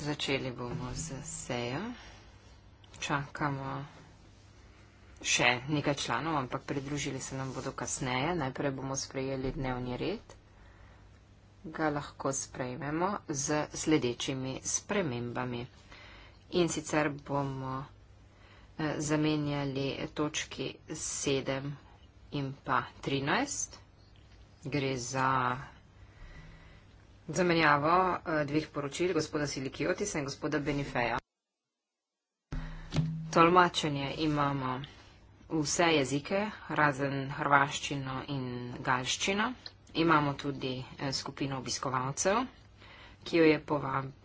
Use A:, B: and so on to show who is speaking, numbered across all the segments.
A: Začeli bomo z sejo. Čakamo še nekaj članov, ampak pridružili se nam bodo kasneje. Najprej bomo sprejeli dnevni red. Ga lahko sprejmemo z sledečimi spremembami. In sicer bomo eh, zamenjali točki 7 in pa 13. Gre za zamenjavo eh, dveh poročil, gospoda Silikiotisa in gospoda Benifeja. Tolmačenje imamo vse jezike, razen hrvaščino in galščino. Imamo tudi eh, skupino obiskovalcev, ki jo je povabila.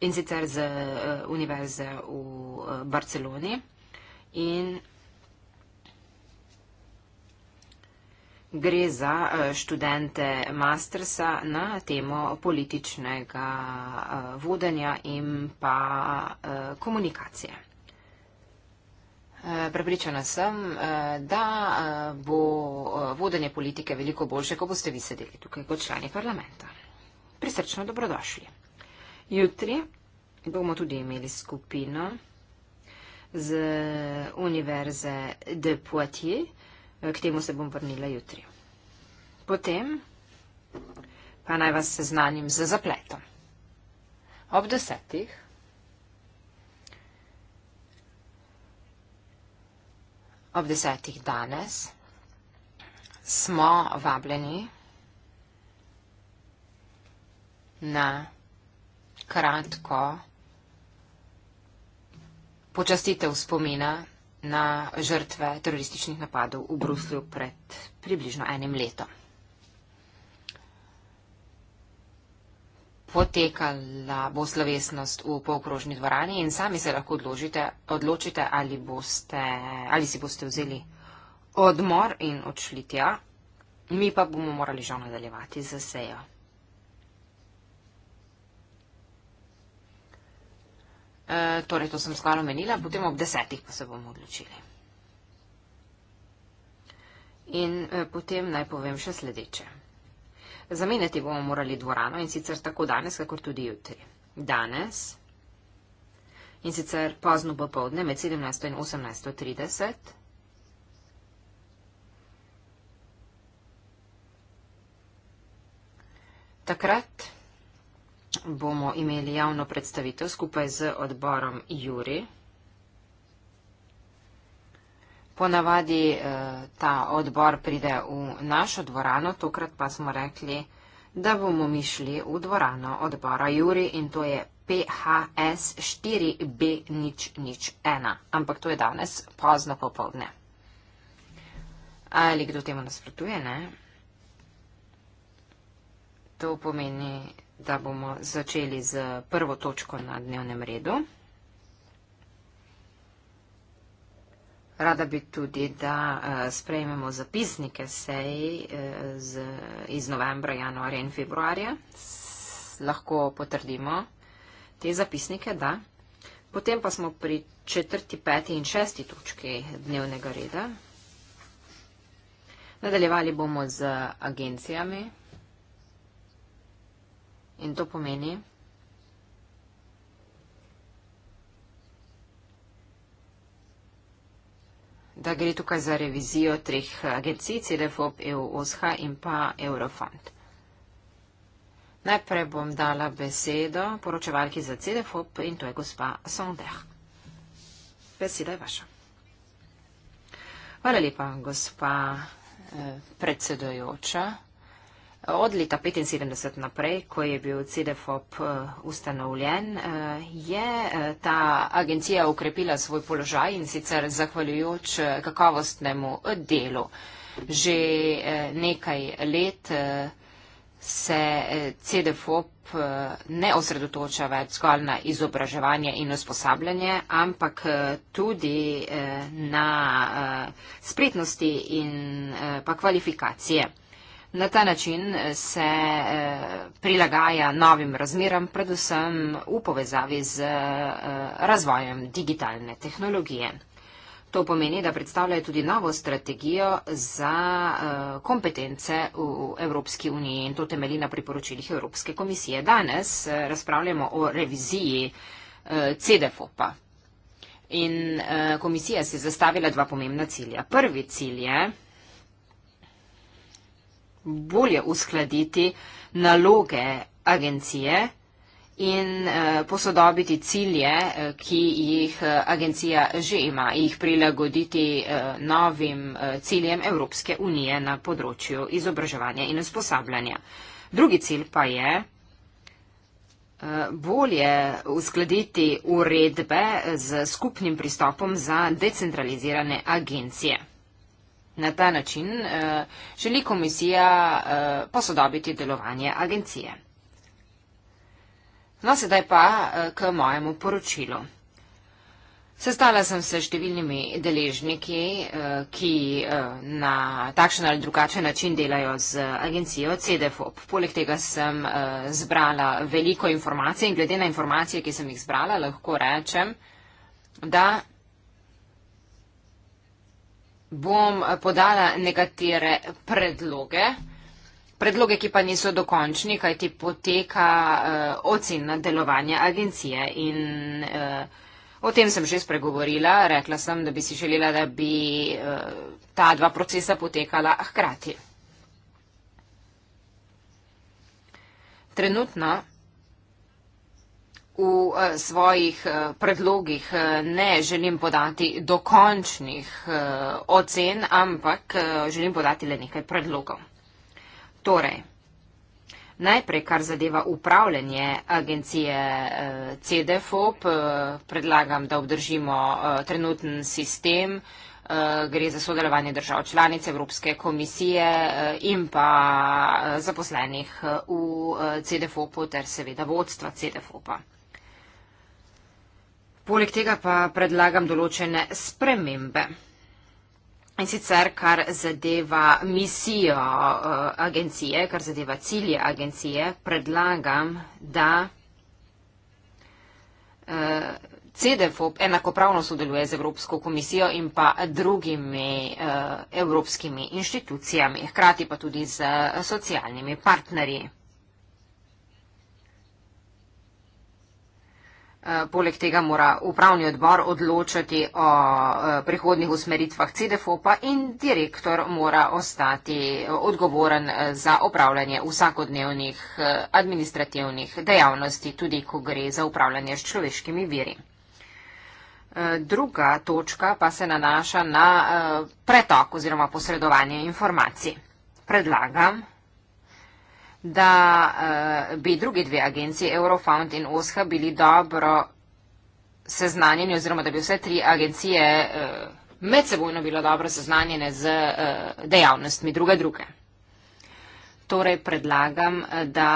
A: In sicer z eh, univerze v Barceloni in gre za eh, študente mastersa na temo političnega eh, vodenja in pa eh, komunikacije. Prepričana sem, da bo vodenje politike veliko boljše, ko boste vi sedeli tukaj kot člani parlamenta. Prisrčno dobrodošli. Jutri bomo tudi imeli skupino z Univerze de Poitiers Eh, k temu se bom vrnila jutri. Potem pa naj vas seznanim z zapletom. Ob desetih Ob desetih danes smo vabljeni na kratko počastitev spomina na žrtve terorističnih napadov v Bruslju pred približno enim letom. Potekala bo slovesnost v polkrožni dvorani in sami se lahko odložite, odločite, ali, boste, ali si boste vzeli odmor in odšli tja. Mi pa bomo morali žal nadaljevati z sejo. E, torej to sem skoraj omenila, potem ob desetih pa se bomo odločili. In e, potem naj povem še sledeče. Zamenjati bomo morali dvorano in sicer tako danes, kakor tudi jutri. Danes in sicer pozno popovdne med 17. in 18.30. Takrat bomo imeli javno predstavitev skupaj z odborom Juri. Ponavadi eh, ta odbor pride v našo dvorano, tokrat pa smo rekli, da bomo mi šli v dvorano odbora Juri in to je PHS4B001. Ampak to je danes pozno popovdne. Ali kdo temu nasprotuje, ne? To pomeni da bomo začeli z prvo točko na dnevnem redu. Rada bi tudi, da eh, sprejmemo zapisnike sej eh, iz novembra, januarja in februarja. Lahko potrdimo te zapisnike, da. Potem pa smo pri četrti, peti in šesti točki dnevnega reda. Nadaljevali bomo z agencijami. In to pomeni, da gre tukaj za revizijo treh agencij, CDFOP, EUOSH in pa Eurofond. Najprej bom dala besedo poročevalki za CDFOP in to je gospa Sondeh. Beseda je vaša. Hvala lepa, gospa eh, predsedojoča. Od leta 1975 naprej, ko je bil CDFOP eh, ustanovljen, eh, je eh, ta agencija ukrepila svoj položaj in sicer zahvaljujoč kakovostnemu delu. Že nekaj let se CDFOP ne osredotoča več zgolj na izobraževanje in usposabljanje, ampak tudi na spretnosti in pa kvalifikacije. Na ta način se eh, prilagaja novim razmeram, predvsem v povezavi z eh, razvojem digitalne tehnologije. To pomeni, da predstavljajo tudi novo strategijo za eh, kompetence v Evropski uniji in to temeli na priporočilih Evropske komisije. Danes razpravljamo o reviziji CDFOP-a. In komisija si je zastavila dva pomembna cilja. Prvi cilj je, bolje uskladiti naloge agencije in eh, posodobiti cilje, eh, ki jih eh, agencija že ima, jih prilagoditi novim ciljem Evropske unije na področju izobraževanja in usposabljanja. Drugi cilj pa je bolje uskladiti uredbe z skupnim pristopom za decentralizirane agencije. Na ta način eh, želi komisija eh, posodobiti delovanje agencije. No, sedaj pa eh, k mojemu poročilu. Sestala sem se številnimi deležniki, ki na takšen ali drugačen način delajo z agencijo CDFOP. Poleg tega sem zbrala veliko informacij in glede na informacije, ki sem jih zbrala, lahko rečem, da bom eh, podala nekatere predloge. Predloge, ki pa niso dokončni, kaj ti poteka uh, ocena delovanja agencije. In uh, o tem sem že spregovorila. Rekla sem, da bi si želela, da bi uh, ta dva procesa potekala hkrati. Trenutno v eh, svojih eh, predlogih eh, ne želim podati dokončnih ocen, ampak želim podati le nekaj predlogov. Torej, najprej, kar zadeva upravljanje agencije CDFOP, predlagam, da obdržimo trenuten sistem, gre za sodelovanje držav članic Evropske komisije in pa zaposlenih v CDFOP-u ter seveda vodstva CDFOP-a. Poleg tega pa predlagam določene spremembe. In sicer, kar zadeva misijo uh, agencije, kar zadeva cilje agencije, predlagam, da uh, eh, CDFOP enakopravno sodeluje z Evropsko komisijo in pa drugimi uh, evropskimi inštitucijami, hkrati pa tudi z socialnimi partnerji. Eh, poleg tega mora upravni odbor odločati o eh, prihodnih usmeritvah CDFOPA in direktor mora ostati eh, odgovoren za upravljanje vsakodnevnih administrativnih dejavnosti, tudi ko gre za upravljanje s človeškimi viri. Druga točka pa se nanaša na pretok oziroma posredovanje informacij. Predlagam, da eh, bi drugi dve agenciji, Eurofound in OSHA, bili dobro seznanjeni oziroma da bi vse tri agencije eh, medsebojno bilo dobro seznanjene z eh, dejavnostmi druge druge. Torej predlagam, da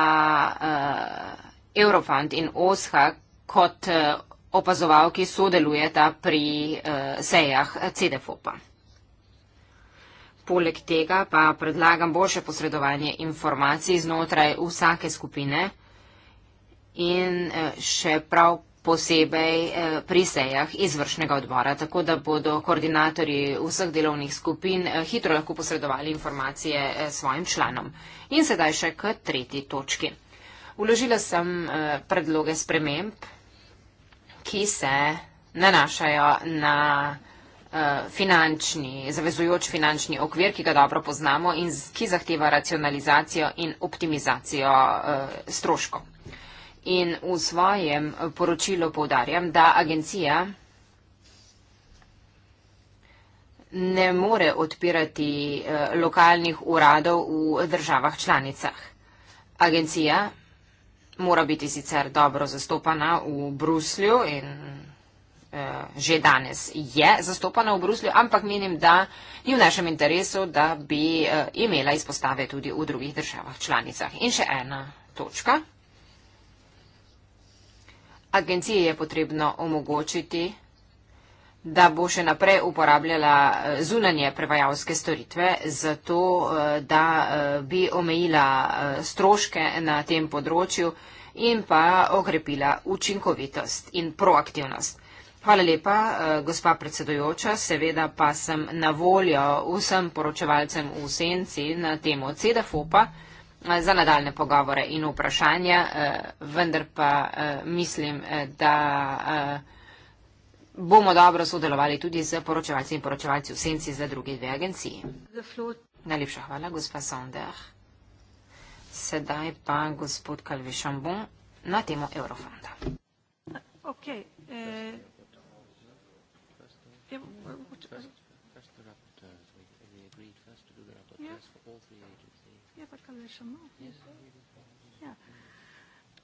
A: Eurofound in OSHA kot opazovalki sodelujeta pri sejah CDFOP-a. Poleg tega pa predlagam boljše posredovanje informacij znotraj vsake skupine in e, še prav posebej e, pri sejah izvršnega odbora, tako da bodo koordinatorji vseh delovnih skupin e, hitro lahko posredovali informacije svojim članom. In sedaj še k tretji točki. Uložila sem predloge sprememb, ki se nanašajo na. Eh, finančni, zavezujoč finančni okvir, ki ga dobro poznamo in ki zahteva racionalizacijo in optimizacijo eh, stroškov. In v svojem poročilu povdarjam, da agencija ne more odpirati eh, lokalnih uradov v državah članicah. Agencija mora biti sicer dobro zastopana v Bruslju in v Bruslju, Eh, že danes je zastopana v Bruslju, ampak menim, da ni v našem interesu, da bi eh, imela izpostave tudi v drugih državah članicah. In še ena točka. Agencije je potrebno omogočiti, da bo še naprej uporabljala eh, zunanje prevajalske storitve, zato da bi omejila stroške na tem področju in pa okrepila učinkovitost in proaktivnost. Hvala lepa, eh, gospa predsedujoča. Seveda pa sem na voljo vsem poročevalcem v senci na temo CEDAFOPA eh, za nadaljne pogovore in vprašanja, eh, vendar pa mislim, da bomo dobro sodelovali tudi z poročevalci in poročevalci v senci za druge dve agenciji. Najlepša hvala, gospa Sonder. Sedaj pa gospod Kalvišambon na temo Eurofonda.
B: Okay, eh...
C: Yeah, well, we're, we're, we're, first, uh, first the uh, rapporteurs, we, we agreed first to do the rapporteurs yeah. for all three agencies.
B: Yeah, but can there some more? Yes, yeah.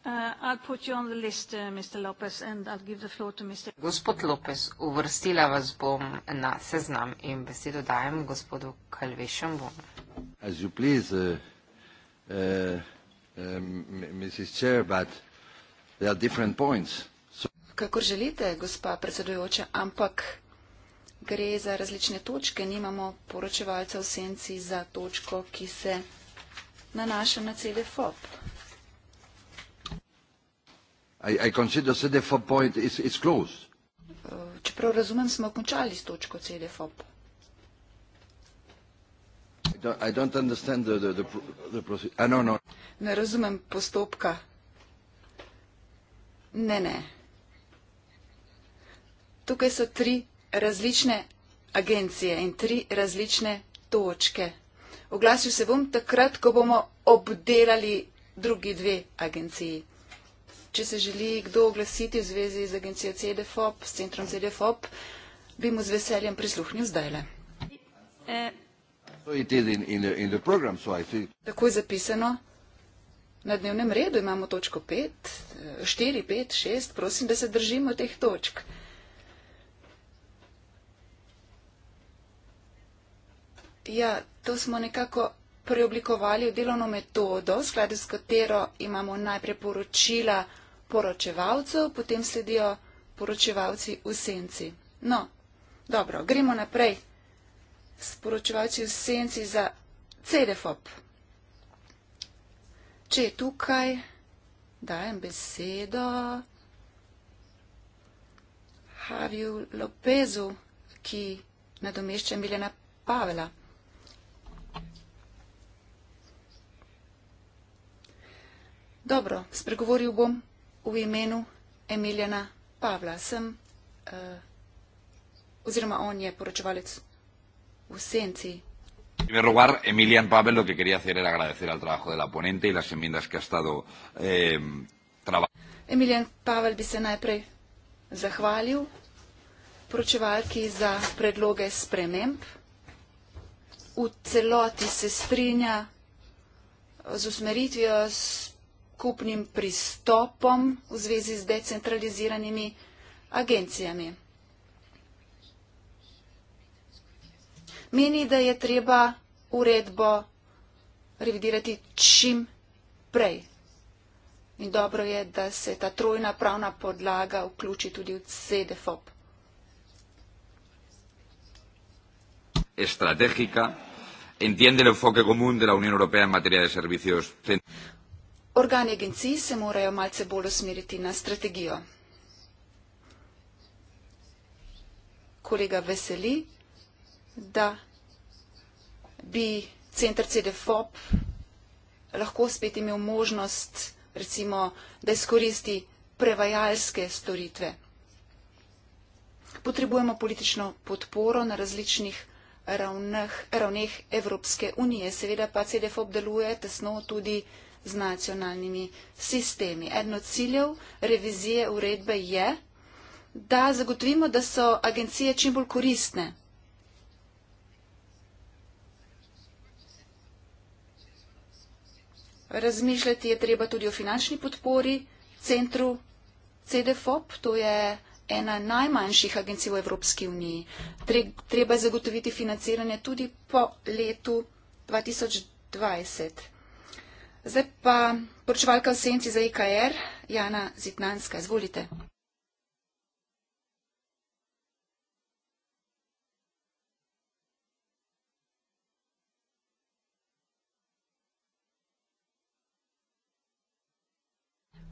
B: Uh, I'll put you on the list, uh, Mr. Lopez, and I'll give the floor to Mr.
A: Gospod Lopez, uvrstila vas bom na seznam in besedo dajem gospodu Kalvešenbom.
C: As you please, uh, uh, um, Mrs. Chair, but there are different points. So
D: Kakor želite, gospa predsedujoča, ampak gre za različne točke, nimamo poročevalca v senci za točko, ki se nanaša na CDFOP.
C: I, I CDFOP point is, is closed.
D: Eh, čeprav razumem, smo končali s točko CDFOP.
C: I don't understand the, the, the, the procedure. Ah, no, no.
D: Ne razumem postopka. Ne, ne. Tukaj so tri različne agencije in tri različne točke. Oglasil se bom takrat, ko bomo obdelali drugi dve agenciji. Če se želi kdo oglasiti v zvezi z agencijo CDFOP, s centrom CDFOP, bi mu z veseljem prisluhnil zdajle.
C: In, in, in program, so,
D: Tako je zapisano. Na dnevnem redu imamo točko 5, 4, 5, 6. Prosim, da se držimo teh točk. ja, to smo nekako preoblikovali v delovno metodo, skladi s katero imamo najprej poročila poročevalcev, potem sledijo poročevalci v senci. No, dobro, gremo naprej s poročevalci v senci za CDFOP. Če je tukaj, dajem besedo Haviju Lopezu, ki nadomešča Milena Pavela. Dobro, spregovoril bom v imenu Emiljana Pavla. Sem, uh, oziroma on je poročevalec v senci.
C: En primer lugar, Emilian Pavel, lo que quería hacer era agradecer al trabajo de la ponente y las enmiendas que ha estado eh, trabajando.
D: Emilian Pavel bi se najprej zahvalil poročevalki za predloge sprememb. V celoti se strinja z usmeritvijo, s skupnim pristopom v zvezi z decentraliziranimi agencijami. Meni, da je treba uredbo revidirati čim prej. In dobro je, da se ta trojna pravna podlaga vključi tudi v CDFOP.
C: Estrategika. Entiende el enfoque común de la Unión Europea en materia de servicios
D: organi agencij se morajo malce bolj usmeriti na strategijo. Kolega veseli, da bi centr CDFOP lahko spet imel možnost, recimo, da izkoristi prevajalske storitve. Potrebujemo politično podporo na različnih ravneh, ravneh Evropske unije. Seveda pa CDFOP deluje tesno tudi z nacionalnimi sistemi. Eno od ciljev revizije uredbe je, da zagotovimo, da so agencije čim bolj koristne. Razmišljati je treba tudi o finančni podpori centru CDFOP, to je ena najmanjših agencij v Evropski uniji. Treba zagotoviti financiranje tudi po letu 2020. Zdaj pa poročevalka v senci za EKR, Jana Zitnanska, izvolite.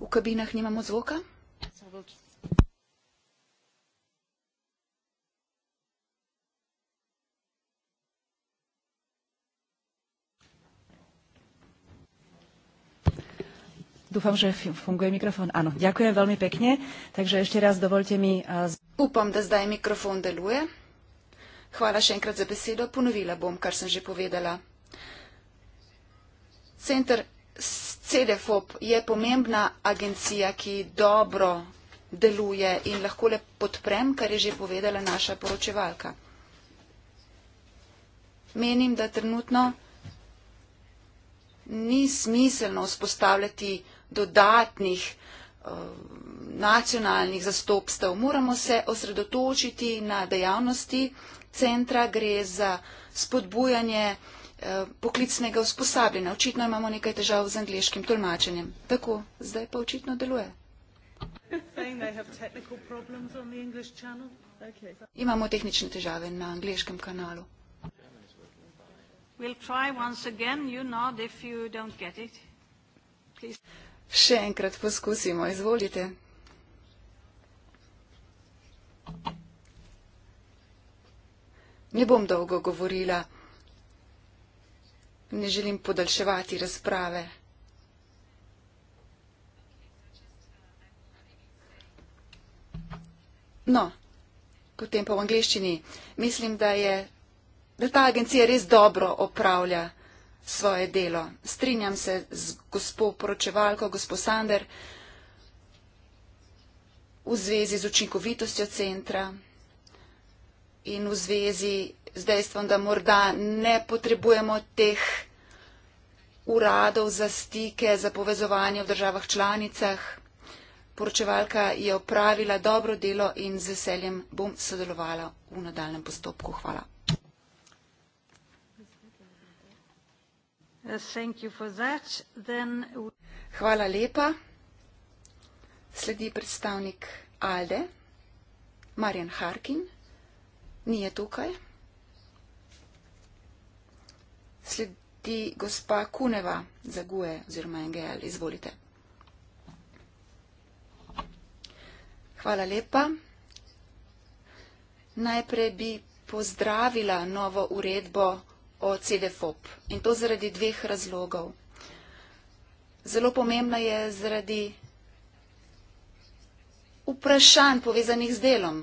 D: V kabinah nimamo zvoka. Dúfam, že funguje mikrofón. Áno, ďakujem veľmi pekne. Takže ešte raz dovolte mi... Upam, da zdaj mikrofón deluje. Hvala še enkrat za besedo. Ponovila bom, kar sem že povedala. Center CDFOP je pomembna agencija, ki dobro deluje in lahko le podprem, kar je že povedala naša poročevalka. Menim, da trenutno ni smiselno vzpostavljati dodatnih eh, nacionalnih zastopstev. Moramo se osredotočiti na dejavnosti centra, gre za spodbujanje eh, poklicnega usposabljanja. Očitno imamo nekaj težav z angliškim tolmačenjem. Tako, zdaj pa očitno deluje.
B: Imamo tehnične
D: težave na angliškem kanalu.
B: We'll try once again, you nod if you don't get it. Please.
D: Še enkrat poskusimo, izvolite. Ne bom dolgo govorila, ne želim podaljševati razprave. No, potem pa v angliščini. Mislim, da, je, da ta agencija res dobro opravlja svoje delo. Strinjam se z gospod poročevalko, gospod Sander, v zvezi z učinkovitostjo centra in v zvezi z dejstvom, da morda ne potrebujemo teh uradov za stike, za povezovanje v državah članicah. Poročevalka je opravila dobro delo in z veseljem bom sodelovala v nadaljem postopku. Hvala. Uh, Hvala lepa. Sledi predstavnik ALDE, Marjan Harkin. Ni je tukaj. Sledi gospa Kuneva za GUE oziroma NGL. Izvolite. Hvala lepa. Najprej bi pozdravila novo uredbo o CDFOP in to zaradi dveh razlogov. Zelo pomembna je zaradi vprašanj povezanih z delom.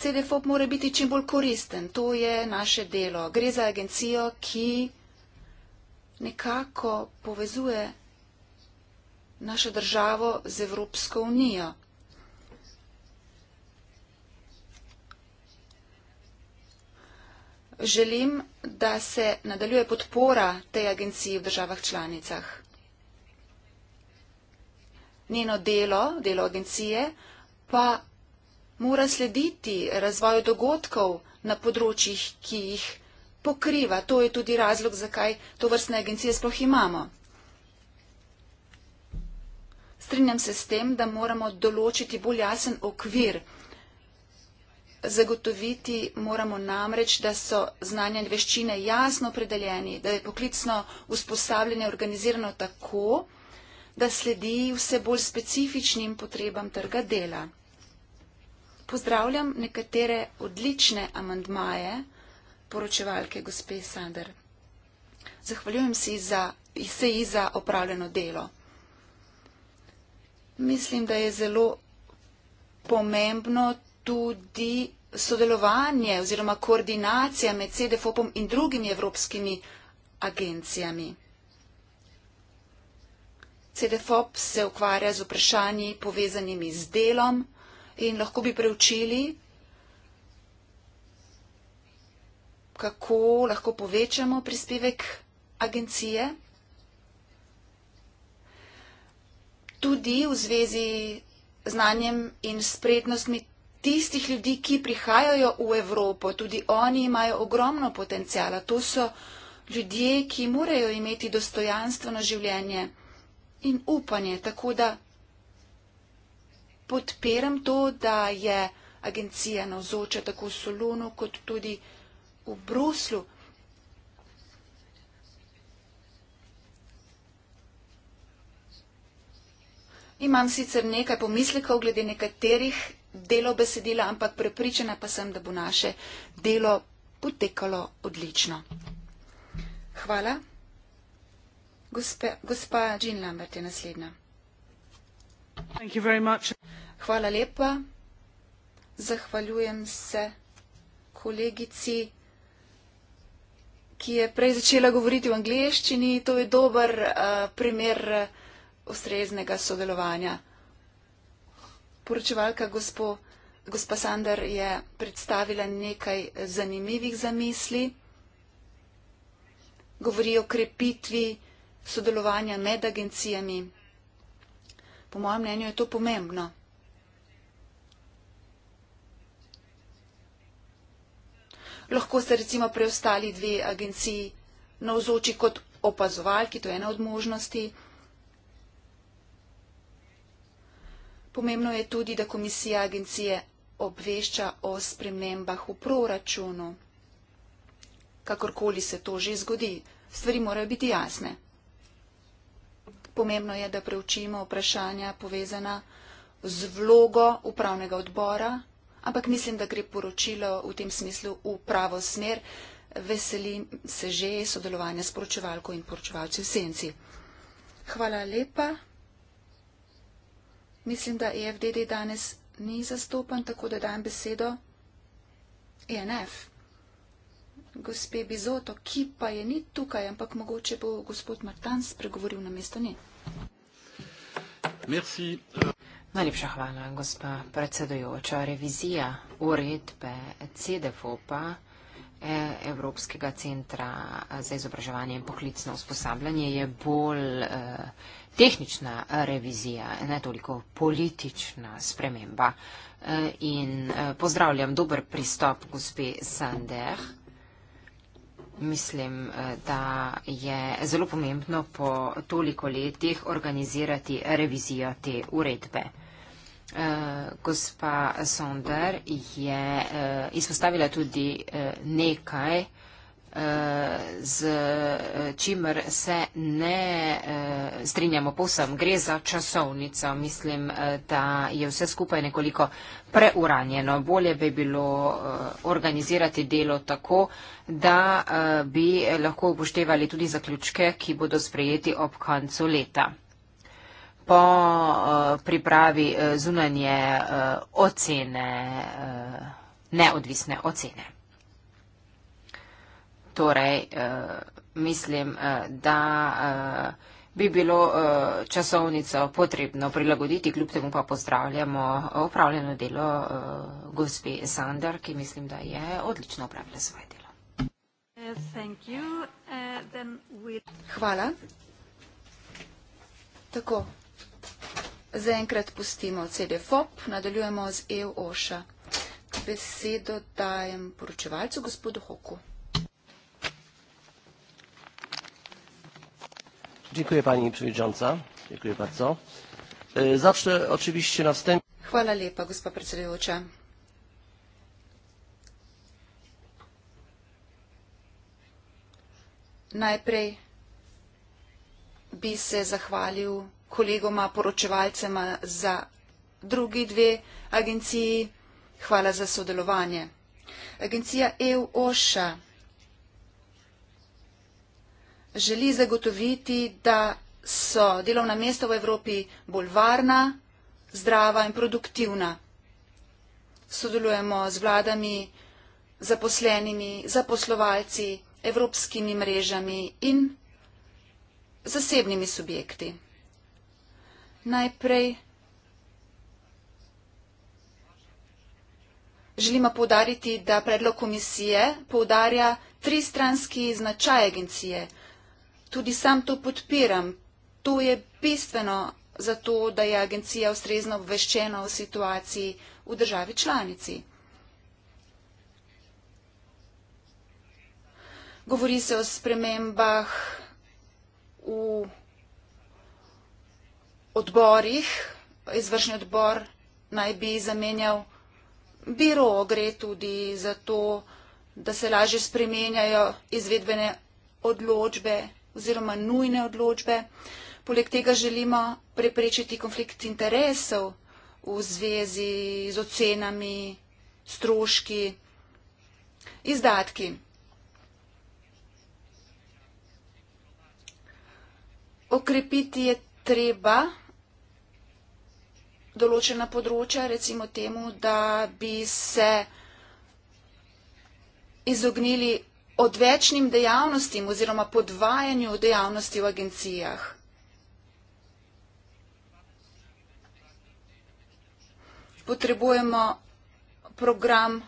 D: CDFOP mora biti čim bolj koristen, to je naše delo. Gre za agencijo, ki nekako povezuje našo državo z Evropsko unijo. želim, da se nadaljuje podpora tej agenciji v državah članicah. Njeno delo, delo agencije, pa mora slediti razvoju dogodkov na področjih, ki jih pokriva. To je tudi razlog, zakaj to vrstne agencije sploh imamo. Strinjam se s tem, da moramo določiti bolj jasen okvir, Zagotoviti moramo namreč, da so znanja in veščine jasno opredeljeni, da je poklicno usposabljanje organizirano tako, da sledi vse bolj specifičnim potrebam trga dela. Pozdravljam nekatere odlične amandmaje poročevalke gospe Sander. Zahvaljujem se ji za, se ji za opravljeno delo. Mislim, da je zelo pomembno tudi sodelovanje oziroma koordinacija med CDFOPom in drugimi evropskimi agencijami. CDFOP se ukvarja z vprašanji povezanimi z delom in lahko bi preučili, kako lahko povečamo prispevek agencije. Tudi v zvezi z znanjem in spretnostmi tistih ljudi, ki prihajajo v Evropo, tudi oni imajo ogromno potencijala. To so ljudje, ki morajo imeti dostojanstvo na življenje in upanje. Tako da podpiram to, da je agencija navzoča tako v Solunu kot tudi v Bruslu. Imam sicer nekaj pomislekov glede nekaterih delo besedila, ampak prepričana pa sem, da bo naše delo potekalo odlično. Hvala. Gospe, gospa Jean Lambert je naslednja. Hvala lepa. Zahvaljujem se kolegici, ki je prej začela govoriti v angliščini. To je dober uh, primer eh, ustreznega sodelovanja poročevalka gospo, gospa Sandar je predstavila nekaj zanimivih zamisli. Govori o krepitvi sodelovanja med agencijami. Po mojem mnenju je to pomembno. Lahko se recimo preostali dve agenciji navzoči kot opazovalki, to je ena od možnosti. Pomembno je tudi, da komisija agencije obvešča o spremembah v proračunu. Kakorkoli se to že zgodi, stvari morajo biti jasne. Pomembno je, da preučimo vprašanja povezana z vlogo upravnega odbora, ampak mislim, da gre poročilo v tem smislu v pravo smer. Veselim se že sodelovanja s poročevalko in poročevalci v senci. Hvala lepa. Mislim, da EFDD danes ni zastopan, tako da dam besedo ENF. Gospe Bizoto, ki pa je ni tukaj, ampak mogoče bo gospod Martan spregovoril na mesto nje.
A: Merci. Najlepša hvala, gospa predsedujoča. Revizija uredbe CDFO pa. E, Evropskega centra e, za izobraževanje in poklicno usposabljanje je bolj e, tehnična revizija, ne toliko politična sprememba. In pozdravljam dober pristop gospe Sander. Mislim, da je zelo pomembno po toliko letih organizirati revizijo te uredbe. Eh, gospa Sonder je uh, izpostavila tudi uh, nekaj, uh, z čimer se ne uh, strinjamo posem. Gre za časovnico. Mislim, uh, da je vse skupaj nekoliko preuranjeno. Bolje bi bilo uh, organizirati delo tako, da uh, bi lahko upoštevali tudi zaključke, ki bodo sprejeti ob koncu leta po eh, pripravi eh, zunanje eh, ocene, neodvisne ocene. Torej, mislim, da bi bilo časovnico potrebno prilagoditi, kljub temu pa pozdravljamo upravljeno delo gospe Sander, ki mislim, da je odlično upravila svoje delo.
D: Hvala. Tako, Zaenkrat pustimo CDFOP, nadaljujemo z EOŠA. Besedo dajem poročevalcu gospodu Hoku.
C: Dziękuję pani przewodnicząca. Dziękuję
D: bardzo. E, zacznę oczywiście następnie. Chwala lepa, gospa predsedujoča. Najprej bi se zahvalil kolegoma poročevalcema za drugi dve agenciji. Hvala za sodelovanje. Agencija EU-OŠA želi zagotoviti, da so delovna mesta v Evropi bolj varna, zdrava in produktivna. Sodelujemo z vladami, zaposlenimi, zaposlovalci, evropskimi mrežami in zasebnimi subjekti. Najprej želimo povdariti, da predlog komisije povdarja tristranski značaj agencije. Tudi sam to podpiram. To je bistveno za to, da je agencija ustrezno obveščena o situaciji v državi članici. Govori se o spremembah v odborih, izvršni odbor naj bi zamenjal biro, gre tudi za to, da se lažje spremenjajo izvedbene odločbe oziroma nujne odločbe. Poleg tega želimo preprečiti konflikt interesov v zvezi z ocenami, stroški, izdatki. Okrepiti je treba določena področja, recimo temu, da bi se izognili odvečnim dejavnostim oziroma podvajanju dejavnosti v agencijah. Potrebujemo program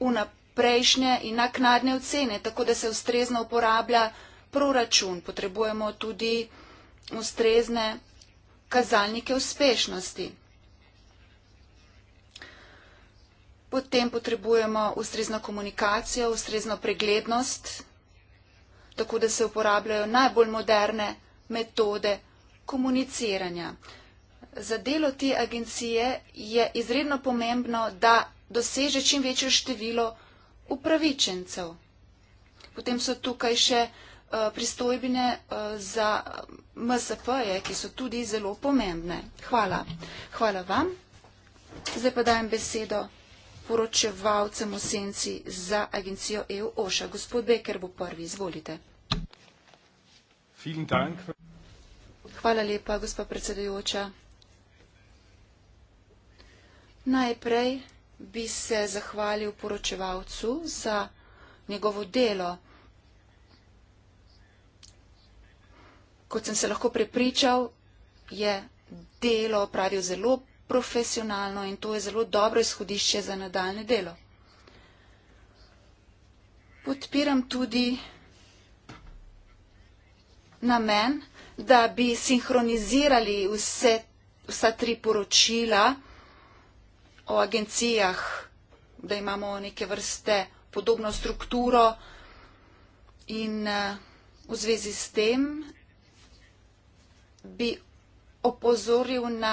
D: vnaprejšnje in naknadne ocene, tako da se ustrezno uporablja proračun. Potrebujemo tudi program ustrezne kazalnike uspešnosti. Potem potrebujemo ustrezno komunikacijo, ustrezno preglednost, tako da se uporabljajo najbolj moderne metode komuniciranja. Za delo te agencije je izredno pomembno, da doseže čim večje število upravičencev. Potem so tukaj še Eh, pristojbine eh, za MSP-je, ki so tudi zelo pomembne. Hvala. Hvala vam. Zdaj pa dajem besedo poročevalcem v senci za agencijo EU-OŠA. Gospod Beker bo prvi, izvolite. Hvala lepa, gospod predsedajoča. Najprej bi se zahvalil poročevalcu za njegovo delo. kot sem se lahko prepričal, je delo opravil zelo profesionalno in to je zelo dobro izhodišče za nadaljne delo. Podpiram tudi namen, da bi sinhronizirali vse, vsa tri poročila o agencijah, da imamo neke vrste podobno strukturo in eh, v zvezi s tem bi opozoril na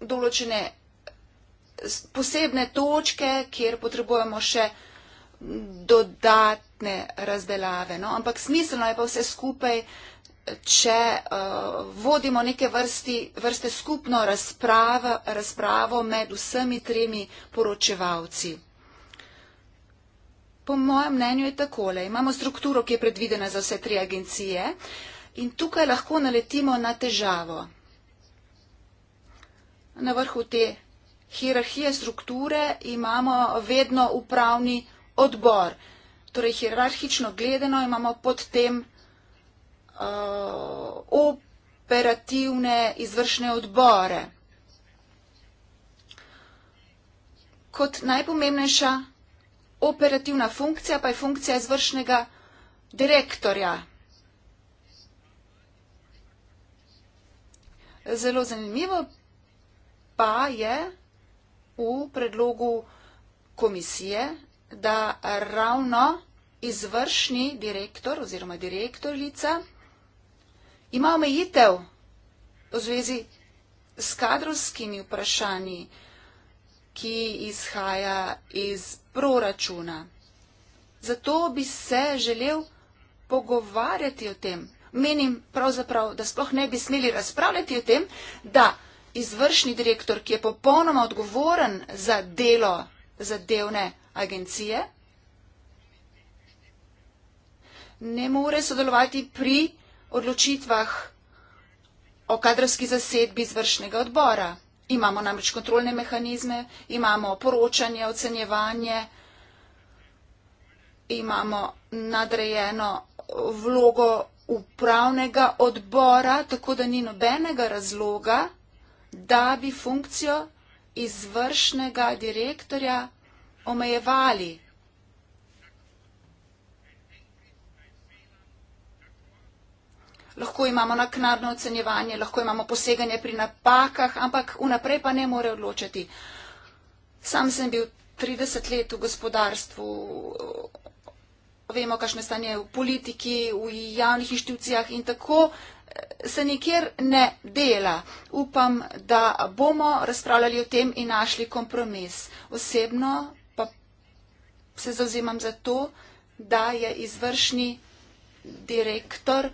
D: določene posebne točke, kjer potrebujemo še dodatne razdelave. No? Ampak smiselno je pa vse skupaj, če uh, vodimo neke vrsti, vrste skupno razprava, razpravo med vsemi tremi poročevalci. Po mojem mnenju je takole. Imamo strukturo, ki je predvidena za vse tri agencije. Uh, In tukaj lahko naletimo na težavo. Na vrhu te hierarhije strukture imamo vedno upravni odbor. Torej, hierarhično gledeno imamo potem uh, operativne izvršne odbore. Kot najpomembnejša operativna funkcija pa je funkcija izvršnega direktorja. Zelo zanimivo pa je v predlogu komisije, da ravno izvršni direktor oziroma direktorica ima omejitev v zvezi s kadrovskimi vprašanji, ki izhaja iz proračuna. Zato bi se želel pogovarjati o tem, menim pravzaprav, da sploh ne bi smeli razpravljati o tem, da izvršni direktor, ki je popolnoma odgovoren za delo zadevne agencije, ne more sodelovati pri odločitvah o kadrovski zasedbi izvršnega odbora. Imamo namreč kontrolne mehanizme, imamo poročanje, ocenjevanje, imamo nadrejeno vlogo upravnega odbora, tako da ni nobenega razloga, da bi funkcijo izvršnega direktorja omejevali. Lahko imamo naknadno ocenjevanje, lahko imamo poseganje pri napakah, ampak vnaprej pa ne more odločiti. Sam sem bil 30 let v gospodarstvu, vemo, kakšno stanje je v politiki, v javnih inštitucijah in tako eh, se nikjer ne dela. Upam, da bomo razpravljali o tem in našli kompromis. Osebno pa se zauzemam za to, da je izvršni direktor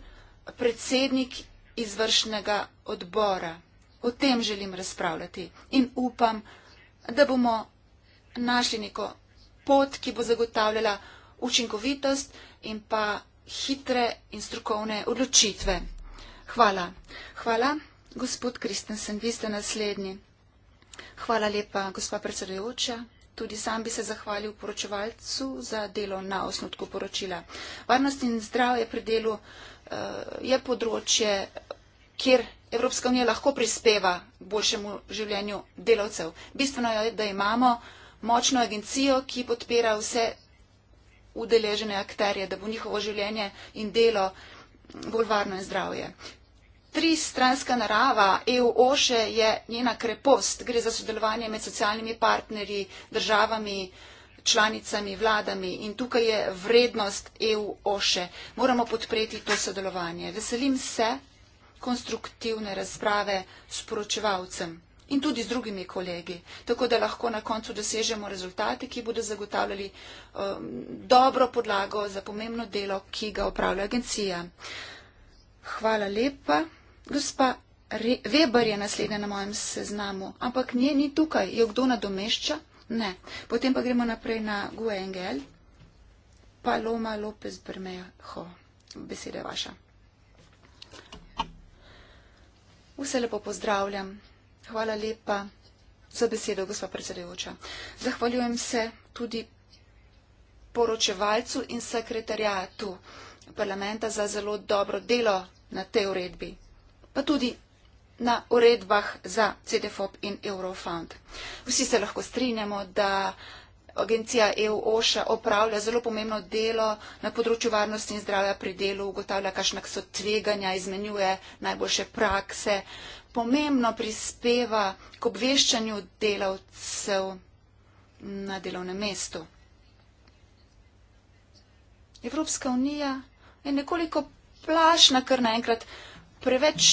D: predsednik izvršnega odbora. O tem želim razpravljati in upam, da bomo našli neko pot, ki bo zagotavljala učinkovitost in pa hitre in strokovne odločitve. Hvala. Hvala, gospod Kristensen, vi ste naslednji. Hvala lepa, gospa predsedujoča. Tudi sam bi se zahvalil poročevalcu za delo na osnutku poročila. Varnost in zdravje pri delu eh, je področje, kjer Evropska unija lahko prispeva k boljšemu življenju delavcev. Bistveno je, da imamo močno agencijo, ki podpira vse udeležene akterje, da bo njihovo življenje in delo bolj varno in zdravje. Tri stranska narava EU-OŠE je njena krepost. Gre za sodelovanje med socialnimi partnerji, državami, članicami, vladami in tukaj je vrednost EU-OŠE. Moramo podpreti to sodelovanje. Veselim se konstruktivne razprave s poročevalcem in tudi z drugimi kolegi, tako da lahko na koncu dosežemo rezultate, ki bodo zagotavljali um, dobro podlago za pomembno delo, ki ga upravlja agencija. Hvala lepa. Gospa Re Weber je naslednja na mojem seznamu, ampak nje ni tukaj. Jo kdo nadomešča? Ne. Potem pa gremo naprej na Guengel. Paloma Lopez Brmejo. Beseda je vaša. Vse lepo pozdravljam. Hvala lepa za besedo, gospa predsedujoča. Zahvaljujem se tudi poročevalcu in sekretarjatu parlamenta za zelo dobro delo na tej uredbi, pa tudi na uredbah za CDFOP in Eurofund. Vsi se lahko strinjamo, da agencija EU OŠA opravlja zelo pomembno delo na področju varnosti in zdravja pri delu, ugotavlja, kakšna so tveganja, izmenjuje najboljše prakse, pomembno prispeva k obveščanju delavcev na delovnem mestu. Evropska unija je nekoliko plašna, ker naenkrat preveč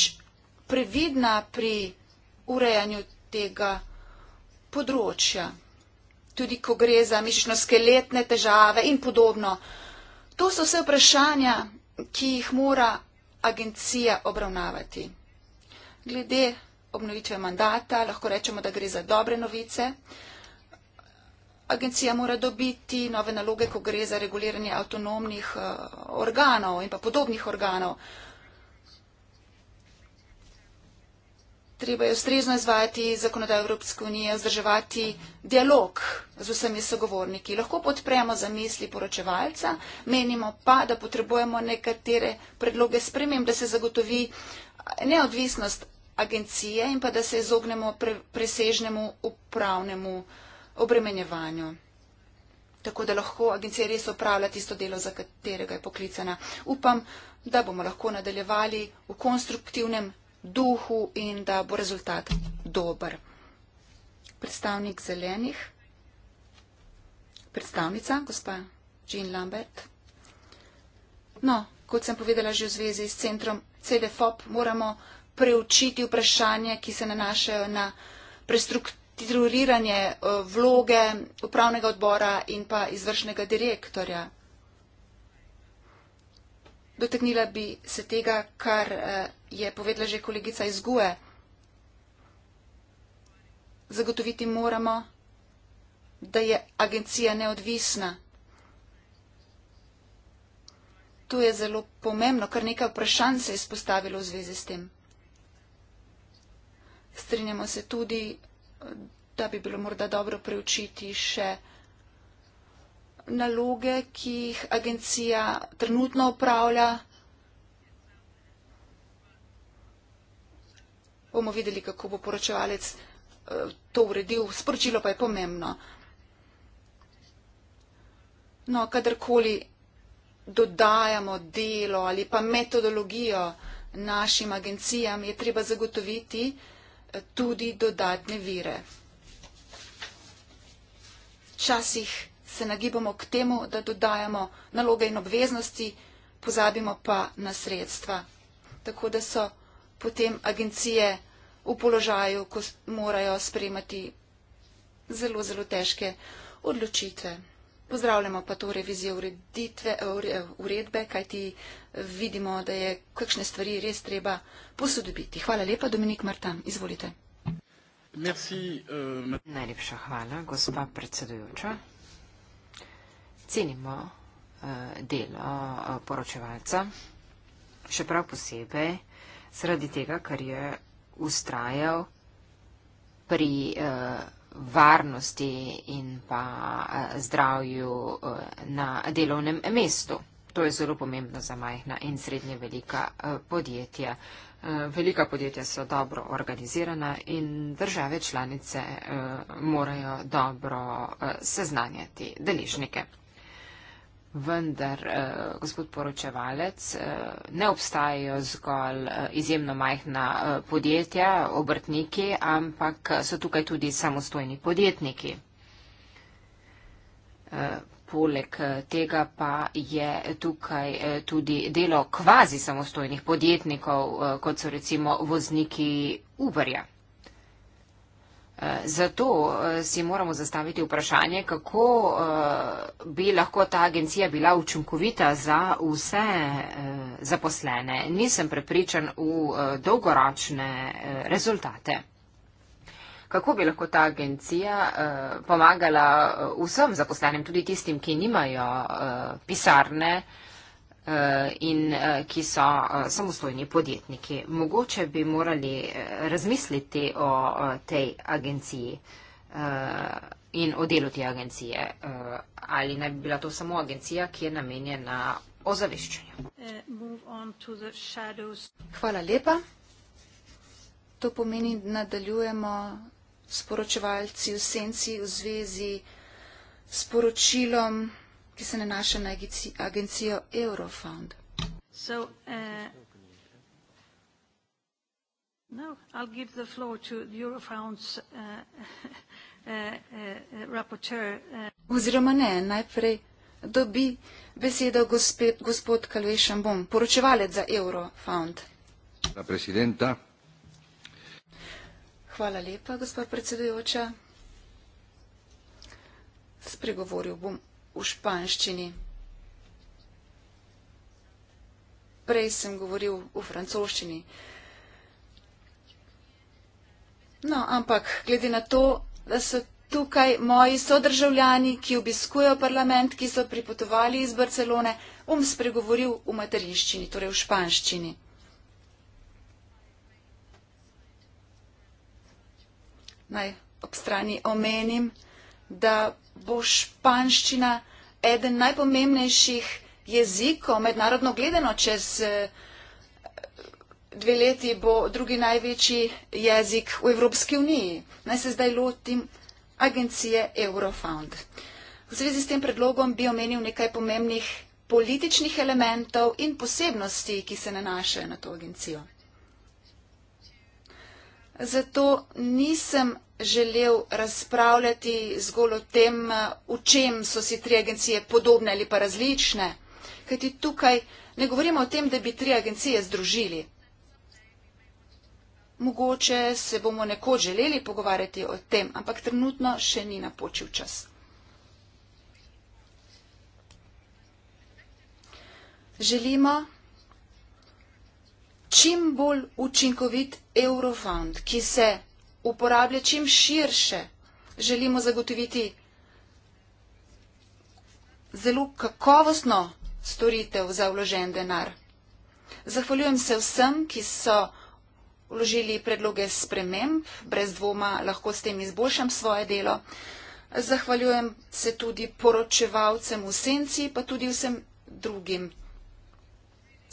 D: previdna pri urejanju tega področja. Tudi, ko gre za mišično-skeletne težave in podobno. To so vse vprašanja, ki jih mora agencija obravnavati glede obnovitve mandata. Lahko rečemo, da gre za dobre novice. Agencija mora dobiti nove naloge, ko gre za reguliranje avtonomnih eh, organov in pa podobnih organov. Treba je ustrezno izvajati zakonodajo Evropske unije, vzdrževati dialog z vsemi sogovorniki. Lahko podpremo zamisli poročevalca, menimo pa, da potrebujemo nekatere predloge spremem, da se zagotovi neodvisnost agencije in pa da se izognemo pre, presežnemu upravnemu obremenjevanju. Tako da lahko agencija res upravlja tisto delo, za katerega je poklicana. Upam, da bomo lahko nadaljevali v konstruktivnem duhu in da bo rezultat dober. Predstavnik zelenih. Predstavnica, gospa Jean Lambert. No, kot sem povedala že v zvezi s centrom CDFOP, moramo preučiti vprašanje, ki se nanašajo na prestrukturiranje eh, vloge upravnega odbora in pa izvršnega direktorja. Dotaknila bi se tega, kar eh, je povedala že kolegica iz GUE. Zagotoviti moramo, da je agencija neodvisna. Tu je zelo pomembno, kar nekaj vprašanj se je izpostavilo v zvezi s tem. Strinjamo se tudi, da bi bilo morda dobro preučiti še naloge, ki jih agencija trenutno upravlja. Bomo videli, kako bo poročevalec eh, to uredil. Sporočilo pa je pomembno. No, kadarkoli dodajamo delo ali pa metodologijo našim agencijam, je treba zagotoviti, tudi dodatne vire. Včasih se nagibamo k temu, da dodajamo naloge in obveznosti, pozabimo pa na sredstva. Tako da so potem agencije v položaju, ko morajo sprejemati zelo, zelo težke odločitve. Pozdravljamo pa to revizijo ureditve, uredbe, kajti vidimo, da je kakšne stvari res treba posodobiti. Hvala lepa, Dominik Martan. Izvolite.
A: Merci, uh, Najlepša hvala, gospa predsedujoča. Cenimo uh, delo uh, poročevalca, še prav posebej zaradi tega, kar je ustrajal pri. Uh, varnosti in pa eh, zdravju eh, na delovnem mestu. To je zelo pomembno za majhna in srednje velika eh, podjetja. Velika podjetja so dobro organizirana in države članice morajo dobro seznanjati deležnike vendar, uh, gospod poročevalec, uh, ne obstajajo zgolj uh, izjemno majhna uh, podjetja, obrtniki, ampak so tukaj tudi samostojni podjetniki. Uh, poleg tega pa je tukaj uh, tudi delo kvazi samostojnih podjetnikov, uh, kot so recimo vozniki Uberja. Zato eh, si moramo zastaviti vprašanje, kako eh, bi lahko ta agencija bila učinkovita za vse eh, zaposlene. Nisem prepričan v dolgoročne rezultate. Kako bi lahko ta agencija pomagala vsem zaposlenim, tudi tistim, ki nimajo pisarne, Eh, in eh, ki so eh, samostojni podjetniki. Mogoče bi morali razmisliti o tej agenciji in o delu te agencije. Ali naj bi bila to samo agencija,
D: ki je namenjena ozaveščanju? Hvala lepa. To pomeni, da nadaljujemo sporočevalci v senci v zvezi s poročilom ki se nanaša na agencijo Eurofound.
B: So, uh, no, I'll give the floor to the Eurofound's uh, uh, uh, rapporteur. Uh. Oziroma
D: ne, najprej dobi besedo gospe, gospod Kalvej Šambon, poročevalec za Eurofound.
C: La presidenta.
D: Hvala lepa, gospod predsedujoča. Spregovoril bom v španščini. Prej sem govoril v francoščini. No, ampak glede na to, da so tukaj moji sodržavljani, ki obiskujejo parlament, ki so pripotovali iz Barcelone, bom spregovoril v materinščini, torej v španščini. Naj ob strani omenim, da bo španščina eden najpomembnejših jezikov, mednarodno gledeno, čez eh, dve leti bo drugi največji jezik v Evropski uniji. Naj se zdaj lotim agencije Eurofound. V zvezi s tem predlogom bi omenil nekaj pomembnih političnih elementov in posebnosti, ki se nanašajo na to agencijo. Zato nisem želel razpravljati zgolj o tem, eh, v čem so si tri agencije podobne ali pa različne, kajti tukaj ne govorimo o tem, da bi tri agencije združili. Mogoče se bomo nekoč želeli pogovarjati o tem, ampak trenutno še ni napočil čas. Želimo, čim bolj učinkovit eurofond, ki se uporablja čim širše, želimo zagotoviti zelo kakovostno storitev za vložen denar. Zahvaljujem se vsem, ki so vložili predloge sprememb, brez dvoma lahko s tem izboljšam svoje delo. Zahvaljujem se tudi poročevalcem v senci, pa tudi vsem drugim,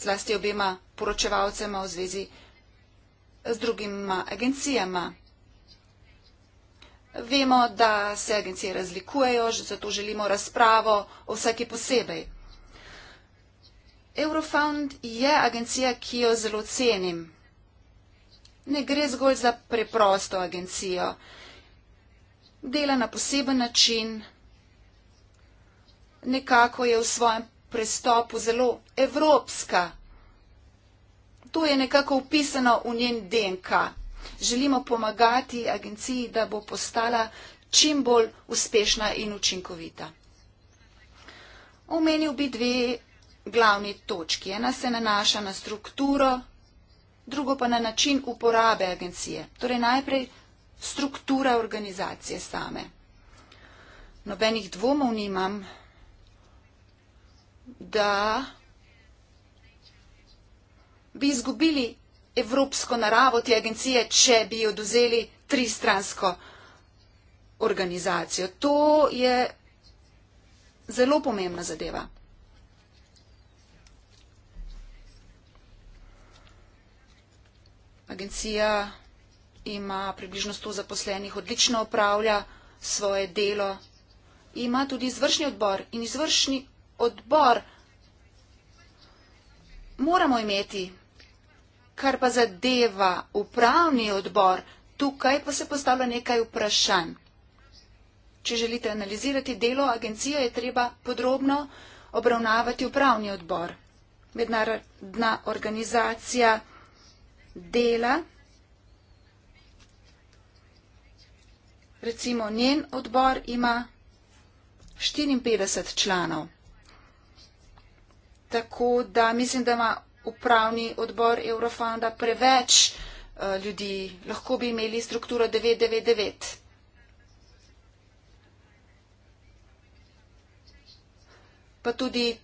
D: zlasti obima poročevalcema v zvezi z drugima agencijama. Vemo, da se agencije razlikujejo, zato želimo razpravo o vsaki posebej. Eurofound je agencija, ki jo zelo cenim. Ne gre zgolj za preprosto agencijo. Dela na poseben način, nekako je v svojem prestopu zelo evropska to je nekako upisano v njen DNK. Želimo pomagati agenciji, da bo postala čim bolj uspešna in učinkovita. Omenil bi dve glavni točki. Ena se nanaša na strukturo, drugo pa na način uporabe agencije. Torej najprej struktura organizacije same. Nobenih dvomov nimam, da bi izgubili evropsko naravo te agencije, če bi jo dozeli tristransko organizacijo. To je zelo pomembna zadeva. Agencija ima približno 100 zaposlenih, odlično upravlja svoje delo. Ima tudi izvršni odbor in izvršni odbor moramo imeti kar pa zadeva upravni odbor, tukaj pa se postavlja nekaj vprašanj. Če želite analizirati delo agencije, je treba podrobno obravnavati upravni odbor. Mednarodna organizacija dela, recimo njen odbor ima 54 članov. Tako da mislim, da ima upravni odbor Eurofonda preveč eh, ljudi. Lahko bi imeli strukturo 999. Pa tudi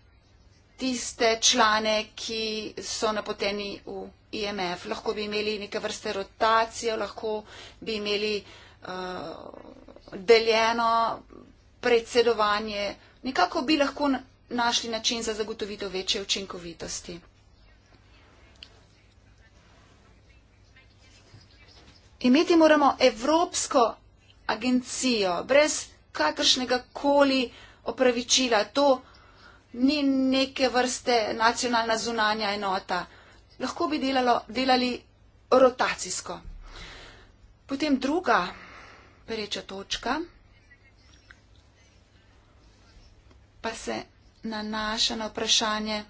D: tiste člane, ki so napoteni v IMF. Lahko bi imeli neke vrste rotacijo, lahko bi imeli uh, deljeno predsedovanje. Nekako bi lahko našli način za zagotovitev večje učinkovitosti. imeti moramo evropsko agencijo, brez kakršnega koli opravičila. To ni neke vrste nacionalna zunanja enota. Lahko bi delalo, delali rotacijsko. Potem druga pereča točka pa se nanaša na vprašanje,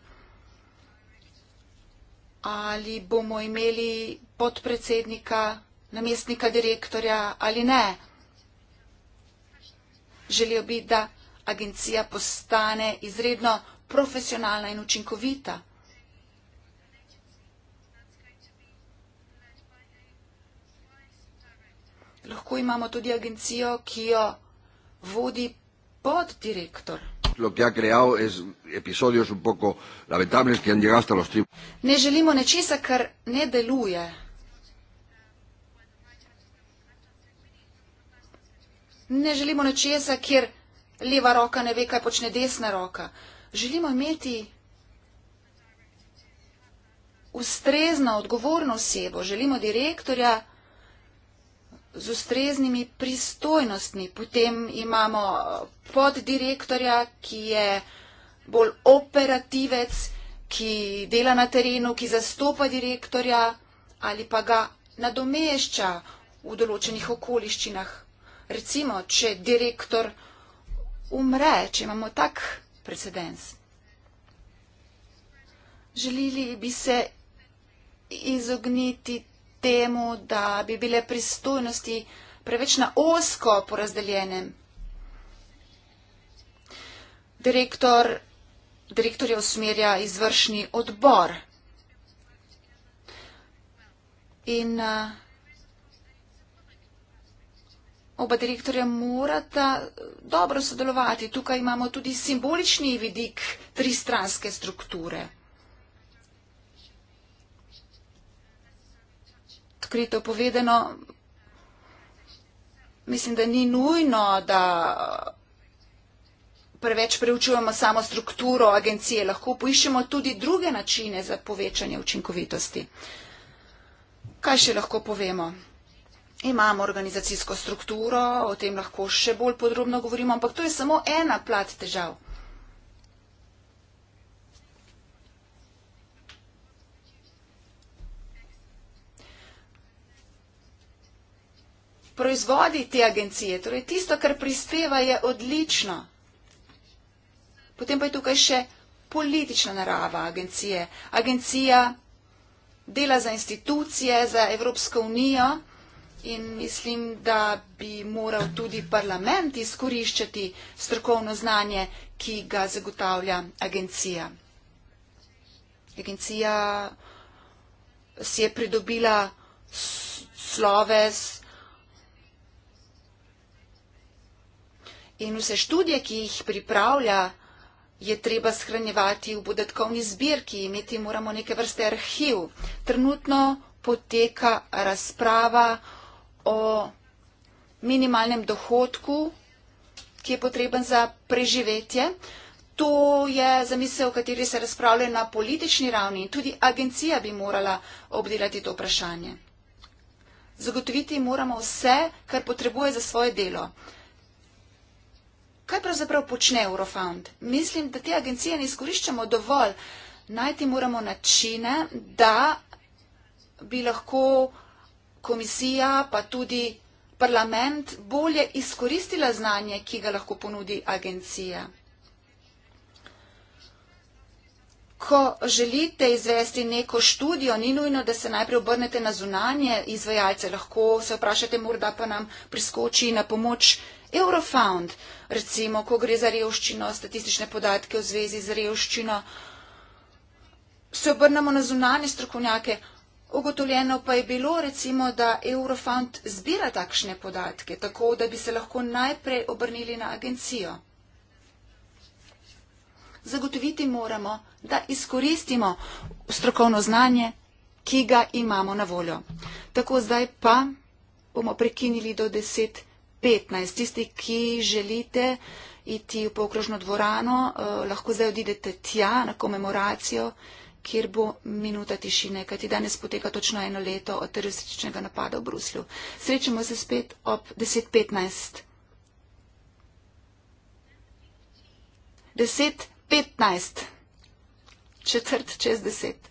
D: ali bomo imeli podpredsednika namestnika direktorja ali ne. Želijo bi, da agencija postane izredno profesionalna in učinkovita. Lahko imamo tudi agencijo, ki jo vodi pod direktor. Ne želimo nečesa, kar ne deluje. ne želimo nečesa, kjer leva roka ne ve, kaj počne desna roka. Želimo imeti ustrezno, odgovorno osebo, želimo direktorja z ustreznimi pristojnostmi. Potem imamo eh, poddirektorja, ki je bolj operativec, ki dela na terenu, ki zastopa direktorja ali pa ga nadomešča v določenih okoliščinah recimo, če direktor umre, če imamo tak precedens. Želili bi se izogniti temu, da bi bile pristojnosti preveč na osko porazdeljenem. Direktor, direktorja usmerja izvršni odbor. In uh, Oba direktorja morata dobro sodelovati. Tukaj imamo tudi simbolični vidik tristranske strukture. Odkrito povedano, mislim, da ni nujno, da preveč preučujemo samo strukturo agencije. Lahko poiščemo tudi druge načine za povečanje učinkovitosti. Kaj še lahko povemo? imamo organizacijsko strukturo, o tem lahko še bolj podrobno govorimo, ampak to je samo ena plat težav. Proizvodi te agencije, torej tisto, kar prispeva, je odlično. Potem pa je tukaj še politična narava agencije. Agencija dela za institucije, za Evropsko unijo. In mislim, da bi moral tudi parlament izkoriščati strokovno znanje, ki ga zagotavlja agencija. Agencija si je pridobila sloves in vse študije, ki jih pripravlja, je treba shranjevati v podatkovni zbirki. Imeti moramo neke vrste arhiv. Trenutno poteka razprava o minimalnem dohodku, ki je potreben za preživetje. To je zamisel, o kateri se razpravlja na politični ravni in tudi agencija bi morala obdelati to vprašanje. Zagotoviti moramo vse, kar potrebuje za svoje delo. Kaj pravzaprav počne Eurofound? Mislim, da te agencije ne izkoriščamo dovolj. Najti moramo načine, da bi lahko komisija, pa tudi parlament bolje izkoristila znanje, ki ga lahko ponudi agencija. Ko želite izvesti neko študijo, ni nujno, da se najprej obrnete na zunanje izvajalce, lahko se vprašate, morda pa nam priskoči na pomoč Eurofound, recimo, ko gre za revščino, statistične podatke v zvezi z revščino. Se obrnemo na zunanje strokovnjake, Ogotovljeno pa je bilo, recimo, da Eurofund zbira takšne podatke, tako da bi se lahko najprej obrnili na agencijo. Zagotoviti moramo, da izkoristimo strokovno znanje, ki ga imamo na voljo. Tako zdaj pa bomo prekinili do 10.15. Tisti, ki želite iti v pokrožno dvorano, eh, lahko zdaj odidete tja na komemoracijo kjer bo minuta tišine, kajti danes poteka točno eno leto od terorističnega napada v Bruslju. Srečemo se spet ob 10.15. 10.15. Četrt čez deset.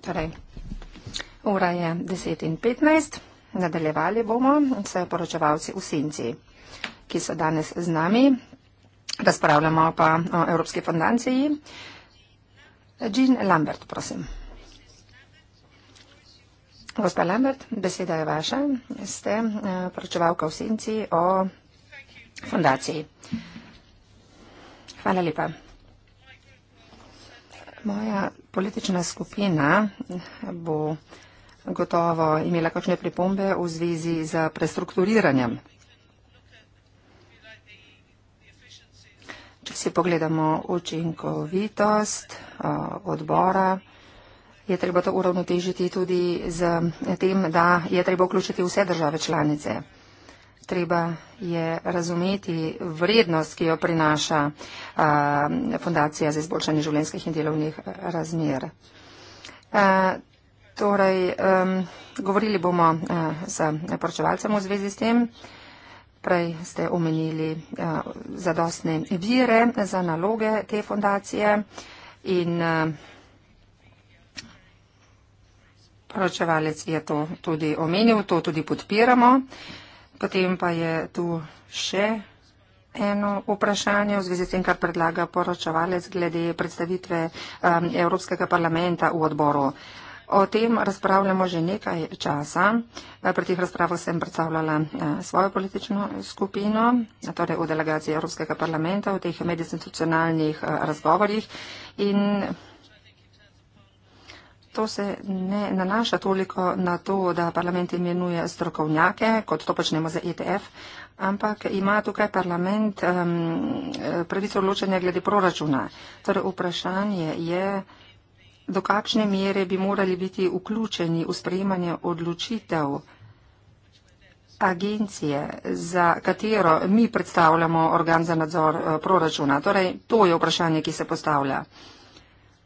E: Torej, ura je 10.15, nadaljevali bomo s poročevalci v Sinci, ki so danes z nami. Razpravljamo pa o Evropski fondanciji. Jean Lambert, prosim. Gospa Lambert, beseda je vaša. Ste eh, poročevalka v Sinci o fondaciji. Hvala lepa. Moja politična skupina bo gotovo imela kakšne pripombe v zvezi z prestrukturiranjem. Če si pogledamo učinkovitost eh, odbora, je treba to uravnotežiti tudi z tem, da je treba vključiti vse države članice treba je razumeti vrednost, ki jo prinaša uh, Fundacija za izboljšanje življenjskih in delovnih razmer. Uh, torej, um, govorili bomo uh, z poročevalcem v zvezi s tem. Prej ste omenili uh, zadostne vire za naloge te fundacije in uh, poročevalec je to tudi omenil, to tudi podpiramo. Uh, Potem pa je tu še eno vprašanje v zvezi s tem, kar predlaga poročevalec glede predstavitve um, Evropskega parlamenta v odboru. O tem razpravljamo že nekaj časa. Pri teh razpravah sem predstavljala eh, svojo politično skupino, torej v delegaciji Evropskega parlamenta, v teh medinstitucionalnih eh, razgovorjih to se ne nanaša toliko na to, da parlament imenuje strokovnjake, kot to počnemo za ETF, ampak ima tukaj parlament um, pravico odločanja glede proračuna. Torej vprašanje je, do kakšne mere bi morali biti vključeni v sprejemanje odločitev agencije, za katero mi predstavljamo organ za nadzor eh, proračuna. Torej, to je vprašanje, ki se postavlja.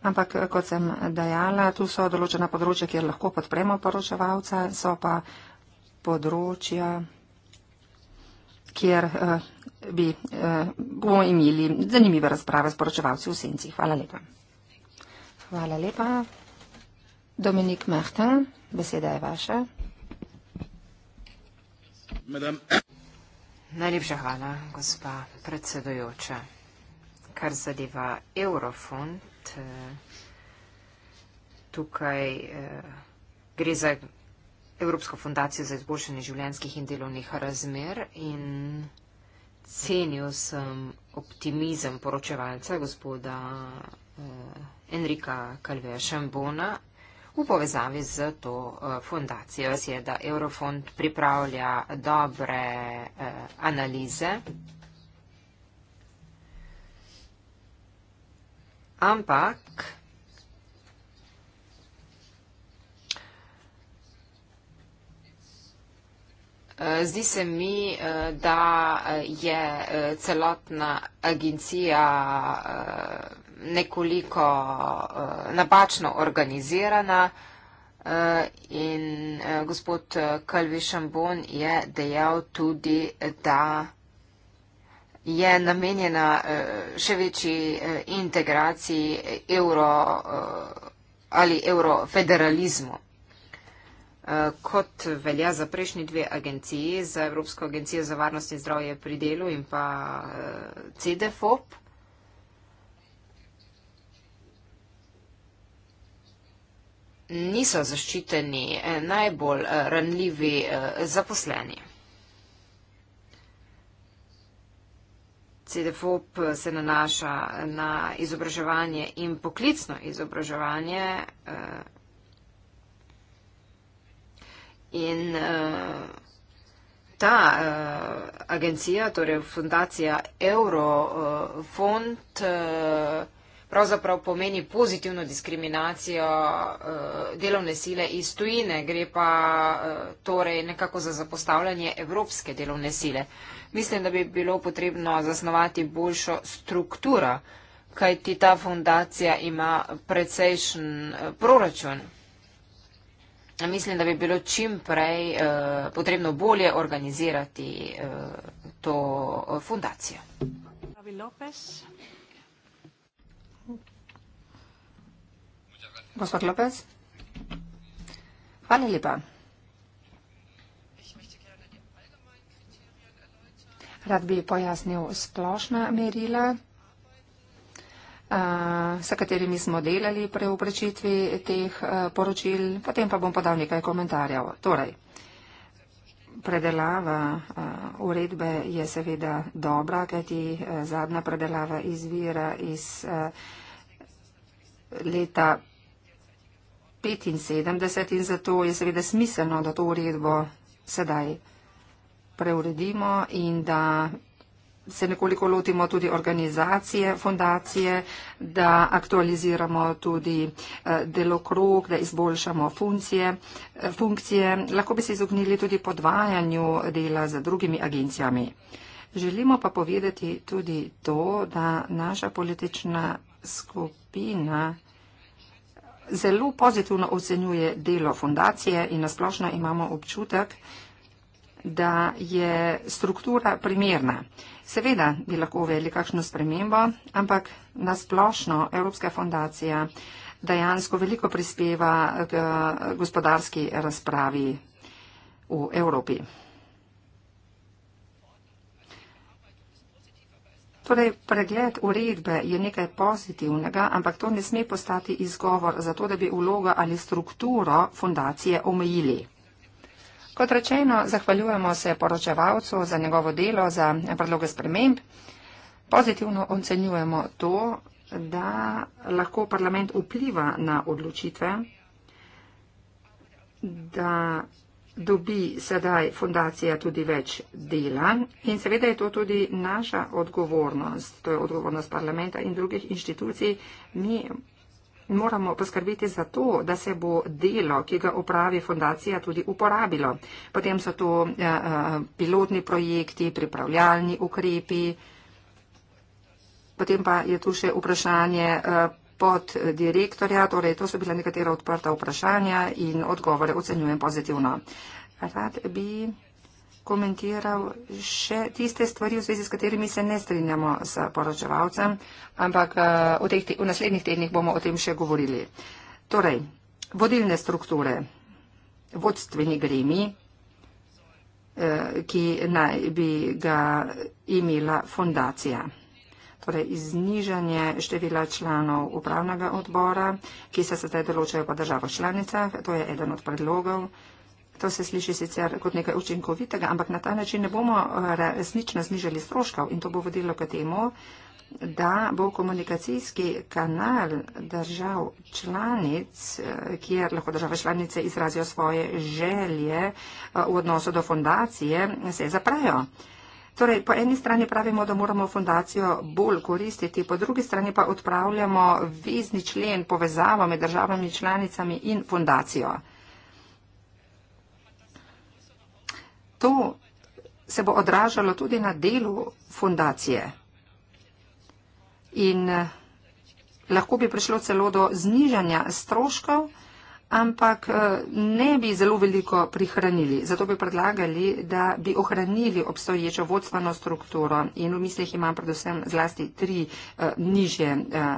E: Ampak, kot sem dejala, tu so določena področja, kjer lahko podpremo poročevalca, so pa področja, kjer uh, bi, uh, bomo imeli zanimive razprave s poročevalci v senci. Hvala lepa. Hvala lepa. Dominik Mehta,
A: beseda je vaša. Madame. Najlepša hvala, gospa predsedujoča. Kar zadeva eurofond, Eh, tukaj eh, gre za Evropsko fundacijo za izboljšanje življenskih in delovnih razmer in cenil sem optimizem poročevalca gospoda eh, Enrika Kalveja Šambona v povezavi z to fundacijo. Jaz je, da Eurofond pripravlja dobre analize. ampak eh, zdi se mi, eh, da je eh, celotna agencija nekoliko napačno organizirana in gospod Kalvi Šambon je dejal tudi, da je je namenjena eh, še večji eh, integraciji evro eh, ali eurofederalizmu. Kot velja za prejšnji dve agenciji, za Evropsko agencijo za varnost in zdravje pri delu in pa CDFOP, niso zaščiteni najbolj ranljivi zaposleni. CDFOP se nanaša na izobraževanje in poklicno izobraževanje eh, in eh, ta eh, agencija, torej fundacija Eurofond, pravzaprav pomeni pozitivno diskriminacijo delovne sile iz tujine, gre pa torej nekako za zapostavljanje evropske delovne sile mislim, da bi bilo potrebno zasnovati boljšo strukturo, kaj ti ta fundacija ima precejšen eh, proračun. Mislim, da bi bilo čim prej eh, potrebno bolje organizirati eh, to eh, fundacijo. Gospod Lopez.
E: Hvala lepa. Rad bi pojasnil splošna merila, eh, s katerimi smo delali pri obrečitvi teh eh, poročil, potem pa bom podal nekaj komentarjev. Torej, predelava eh, uredbe je seveda dobra, kajti zadnja predelava izvira iz leta 75 in zato je seveda smiselno, da to uredbo sedaj predelava preuredimo in da se nekoliko lotimo tudi organizacije, fundacije, da aktualiziramo tudi eh, delokrog, da izboljšamo funkcije, eh, funkcije. Lahko bi se izognili tudi podvajanju dela z drugimi agencijami. Želimo pa povedati tudi to, da naša politična skupina zelo pozitivno ocenjuje delo fundacije in nasplošno imamo občutek, da je struktura primerna. Seveda bi lahko uvedli kakšno spremembo, ampak nasplošno Evropska fondacija dejansko veliko prispeva k eh, gospodarski razpravi v Evropi. Torej, pregled uredbe je nekaj pozitivnega, ampak to ne sme postati izgovor za to, da bi vlogo ali strukturo fundacije omejili. Kot rečeno, zahvaljujemo se poročevalcu za njegovo delo, za predloge sprememb. Pozitivno ocenjujemo to, da lahko parlament vpliva na odločitve, da dobi sedaj fundacija tudi več dela in seveda je to tudi naša odgovornost, to je odgovornost parlamenta in drugih inštitucij. Mi Moramo poskrbeti za to, da se bo delo, ki ga upravi fundacija, tudi uporabilo. Potem so to eh, eh, pilotni projekti, pripravljalni ukrepi. Potem pa je tu še vprašanje eh, pod direktorja. Torej, to so bila nekatera odprta vprašanja in odgovore ocenjujem pozitivno. Rad bi komentiral še tiste stvari, v zvezi s katerimi se ne strinjamo s poročevalcem, ampak eh, v, teh, v naslednjih tednih bomo o tem še govorili. Torej, vodilne strukture, vodstveni gremi, eh, ki naj bi ga imela fundacija. Torej, iznižanje števila članov upravnega odbora, ki se sedaj določajo po državo članicah, to je eden od predlogov. To se sliši sicer kot nekaj učinkovitega, ampak na ta način ne bomo eh, resnično znižali stroškov in to bo vodilo k temu, da bo komunikacijski kanal držav članic, eh, kjer lahko države članice izrazijo svoje želje eh, v odnosu do fondacije, se zaprajo. Torej, po eni strani pravimo, da moramo fundacijo bolj koristiti, po drugi strani pa odpravljamo vizni člen povezavo med državami članicami in fundacijo. to se bo odražalo tudi na delu fundacije. In eh, lahko bi prišlo celo do znižanja stroškov, ampak eh, ne bi zelo veliko prihranili. Zato bi predlagali, da bi ohranili obstoječo vodstveno strukturo in v mislih imam predvsem zlasti tri uh, nižje uh,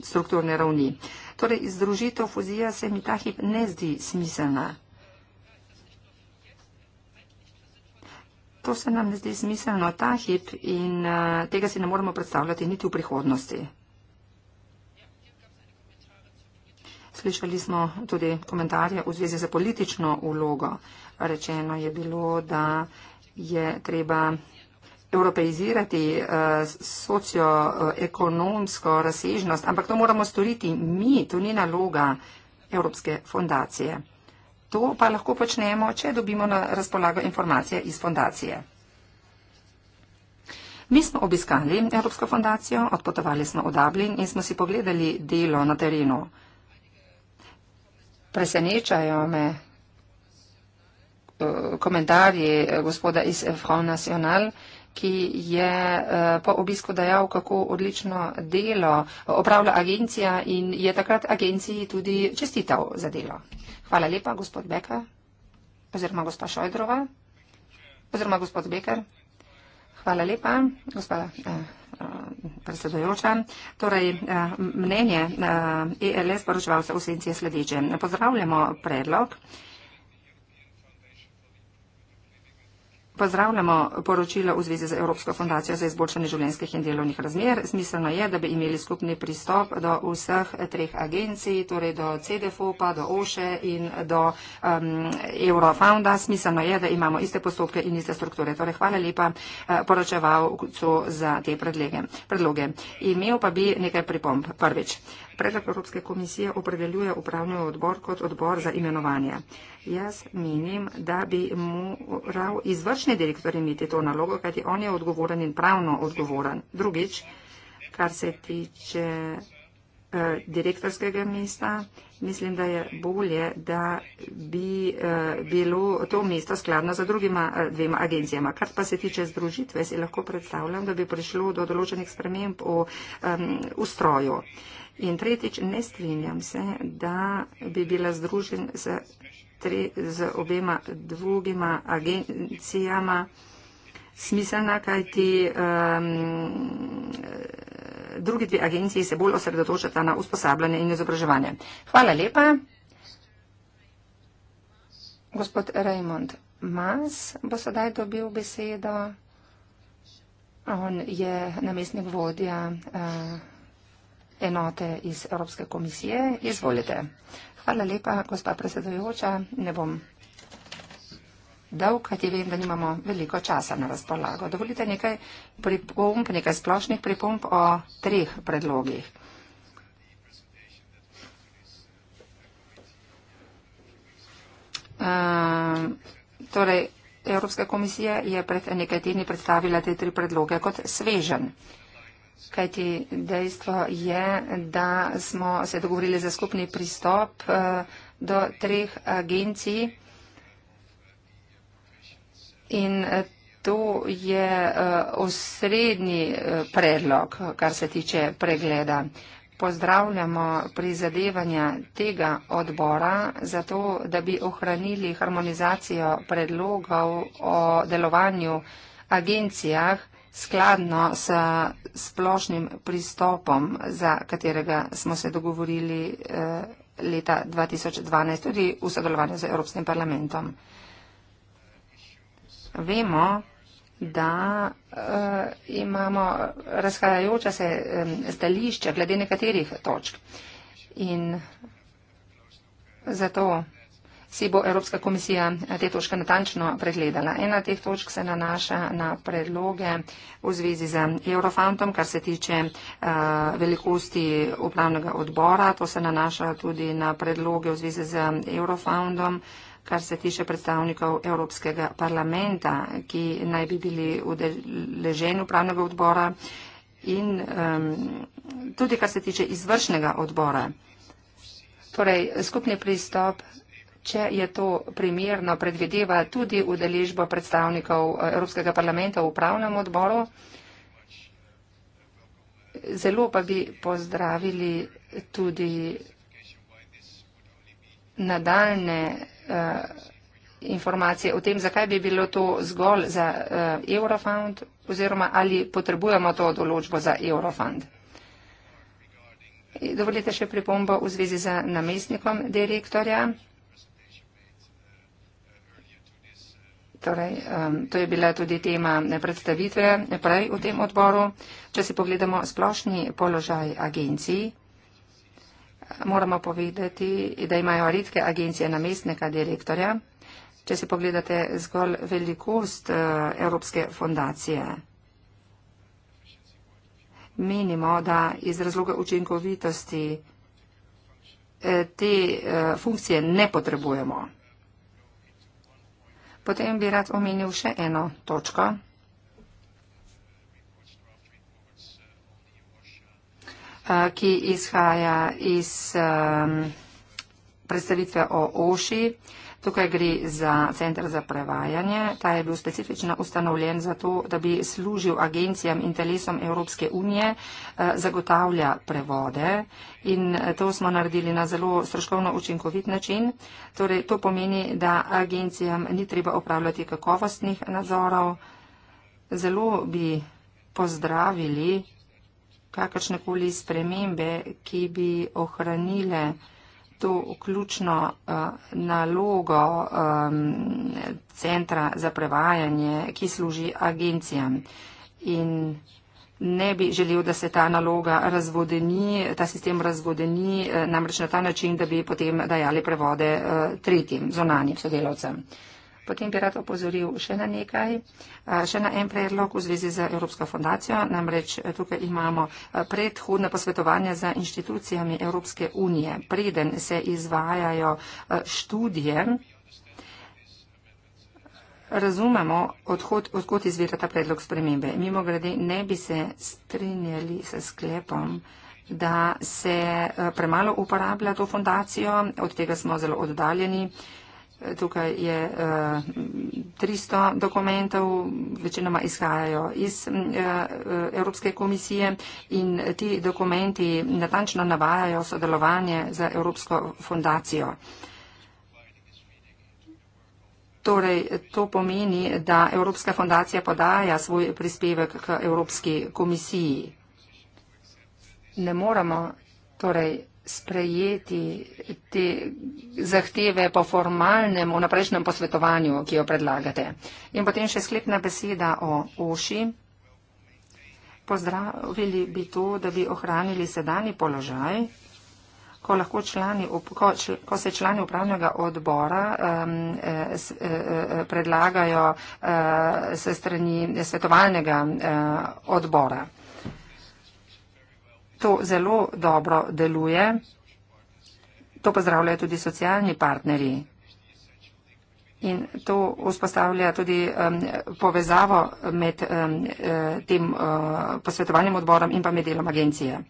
E: strukturne ravni. Torej, združitev fuzija se mi ta hip ne zdi smiselna. to se nam ne zdi smiselno ta hip in uh, tega si ne moremo predstavljati niti v prihodnosti. Slišali smo tudi komentarje v zvezi z politično ulogo. Rečeno je bilo, da je treba europeizirati uh, eh, socioekonomsko razsežnost, ampak to moramo storiti mi, to ni naloga Evropske fondacije. To pa lahko počnemo, če dobimo na razpolago informacije iz fondacije. Mi smo obiskali Evropsko fondacijo, odpotovali smo v Dublin in smo si pogledali delo na terenu. Presenečajo me eh, komentarji eh, gospoda iz Front National, ki je eh, po obisku dejal, kako odlično delo eh, opravlja agencija in je takrat agenciji tudi čestital za delo. Hvala lepa, gospod Beka oziroma gospa Šojdrova oziroma gospod Beker. Hvala lepa, gospod eh, predsedojoča. Torej, mnenje ELS e poročevalca v senci je sledeče. Pozdravljamo predlog. Pozdravljamo poročilo v zvezi z Evropsko fundacijo za izboljšanje življenjskih in delovnih razmer. Smiselno je, da bi imeli skupni pristop do vseh treh agencij, torej do CDFO, pa do OŠE in do um, Eurofounda. Smiselno je, da imamo iste postopke in iste strukture. Torej, hvala lepa eh, poročevalcu za te predloge. Imel pa bi nekaj pripomb. Prvič. Uh, Predlog Evropske komisije opredeljuje upravni odbor kot odbor za imenovanje. Jaz menim, da bi moral izvršni direktor imeti to nalogo, kajti on je odgovoren in pravno odgovoren. Drugič, kar se tiče Eh, direktorskega mesta. Mislim, da je bolje, da bi eh, bilo to mesto skladno za drugima eh, dvema agencijama. Kar pa se tiče združitve, si lahko predstavljam, da bi prišlo do določenih sprememb v ustroju. In tretjič, ne strinjam se, da bi bila združen z, tre, z obema drugima agencijama smiselna, kajti. Um, drugi dve agenciji se bolj osredotočata na usposabljanje in izobraževanje. Hvala lepa. Gospod Raymond Mas bo sedaj dobil besedo. On je namestnik vodja eh, enote iz Evropske komisije. Izvolite. Hvala lepa, gospa predsedujoča. Ne bom dolg, kajti vem, da nimamo veliko časa na razpolago. Dovolite nekaj pripomp, nekaj splošnih pripomp o treh predlogih. Um, torej, Evropska komisija je pred nekaj tedni predstavila te tri predloge kot svežen. Kajti dejstvo je, da smo se dogovorili za skupni pristop uh, do treh agencij. In eh, to je eh, osrednji eh, predlog, kar se tiče pregleda. Pozdravljamo prizadevanja tega odbora za to, da bi ohranili harmonizacijo predlogov o delovanju agencijah skladno s splošnim pristopom, za katerega smo se dogovorili leta 2012, tudi v sodelovanju z Evropskim parlamentom vemo, da uh, imamo razhajajoča se um, stališča glede nekaterih točk. In zato si bo Evropska komisija eh, te točke natančno pregledala. Ena teh točk se nanaša na predloge v zvezi z Eurofantom, kar se tiče uh, velikosti upravnega odbora. To se nanaša tudi na predloge v zvezi z Eurofantom. Uh, kar se tiče predstavnikov Evropskega parlamenta, ki naj bi bili udeleženi upravnega odbora in um, tudi kar se tiče izvršnega odbora. Torej, skupni pristop, če je to primerno, predvideva tudi udeležbo predstavnikov eh, Evropskega parlamenta v upravnem odboru. Zelo pa bi pozdravili tudi nadaljne uh, informacije o tem, zakaj bi bilo to zgolj za uh, Eurofund oziroma ali potrebujemo to določbo za Eurofund. Eh, dovolite še pripombo v zvezi z namestnikom direktorja. Torej, um, to je bila tudi tema predstavitve prej v tem odboru. Če si pogledamo splošni položaj agencij, moramo povedati, da imajo redke agencije namestnega direktorja, če si pogledate zgolj velikost eh, Evropske fondacije. Menimo, da iz razloga učinkovitosti eh, te eh, funkcije ne potrebujemo. Potem bi rad omenil še eno točko. ki izhaja iz um, predstavitve o Oši. Tukaj gre za centr za prevajanje. Ta je bil specifično ustanovljen zato, da bi služil agencijam in telesom Evropske unije, e, zagotavlja prevode in e, to smo naredili na zelo stroškovno učinkovit način. Torej, to pomeni, da agencijam ni treba upravljati kakovostnih nadzorov. Zelo bi pozdravili kakršnekoli spremembe, ki bi ohranile to ključno uh, nalogo um, centra za prevajanje, ki služi agencijam. In ne bi želel, da se ta naloga razvodeni, ta sistem razvodeni eh, namreč na ta način, da bi potem dajali prevode uh, tretjim zonanjim sodelovcem. Potem bi rad opozoril še na nekaj, še na en predlog v zvezi z Evropsko fondacijo. Namreč e, tukaj imamo e, predhodne posvetovanja z inštitucijami Evropske unije. Preden se izvajajo e, študije, razumemo, odhod, odkot izvira ta predlog spremembe. Mimo grede ne bi se strinjali s sklepom da se premalo uporablja to fondacijo, od tega smo zelo oddaljeni. Uh, Tukaj je uh, eh, 300 dokumentov, večinoma izhajajo iz uh, Evropske komisije in ti dokumenti natančno navajajo sodelovanje za Evropsko fundacijo. Torej, to pomeni, da Evropska fundacija podaja svoj prispevek k Evropski komisiji. Ne moramo torej, sprejeti te zahteve po formalnem vnaprejšnjem posvetovanju, ki jo predlagate. In potem še sklepna beseda o OŠI. Pozdravili bi to, da bi ohranili sedani položaj, ko, lahko člani, ko, čl, ko se člani upravnega odbora um, s, e, e predlagajo uh, e, se strani svetovalnega uh, odbora. To zelo dobro deluje. To pozdravljajo tudi socialni partnerji. In to vzpostavlja tudi um, povezavo med um, eh, tem uh, posvetovalnim odborom in pa med delom agencije.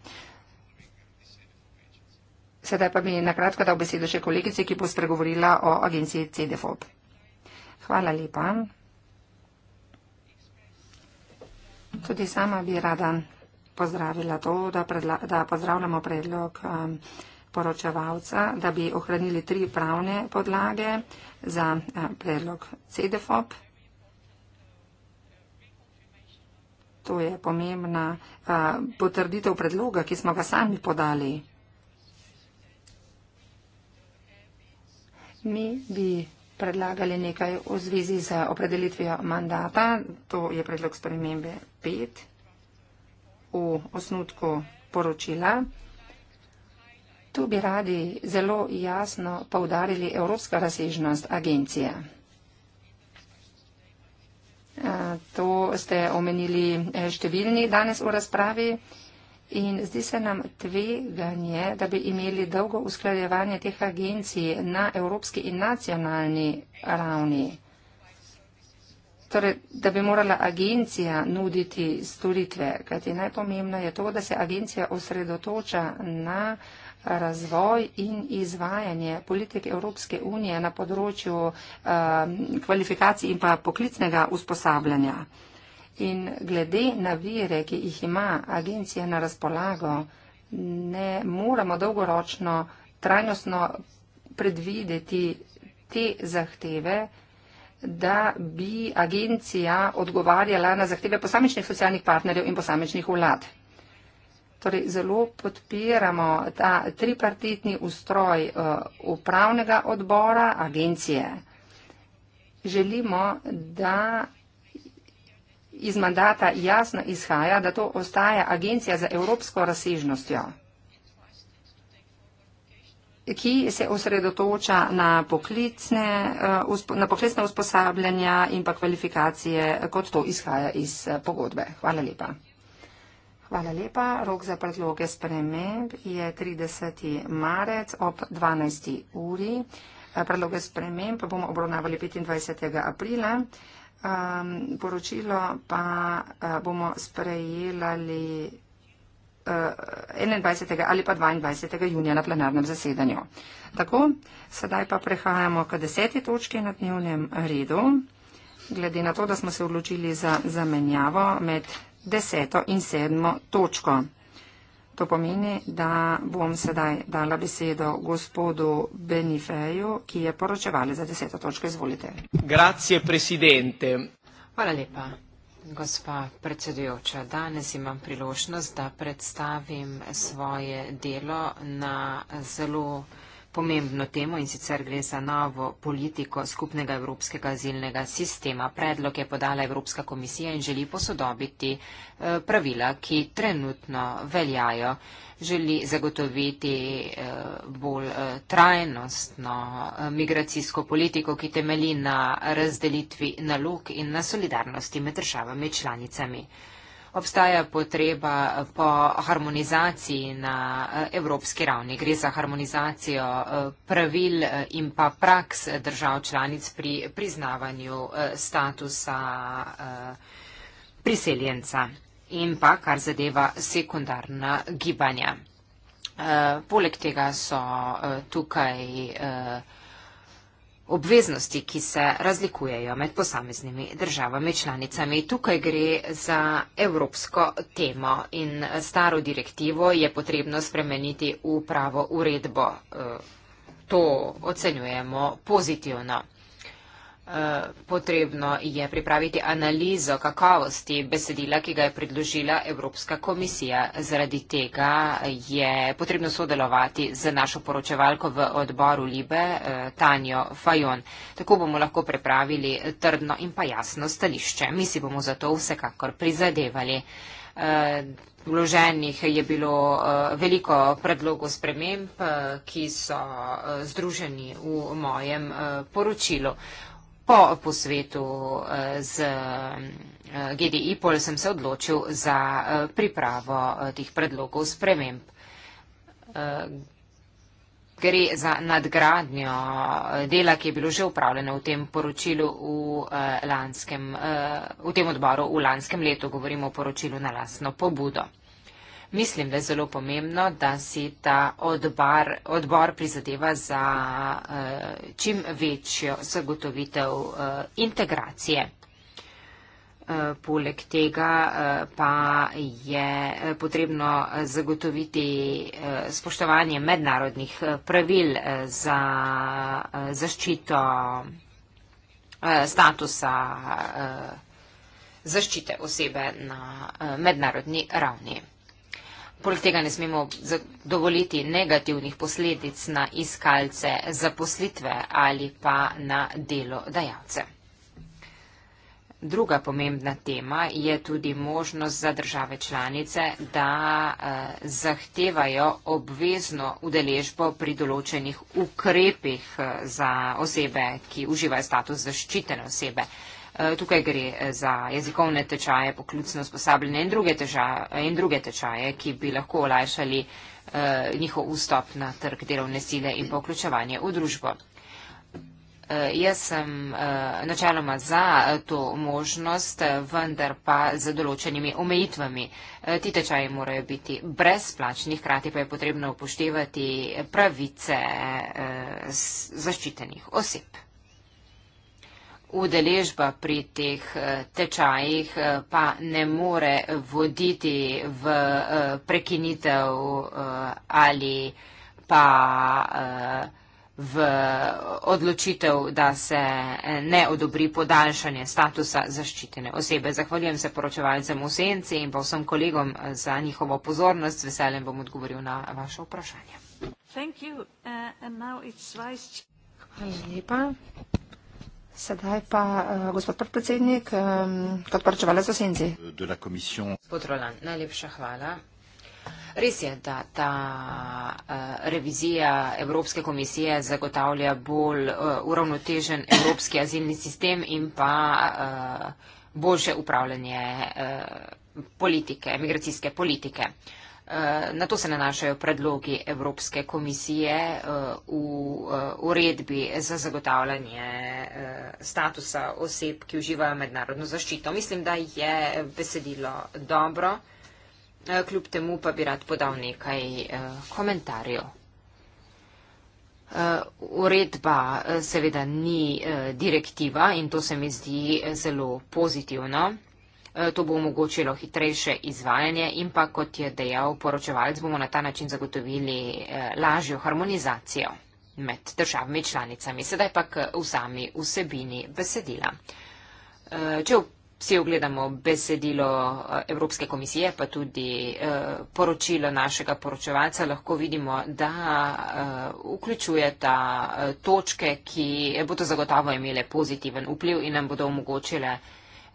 E: Sedaj pa bi nakratko dal besedo še kolegici, ki bo spregovorila o agenciji CDFOB. Hvala lepa. Tudi sama bi rada pozdravila to, da, da pozdravljamo predlog um, poročevalca, da bi ohranili tri pravne podlage za um, predlog CDFOP. To je pomembna uh, potrditev uh, predloga, ki smo ga sami podali. Mi bi predlagali nekaj v zvezi z opredelitvijo mandata, to je predlog spremembe 5 v osnutku poročila. Tu bi radi zelo jasno povdarili evropska razsežnost agencije. To ste omenili eh, številni danes v razpravi in zdi se nam tveganje, da bi imeli dolgo usklajevanje teh agencij na evropski in nacionalni ravni. Torej, da bi morala agencija nuditi storitve, kajti najpomembno je to, da se agencija osredotoča na razvoj in izvajanje politik Evropske unije na področju um, kvalifikacij in pa poklicnega usposabljanja. In glede na vire, ki jih ima agencija na razpolago, ne moramo dolgoročno, trajnostno predvideti te zahteve, da bi agencija odgovarjala na zahteve posamičnih socialnih partnerjev in posamičnih vlad. Torej, zelo podpiramo ta tripartitni ustroj uh, upravnega odbora agencije. Želimo, da iz mandata jasno izhaja, da to ostaja agencija za evropsko razsežnostjo ki se osredotoča na poklicne, uh, na poklicne usposabljanja in pa kvalifikacije, kot to izhaja iz eh, pogodbe. Hvala lepa. Hvala lepa. Rok za predloge sprememb je 30. marec ob 12. uri. Eh, predloge sprememb bomo obravnavali 25. aprila. Um, poročilo pa uh, bomo sprejelali. 21. Eh, ali pa 22. junija na plenarnem zasedanju. Tako, sedaj pa prehajamo k deseti točki na dnevnem redu. Glede na to, da smo se odločili za zamenjavo med deseto in sedmo točko. To pomeni, da bom sedaj dala besedo gospodu Benifeju, ki je poročevali za deseto točko. Izvolite. Grazie,
A: Hvala lepa. Gospa predsedujoča, danes imam priložnost, da predstavim svoje delo na zelo pomembno temo in sicer gre za novo politiko skupnega evropskega azilnega sistema. Predlog je podala Evropska komisija in želi posodobiti eh, pravila, ki trenutno veljajo. Želi zagotoviti eh, bolj eh, trajnostno migracijsko politiko, ki temeli na razdelitvi nalog in na solidarnosti med državami članicami obstaja potreba po harmonizaciji na eh, evropski ravni. Gre za harmonizacijo eh, pravil eh, in pa praks držav članic pri priznavanju statusa priseljenca in pa kar zadeva sekundarna gibanja. Poleg tega so tukaj obveznosti, ki se razlikujejo med posameznimi državami članicami. Tukaj gre za evropsko temo in staro direktivo je potrebno spremeniti v pravo uredbo. Eh, to ocenjujemo pozitivno potrebno je pripraviti analizo kakovosti besedila, ki ga je predložila Evropska komisija. Zaradi tega je potrebno sodelovati z našo poročevalko v odboru Libe, eh, Tanjo Fajon. Tako bomo lahko pripravili trdno in pa jasno stališče. Mi si bomo za to vsekakor prizadevali. Eh, vloženih je bilo eh, veliko predlogov sprememb, ki so združeni v mojem poročilu po posvetu eh, z eh, GDI pol sem se odločil za eh, pripravo teh predlogov sprememb. Gre za nadgradnjo dela, ki je bilo že upravljeno v tem poročilu v, lanskem, v tem odboru v lanskem letu, govorimo o poročilu na lasno pobudo. Mislim, da je zelo pomembno, da si ta odbar, odbor prizadeva za eh, čim večjo zagotovitev eh, integracije. Eh, poleg tega pa je potrebno zagotoviti spoštovanje mednarodnih pravil za zaščito statusa zaščite osebe na mednarodni ravni. Poleg tega ne smemo dovoliti negativnih posledic na iskalce zaposlitve ali pa na delodajalce. Druga pomembna tema je tudi možnost za države članice, da eh, zahtevajo obvezno udeležbo pri določenih ukrepih eh, za osebe, ki uživajo status zaščitene osebe. Eh, Eh, tukaj gre eh, za jezikovne tečaje, poklicno usposabljanje in, in druge tečaje, ki bi lahko olajšali eh, njihov vstop na trg delovne sile in pa vključevanje v družbo. Jaz sem načeloma za to možnost, vendar pa z določenimi omejitvami. Ti tečaji morajo biti brezplačni, hkrati pa je potrebno upoštevati pravice zaščitenih oseb udeležba pri teh eh, tečajih eh, pa ne more voditi v eh, prekinitev ali pa v odločitev, da se ne odobri podaljšanje statusa zaščitene osebe. Zahvaljujem se poročevalcem v Senci in pa vsem kolegom za njihovo pozornost. Veselim bom odgovoril na vaše vprašanje. Hvala lepa.
E: Sedaj pa, uh, gospod predsednik, um, eh, kot poročevalec v
C: senci. Gospod
A: Roland, najlepša hvala. Res je, da ta uh, revizija Evropske komisije zagotavlja bolj uh, uravnotežen evropski azilni sistem in pa uh, boljše upravljanje uh, politike, migracijske politike. Uh, Eh, na to se nanašajo predlogi Evropske komisije eh, v eh, uredbi za zagotavljanje statusa oseb, ki uživajo mednarodno zaščito. Mislim, da je besedilo dobro, kljub temu pa bi rad podal nekaj komentarjev. Uredba seveda ni direktiva in to se mi zdi zelo pozitivno. Eh, to bo omogočilo hitrejše izvajanje in pa, kot je dejal poročevalc, bomo na ta način zagotovili eh, lažjo harmonizacijo med državami članicami. Sedaj pa k vsami vsebini besedila. Eh, če vsi ogledamo besedilo Evropske komisije, pa tudi poročilo našega poročevalca, lahko vidimo, da vključuje ta točke, ki bodo zagotovo imele pozitiven vpliv in nam bodo omogočile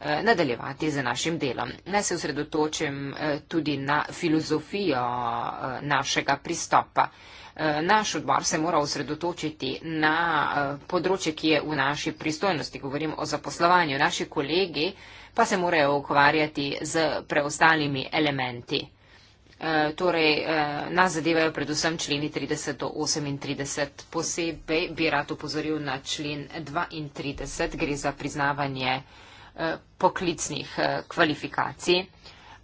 A: Eh, nadaljevati z našim delom. Naj se osredotočim eh, tudi na filozofijo eh, našega pristopa. Naš odbor se mora osredotočiti na področje, ki je v naši pristojnosti, govorim o zaposlovanju. Naši kolegi pa se morajo ukvarjati z preostalimi elementi. Torej, nas zadevajo predvsem členi 30 do 38. Posebej bi rad upozoril na člen 32, gre za priznavanje uh, Eh, poklicnih eh, kvalifikacij.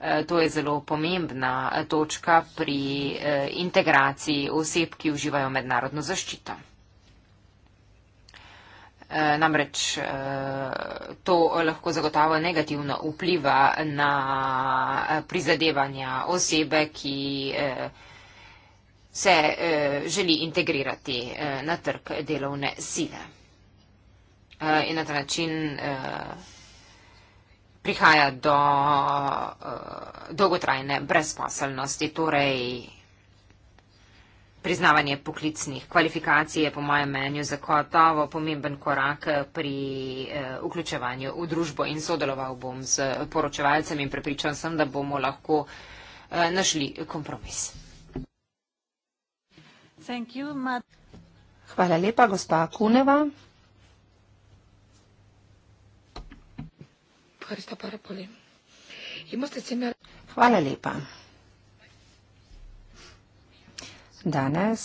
A: Eh, to je zelo pomembna točka pri integraciji oseb, ki uživajo mednarodno zaščito. Namreč to lahko zagotavo negativno vpliva na prizadevanja osebe, ki se želi integrirati na trg delovne sile. In na ta način prihaja do uh, dolgotrajne brezposelnosti, torej priznavanje poklicnih kvalifikacij je po mojem mnenju zagotovo pomemben korak pri uh, vključevanju v družbo in sodeloval bom z poročevalcem in prepričan sem, da bomo lahko uh, našli kompromis.
E: Hvala lepa, gospa Kuneva. Hrista Parapoli. Imate cimer? Hvala lepa. Danes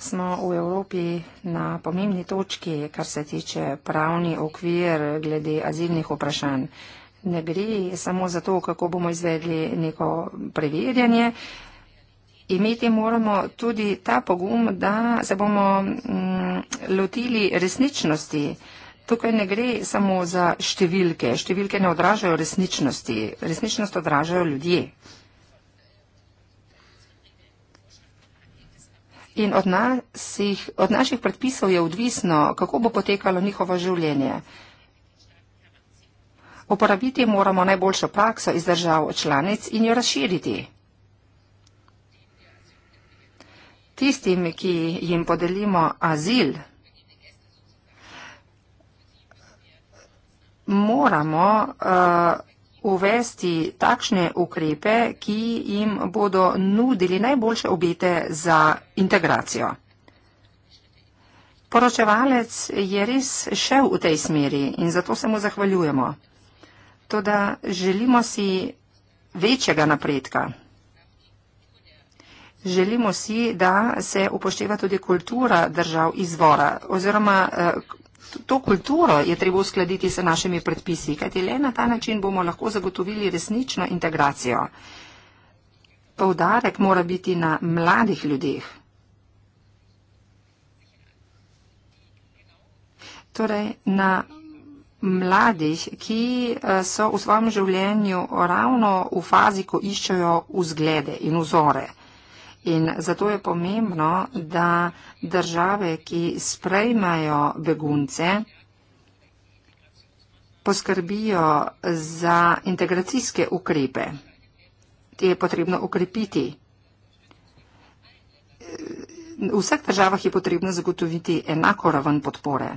E: smo v Evropi na pomembni točki, kar se tiče pravni okvir glede azilnih vprašanj. Ne gre samo za to, kako bomo izvedli neko preverjanje. Imeti moramo tudi ta pogum, da se bomo m, mm, lotili resničnosti. Tukaj ne gre samo za številke. Številke ne odražajo resničnosti. Resničnost odražajo ljudje. In od, nasih, od naših predpisov je odvisno, kako bo potekalo njihovo življenje. Uporabiti moramo najboljšo prakso iz držav članic in jo razširiti. Tistim, ki jim podelimo azil, moramo uh, uvesti takšne ukrepe, ki jim bodo nudili najboljše obete za integracijo. Poročevalec je res šel v tej smeri in zato se mu zahvaljujemo. Toda želimo si večjega napredka. Želimo si, da se upošteva tudi kultura držav izvora oziroma eh, to kulturo je treba uskladiti s našimi predpisi, kajti le na ta način bomo lahko zagotovili resnično integracijo. Povdarek mora biti na mladih ljudeh. Torej na mladih, ki eh, so v svojem življenju ravno v fazi, ko iščejo vzglede in vzore. In zato je pomembno, da države, ki sprejmajo begunce, poskrbijo za integracijske ukrepe. Te je potrebno ukrepiti. V vseh državah je potrebno zagotoviti enako raven podpore.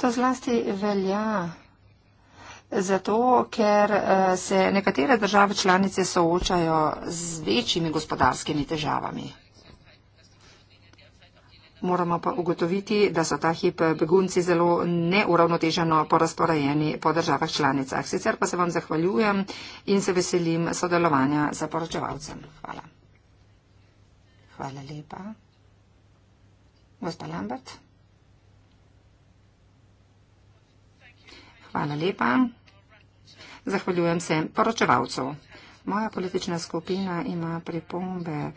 E: To zlasti velja zato, ker eh, se nekatere države članice soočajo z večjimi gospodarskimi težavami. Moramo pa ugotoviti, da so ta hip begunci zelo neuravnoteženo porazporajeni po državah članicah. Sicer pa se vam zahvaljujem in se veselim sodelovanja za poročevalcem. Hvala. Hvala lepa. Gospod Lambert. Hvala lepa. Zahvaljujem se poročevalcu. Moja politična skupina ima pripombe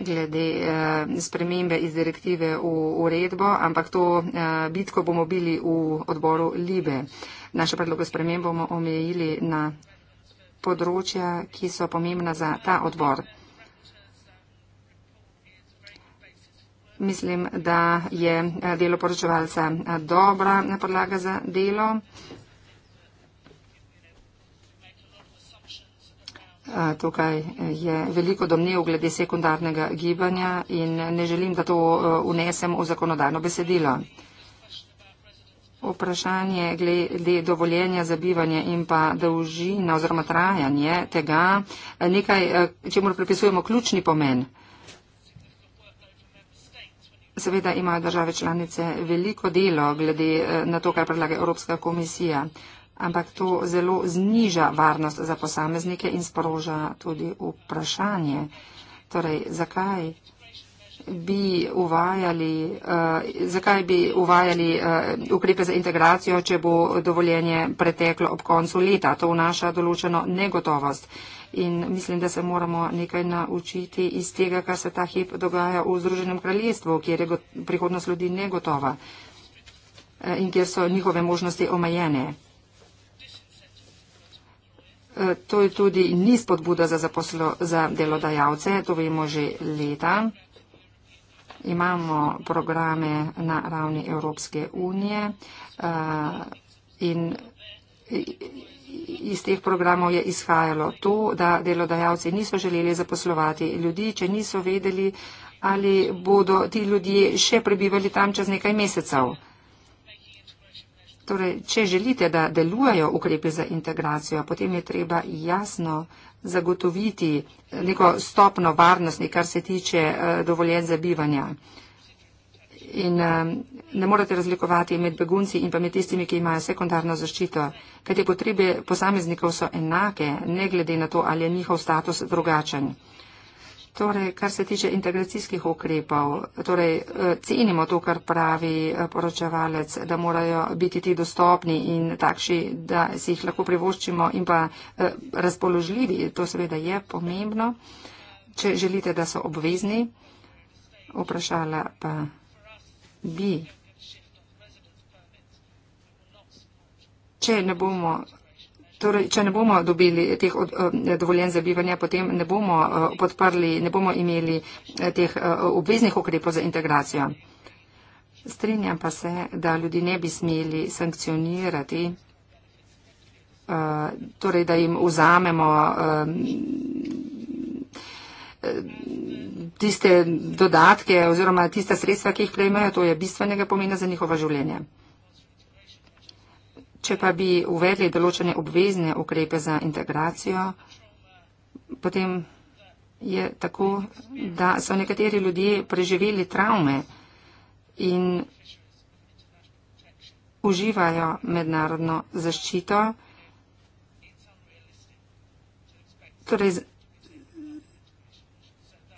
E: glede eh, spremembe iz direktive v uredbo, ampak to eh, bitko bomo bili v odboru Libe. Naše predloge sprememb bomo omejili na področja, ki so pomembna za ta odbor. Mislim, da je eh, delo poročevalca eh, dobra podlaga za delo. Tukaj eh, je veliko domnev glede sekundarnega gibanja in ne želim, da to unesem eh, v zakonodajno besedilo. Vprašanje glede dovoljenja za bivanje in pa dolžina oziroma trajanje tega, eh, nekaj, če mora pripisujemo ključni pomen. Seveda imajo države članice veliko delo glede na to, kar predlaga Evropska komisija ampak to zelo zniža varnost za posameznike in sproža tudi vprašanje. Torej, zakaj bi uvajali, uh, zakaj bi uvajali uh, ukrepe za integracijo, če bo dovoljenje preteklo ob koncu leta. To vnaša določeno negotovost. In mislim, da se moramo nekaj naučiti iz tega, kar se ta hip dogaja v Združenem kraljestvu, kjer je prihodnost ljudi negotova eh, in kjer so njihove možnosti omejene. Eh, to je tudi ni spodbuda za, zaposlo, za delodajalce, to vemo že leta. Imamo programe na ravni Evropske unije eh, in iz teh programov je izhajalo to, da delodajalci niso želeli zaposlovati ljudi, če niso vedeli, ali bodo ti ljudje še prebivali tam čez nekaj mesecev. Torej, če želite, da delujejo ukrepe za integracijo, potem je treba jasno zagotoviti neko stopno varnosti, kar se tiče eh, dovoljen za bivanja. In eh, ne morate razlikovati med begunci in pa med tistimi, ki imajo sekundarno zaščito, kajte potrebe posameznikov so enake, ne glede na to, ali je njihov status drugačen. Torej, kar se tiče integracijskih ukrepov, torej, eh, cenimo to, kar pravi eh, poročevalec, da morajo biti ti dostopni in takšni, da si jih lahko privoščimo in pa eh, razpoložljivi. To seveda je pomembno, če želite, da so obvezni. Vprašala pa bi, če ne bomo Torej, če ne bomo dobili teh od, eh, dovoljen za bivanje, potem ne bomo eh, podprli, ne bomo imeli eh, teh obveznih ukrepov za integracijo. Strinjam pa se, da ljudi ne bi smeli sankcionirati, torej, da jim vzamemo tiste dodatke oziroma tiste sredstva, ki jih prejmejo, to je bistvenega pomena za njihovo življenje. Če pa bi uvedli določene obvezne ukrepe za integracijo, potem je tako, da so nekateri ljudje preživeli travme in uživajo mednarodno zaščito. Torej,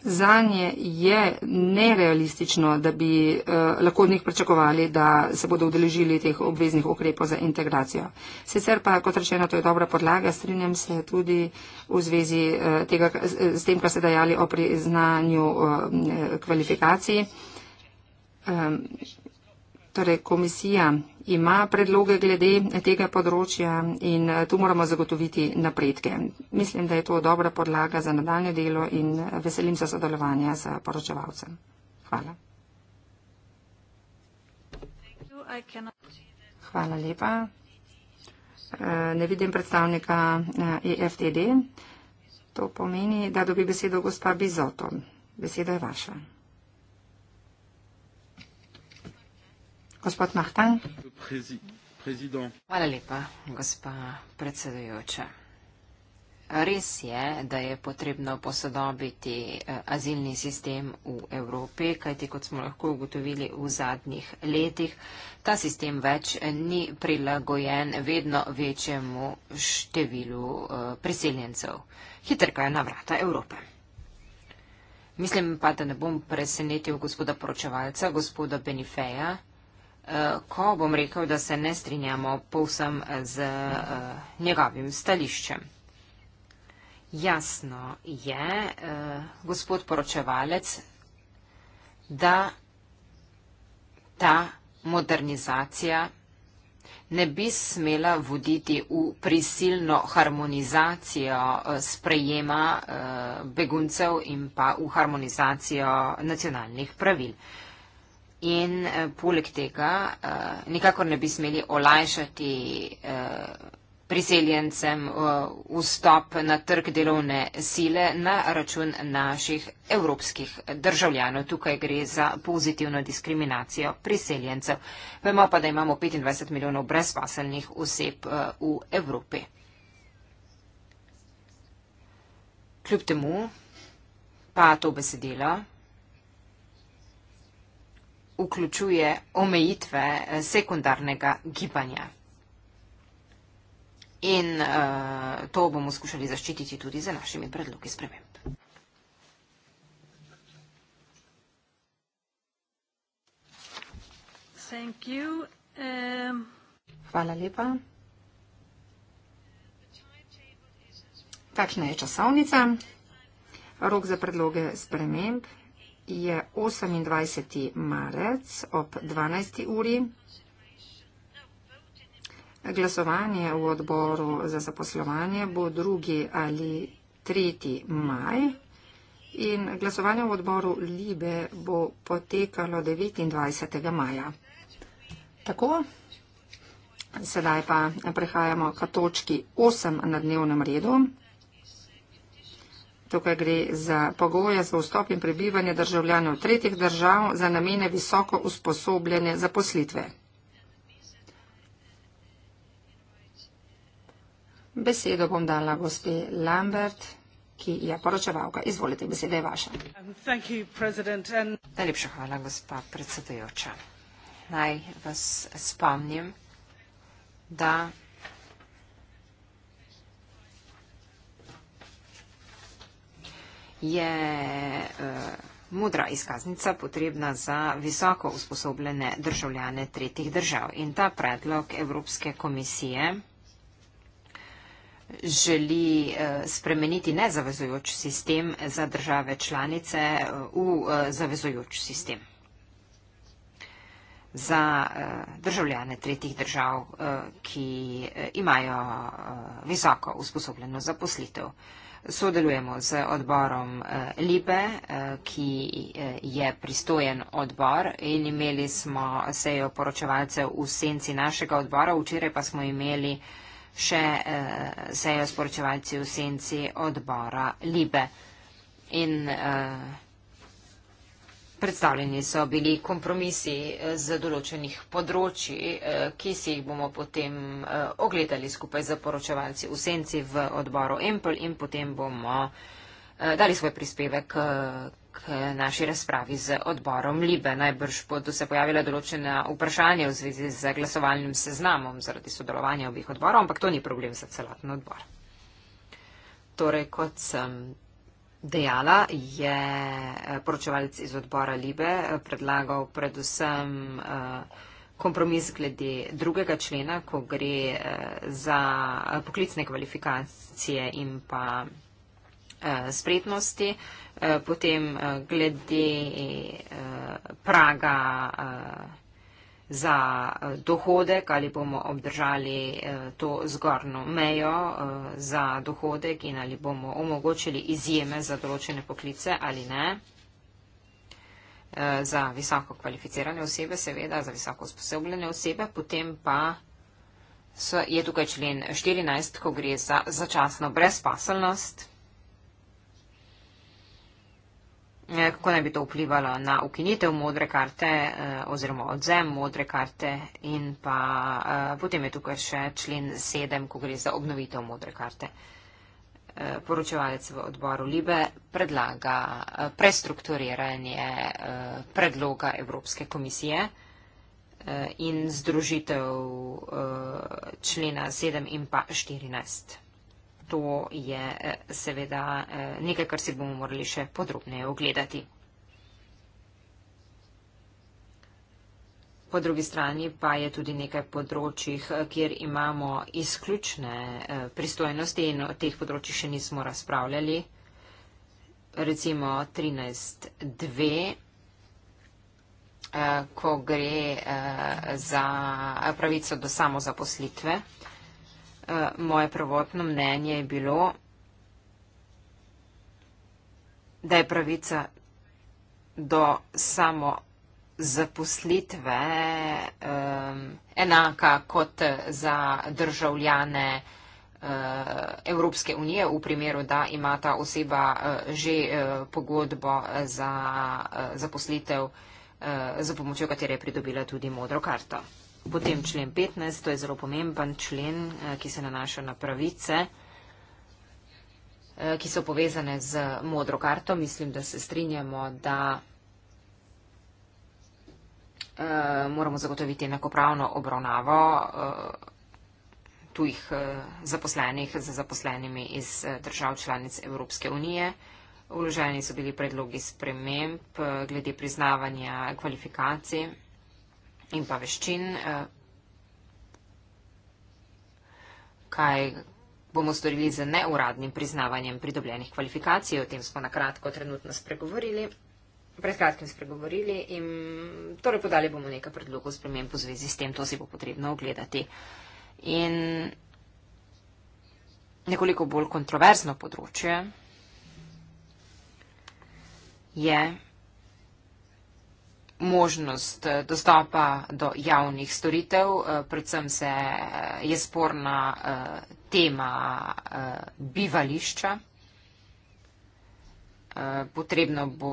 E: za nje je nerealistično, da bi eh, lahko od njih pričakovali, da se bodo udeležili teh obveznih ukrepov za integracijo. Sicer pa, kot rečeno, to je dobra podlaga, strinjam se tudi v zvezi eh, tega, z, z tem, kar ste dajali o priznanju eh, eh kvalifikacij. Eh, torej komisija ima predloge glede tega področja in eh, tu moramo zagotoviti napredke. Mislim, da je to dobra podlaga za nadaljne delo in eh, veselim se sodelovanja s poročevalcem. Hvala. Hvala lepa. Eh, ne vidim predstavnika EFTD. E to pomeni, da dobi besedo gospa Bizoto. Beseda je vaša. Gospod Mahtan.
A: Hvala lepa, gospa predsedujoča. Res je, da je potrebno posodobiti eh, azilni sistem v Evropi, kajti kot smo lahko ugotovili v zadnjih letih, ta sistem več eh, ni prilagojen vedno večjemu številu eh, priseljencev. Hitrka je na vrata Evrope. Mislim pa, da ne bom presenetil gospoda poročevalca, gospoda Benifeja, Eh, ko bom rekel, da se ne strinjamo povsem z eh, njegovim stališčem. Jasno je, eh, gospod poročevalec, da ta modernizacija ne bi smela voditi v prisilno harmonizacijo sprejema beguncev in pa v harmonizacijo nacionalnih pravil. In eh, poleg tega eh, nikakor ne bi smeli olajšati eh, priseljencem eh, vstop na trg delovne sile na račun naših evropskih državljanov. Tukaj gre za pozitivno diskriminacijo priseljencev. Vemo pa, da imamo 25 milijonov brezpaselnih oseb eh, v Evropi. Kljub temu pa to besedilo vključuje omejitve eh, sekundarnega gibanja. In uh, to bomo skušali zaščititi tudi za našimi predlogi sprememb.
B: Um,
E: Hvala lepa. Kakšna je časovnica? Rok za predloge sprememb je 28. marec ob 12. uri. Glasovanje v odboru za zaposlovanje bo 2. ali 3. maj in glasovanje v odboru Libe bo potekalo 29. maja. Tako, sedaj pa prehajamo k točki 8 na dnevnem redu. Tukaj gre za pogoje za vstop in prebivanje državljanov tretjih držav za namene visoko usposobljene zaposlitve. Besedo bom dala gospe Lambert, ki je poročevalka. Izvolite, beseda je vaša.
A: Najlepša hvala, gospa predsedujoča. Naj vas spomnim, da je uh, eh, modra izkaznica potrebna za visoko usposobljene državljane tretjih držav. In ta predlog Evropske komisije želi eh, spremeniti nezavezujoč sistem za države članice eh, v zavezujoč sistem za državljane tretjih držav, ki imajo visoko usposobljeno zaposlitev sodelujemo z odborom eh, Lipe, eh, ki eh, je pristojen odbor in imeli smo sejo poročevalcev v senci našega odbora. Včeraj pa smo imeli še sejo s poročevalci v senci odbora Lipe. In uh, Predstavljeni so bili kompromisi eh, z določenih področji, eh, ki si jih bomo potem eh, ogledali skupaj z poročevalci v senci v odboru Empel in potem bomo dali svoj prispevek k naši razpravi z odborom Libe. Najbrž bodo se pojavile določene vprašanja v zvezi z glasovalnim seznamom zaradi sodelovanja obih odborov, ampak to ni problem za celoten odbor. Torej, kot sem dejala, je eh, poročevalec iz odbora Libe eh, predlagal predvsem eh, kompromis glede drugega člena, ko gre za poklicne kvalifikacije in pa spretnosti, potem glede praga za eh, dohodek ali bomo obdržali eh, to zgornjo mejo eh, za dohodek in ali bomo omogočili izjeme za določene poklice ali ne. Za visoko kvalificirane osebe, seveda, za visoko usposobljene osebe, potem pa je tukaj člen 14, ko gre za začasno brezpaselnost. Eh, kako naj bi to vplivalo na ukinitev modre karte eh, oziroma odzem modre karte in pa eh, potem je tukaj še člen 7, ko gre za obnovitev modre karte. Poročevalec v odboru Libe predlaga prestrukturiranje predloga Evropske komisije in združitev člena 7 in pa 14 to je eh, seveda eh, nekaj, kar si bomo morali še podrobneje ogledati. Po drugi strani pa je tudi nekaj področjih, eh, kjer imamo izključne pristojnosti in o teh področjih še nismo razpravljali. Recimo 13.2, ko gre za pravico do samozaposlitve. Eh, moje prvotno mnenje je bilo, da je pravica do samo zaposlitve ehm, enaka kot za državljane eh, Evropske unije v primeru, da ima ta oseba eh, že pogodbo za zaposlitev, za pomočjo katere je pridobila tudi modro karto. Potem člen 15, to je zelo pomemben člen, eh, ki se nanaša na pravice, eh, ki so povezane z modro karto. Mislim, da se strinjamo, da eh, moramo zagotoviti enakopravno obravnavo tujih zaposlenih za zaposlenimi iz držav članic Evropske unije. Vloženi so bili predlogi sprememb glede priznavanja kvalifikacij in pa veščin, eh, kaj bomo storili z neuradnim priznavanjem pridobljenih kvalifikacij. O tem smo na kratko trenutno spregovorili. Pred kratkim spregovorili in torej podali bomo nekaj predlogov sprememb v zvezi s tem, to si bo potrebno ogledati. In nekoliko bolj kontroverzno področje je možnost eh, dostopa do javnih storitev, eh, predvsem se eh, je sporna tema bivališča. Potrebno bo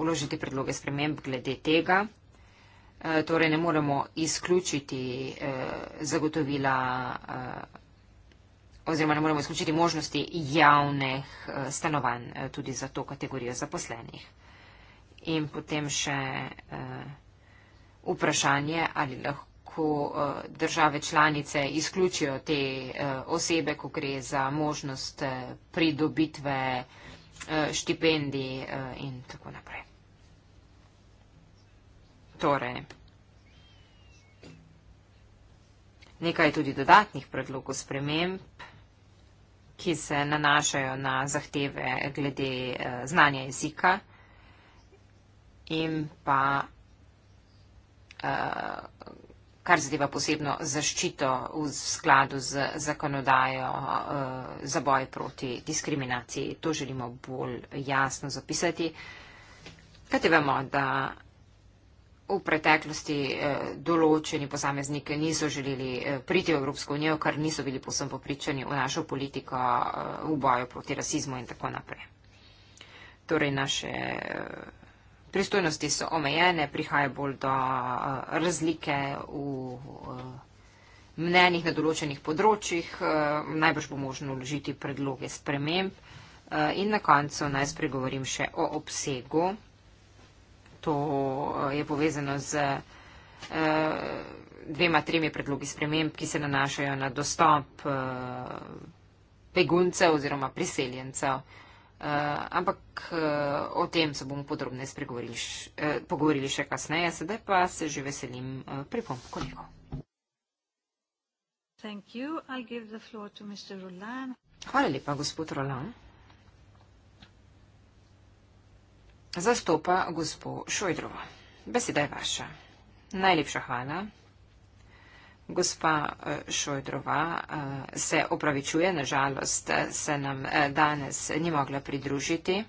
A: uložiti predloge sprememb glede tega. Torej ne moremo izključiti zagotovila oziroma ne moremo izključiti možnosti javnih stanovanj tudi za to kategorijo zaposlenih in potem še eh, vprašanje, ali lahko eh, države članice izključijo te eh, osebe, ko gre za možnost pridobitve štipendij in tako naprej. Torej, nekaj tudi dodatnih predlogov sprememb, ki se nanašajo na zahteve glede znanja jezika, in pa uh, kar zadeva posebno zaščito v skladu z zakonodajo uh, za boj proti diskriminaciji. To želimo bolj jasno zapisati. Kajte vemo, da v preteklosti eh, določeni posamezniki niso želeli eh, priti v Evropsko unijo, kar niso bili posebno popričani v našo politiko eh, v boju proti rasizmu in tako naprej. Torej naše eh, pristojnosti so omejene, prihaja bolj do uh, razlike v uh, mnenjih na določenih področjih, uh, najbrž bo možno vložiti predloge sprememb uh, in na koncu naj spregovorim še o obsegu. To uh, je povezano z uh, dvema, tremi predlogi sprememb, ki se nanašajo na dostop. Uh, Peguncev oziroma priseljencev Eh, ampak uh, o tem se bomo podrobne spregovorili, uh, pogovorili še kasneje, sedaj pa se že veselim uh, pripomb kolego. Hvala lepa, gospod Roland. Zastopa gospod Šojdrova. Beseda je vaša. Najlepša hvala. Gospa eh, Šojdrova eh, se opravičuje, nažalost eh, se nam danes ni mogla pridružiti.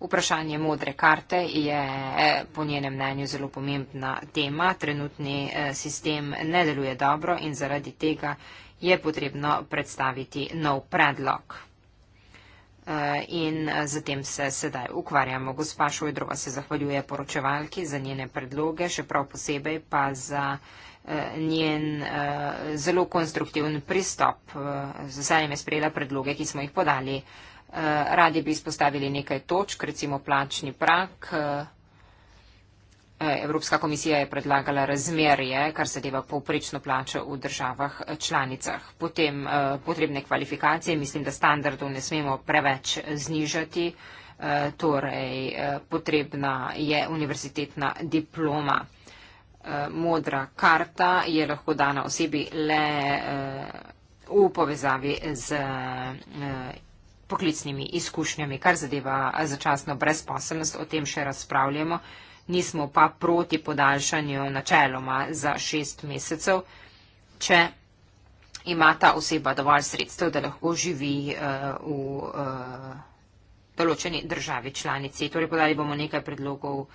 A: Vprašanje modre karte je po njenem mnenju zelo pomembna tema. Trenutni sistem ne deluje dobro in zaradi tega je potrebno predstaviti nov predlog. In zatem se sedaj ukvarjamo. Gospa Šojdrova se zahvaljuje poročevalki za njene predloge, še prav posebej pa za njen uh, zelo konstruktiven pristop. Uh, eh, Zdaj je sprejela predloge, ki smo jih podali. Uh, radi bi izpostavili nekaj točk, recimo plačni prak. Uh, Evropska komisija je predlagala razmerje, kar zadeva povprečno plačo v državah članicah. Potem uh, potrebne kvalifikacije, mislim, da standardov ne smemo preveč znižati. Uh, torej, uh, potrebna je univerzitetna diploma. Eh, modra karta je lahko dana osebi le eh, v povezavi z eh, poklicnimi izkušnjami, kar zadeva začasno brezposelnost, o tem še razpravljamo. Nismo pa proti podaljšanju načeloma za šest mesecev, če ima ta oseba dovolj sredstev, da lahko živi uh, v uh, določeni državi članici. Torej podali bomo nekaj predlogov uh,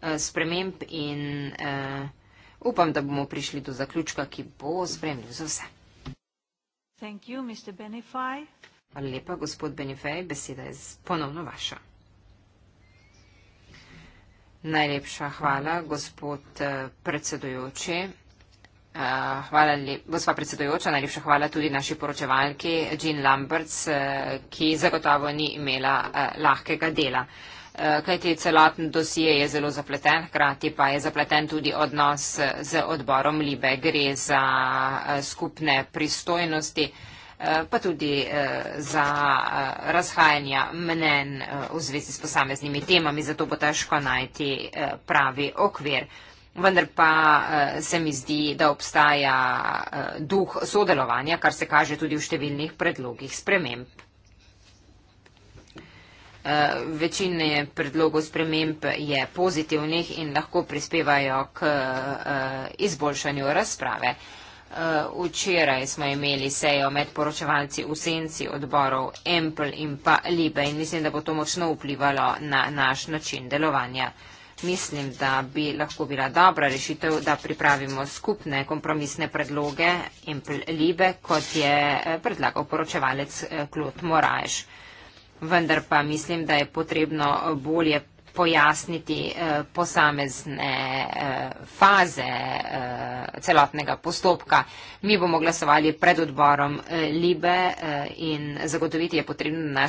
A: Eh, sprememb in eh, upam, da bomo prišli do zaključka, ki bo spremljiv za vse.
B: Hvala
A: lepa, gospod Benifej, beseda je ponovno vaša. Najlepša hvala, gospod eh, predsedujoči. Hvala lepa, gospod predsedujoča, najlepša hvala tudi naši poročevalki Jean Lamberts, ki zagotovo ni imela lahkega dela. Eh, kajti celoten dosije je zelo zapleten, hkrati pa je zapleten tudi odnos eh, z odborom Libe. Gre za eh, skupne pristojnosti, pa tudi za razhajanja mnen v zvezi s posameznimi temami, zato bo težko najti pravi okvir. Vendar pa se mi zdi, da obstaja duh sodelovanja, kar se kaže tudi v številnih predlogih sprememb. Eh, večine predlogov sprememb je pozitivnih in lahko prispevajo k eh, izboljšanju razprave. Eh, včeraj smo imeli sejo med poročevalci v senci odborov Empel in pa Libe in mislim, da bo to močno vplivalo na naš način delovanja. Mislim, da bi lahko bila dobra rešitev, da pripravimo skupne kompromisne predloge Empel Libe, kot je predlagal poročevalec Klot Moraješ vendar pa mislim, da je potrebno bolje pojasniti eh, posamezne eh, faze eh, celotnega postopka. Mi bomo glasovali pred odborom eh, Libe eh, in zagotoviti je potrebno, da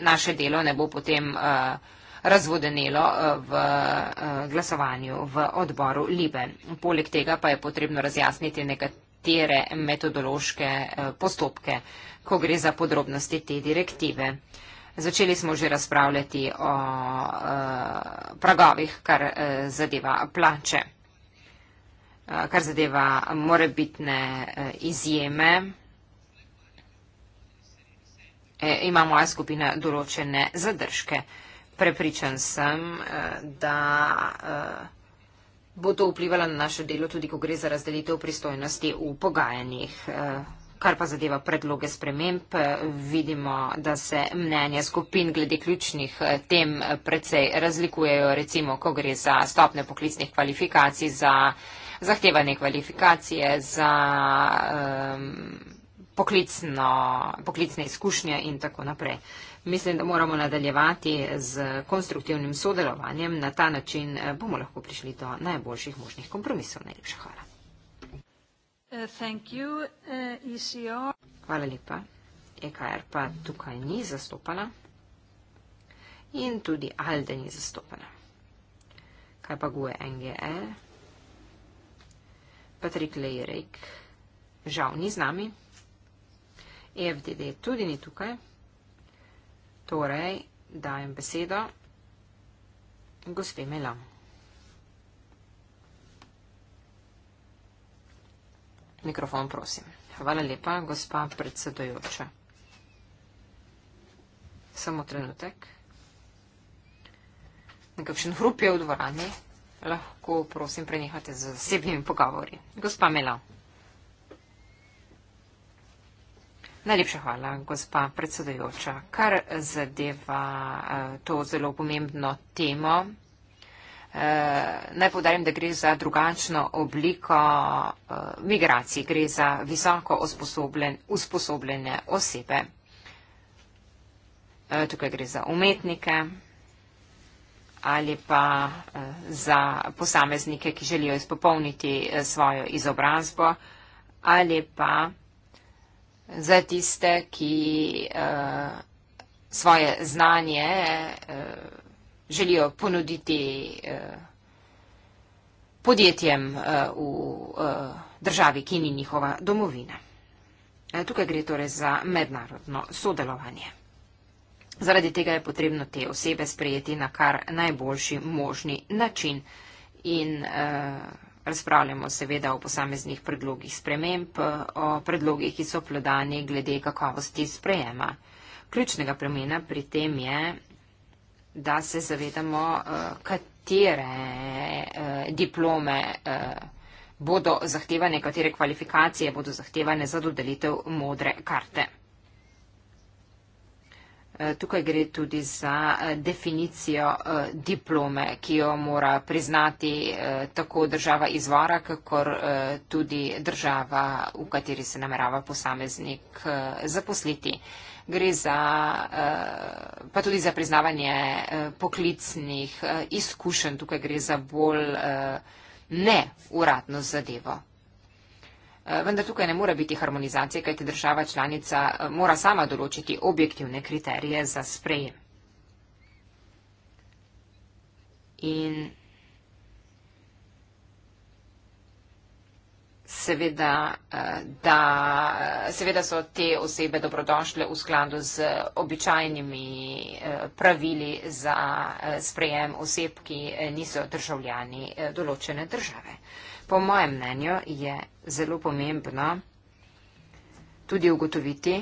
A: naše delo ne bo potem eh, razvodenelo eh, v eh, glasovanju v odboru Libe. Poleg tega pa je potrebno razjasniti nekatere metodološke eh, postopke, ko gre za podrobnosti te direktive. Začeli smo že razpravljati o uh, pragovih, kar uh, zadeva plače, uh, kar zadeva morebitne uh, izjeme. E, ima moja skupina določene zadržke. Prepričan sem, uh, da uh, bo to vplivalo na naše delo, tudi ko gre za razdelitev pristojnosti v pogajanjih. Uh, Kar pa zadeva predloge sprememb, vidimo, da se mnenja skupin glede ključnih eh, tem eh, precej razlikujejo, recimo, ko gre za stopne poklicnih kvalifikacij, za zahtevane kvalifikacije, za um, poklicno, poklicne izkušnje in tako naprej. Mislim, da moramo nadaljevati z konstruktivnim sodelovanjem. Na ta način eh, bomo lahko prišli do najboljših možnih kompromisov. Najlepša hvala.
B: Uh, uh, e
A: Hvala lepa. EKR pa tukaj ni zastopana in tudi ALDE ni zastopana. Kaj pa guje NGE? Patrik Lejrejk žal ni z nami. EFDD tudi ni tukaj. Torej, dajem besedo gospe Melamo. Mikrofon, prosim. Hvala lepa, gospa predsedojoča. Samo trenutek. Nekakšen hrup je v dvorani. Lahko, prosim, prenehate z zasebnimi pogovori. Gospa Mela. Najlepša hvala, gospa predsedojoča. Kar zadeva eh, to zelo pomembno temo, Eh, naj podarim, da gre za drugačno obliko eh, migracij, gre za visoko osposobljen, usposobljene osebe. Eh, tukaj gre za umetnike ali pa eh, za posameznike, ki želijo izpopolniti eh, svojo izobrazbo ali pa eh, za tiste, ki eh, svoje znanje. Eh, želijo ponuditi eh, podjetjem eh, v eh, državi, ki ni njihova domovina. Tukaj gre torej za mednarodno sodelovanje. Zaradi tega je potrebno te osebe sprejeti na kar najboljši možni način in eh, razpravljamo seveda o posameznih predlogih sprememb, o predlogih, ki so plodani glede kakovosti sprejema. Ključnega premena pri tem je da se zavedamo, uh, katere uh, diplome uh, bodo zahtevane, katere kvalifikacije bodo zahtevane za dodelitev modre karte. Tukaj gre tudi za definicijo diplome, ki jo mora priznati tako država izvora, kakor tudi država, v kateri se namerava posameznik zaposliti gre za, eh, pa tudi za priznavanje eh, poklicnih eh, izkušenj, tukaj gre za bolj neuradno zadevo. Vendar tukaj ne mora biti harmonizacije, kajte država članica mora sama določiti objektivne kriterije za sprejem. In Seveda, eh, da, eh, seveda so te osebe dobrodošle v skladu z običajnimi eh, pravili za sprejem oseb, ki niso državljani določene države. Po mojem mnenju je zelo pomembno tudi ugotoviti,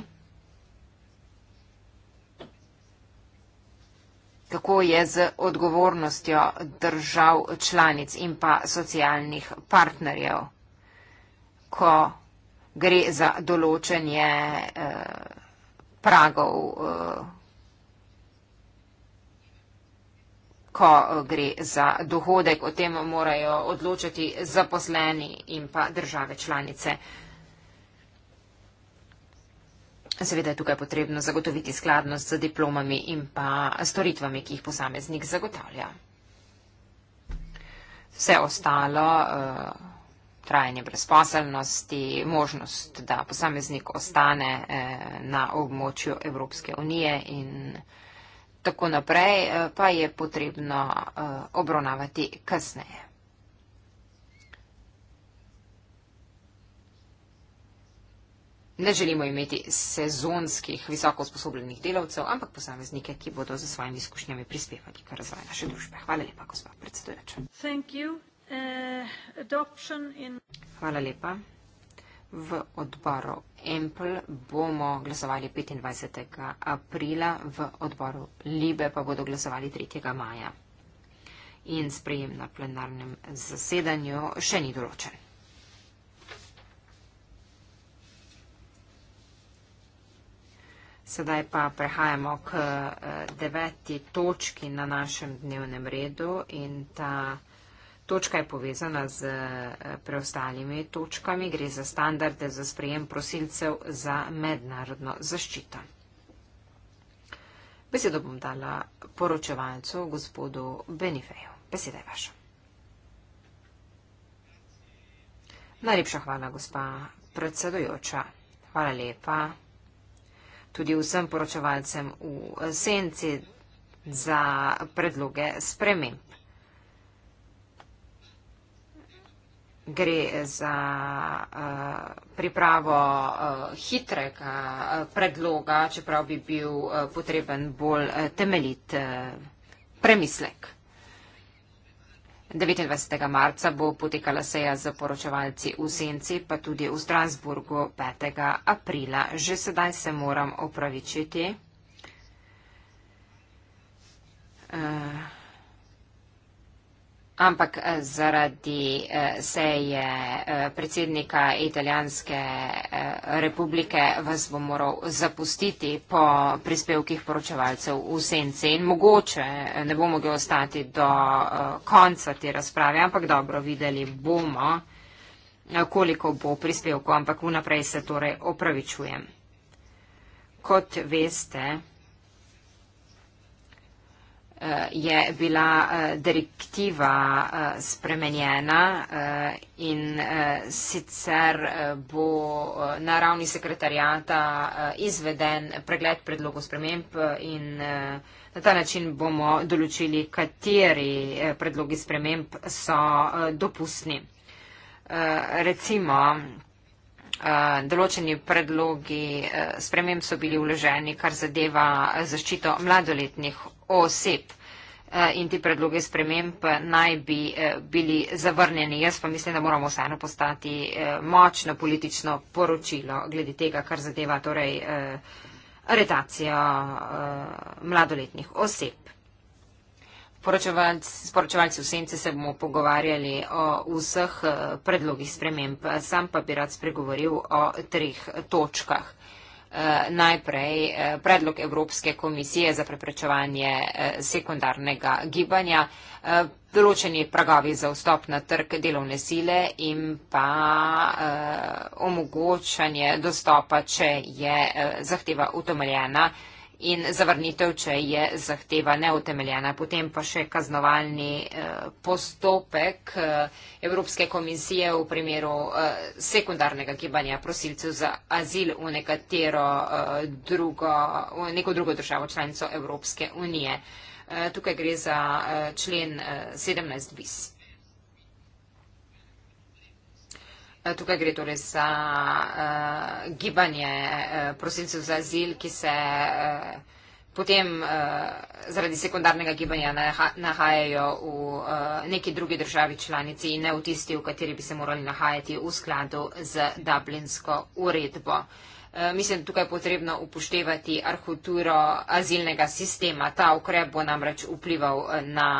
A: kako je z odgovornostjo držav članic in pa socialnih partnerjev ko gre za določenje eh, pragov, eh, ko gre za dohodek, o tem morajo odločati zaposleni in pa države članice. Seveda je tukaj potrebno zagotoviti skladnost z diplomami in pa storitvami, ki jih posameznik zagotavlja. Vse ostalo. Eh, trajanje brezposelnosti, možnost, da posameznik ostane eh, na območju Evropske unije in tako naprej, eh, pa je potrebno eh, obravnavati kasneje. Ne želimo imeti sezonskih visoko usposobljenih delavcev, ampak posameznike, ki bodo za svojimi izkušnjami prispevali k razvoju naše družbe. Hvala lepa, gospod predsedujoč. Uh, Hvala lepa. V odboru Empl bomo glasovali 25. aprila, v odboru Libe pa bodo glasovali 3. maja. In sprejem na plenarnem zasedanju še ni določen. Sedaj pa prehajamo k eh, deveti točki na našem dnevnem redu in ta. Točka je povezana z eh, preostalimi točkami, gre za standarde za sprejem prosilcev za mednarodno zaščito. Besedo bom dala poročevalcu gospodu Benifeju. Beseda je vaša. Najlepša hvala, gospa predsedojoča. Hvala lepa tudi vsem poročevalcem v senci za predloge sprememb. gre za uh, pripravo uh, hitrega uh, predloga, čeprav bi bil uh, potreben bolj uh, temeljit uh, premislek. 29. marca bo potekala seja z poročevalci v Senci, pa tudi v Strasburgu 5. aprila. Že sedaj se moram opravičiti. Uh, Ampak eh, zaradi eh, seje eh, predsednika Italijanske republike vas bo moral zapustiti po prispevkih poročevalcev v senci in mogoče ne bo mogel ostati do konca te razprave, ampak dobro videli bomo, koliko bo prispevkov, ampak vnaprej se torej opravičujem. Kot veste, Eh, je bila eh, direktiva eh, spremenjena in sicer bo na ravni sekretarjata izveden pregled predlogov sprememb in na ta način bomo določili, kateri predlogi sprememb so dopustni. Recimo, Eh, določeni predlogi eh, sprememb so bili vloženi, kar zadeva zaščito mladoletnih oseb eh, in ti predloge sprememb naj bi bili zavrnjeni. Jaz pa mislim, da moramo vseeno postati močno politično poročilo glede tega, kar zadeva torej aretacijo mladoletnih oseb poročevalci, poročevalci v Senci se bomo pogovarjali o vseh eh, predlogih sprememb. Sam pa bi rad spregovoril o treh točkah. Eh, najprej eh, predlog Evropske komisije za preprečevanje sekundarnega gibanja, določeni pragovi za vstop na trg delovne sile in pa omogočanje dostopa, če je zahteva utomeljena in zavrnitev, če je zahteva neutemeljena. Potem pa še kaznovalni eh, postopek eh, Evropske komisije v primeru eh, sekundarnega gibanja prosilcev za azil v, drugo, v neko drugo državo članico Evropske unije. Tukaj gre za člen 17 bis. Eh, tukaj gre torej za uh, gibanje uh, prosilcev za azil, ki se uh, potem uh, zaradi sekundarnega gibanja naha nahajajo v uh, neki drugi državi članici in ne v tisti, v kateri bi se morali nahajati v skladu z Dublinsko uredbo. Mislim, tukaj je potrebno upoštevati arhuturo azilnega sistema. Ta ukrep bo namreč vplival na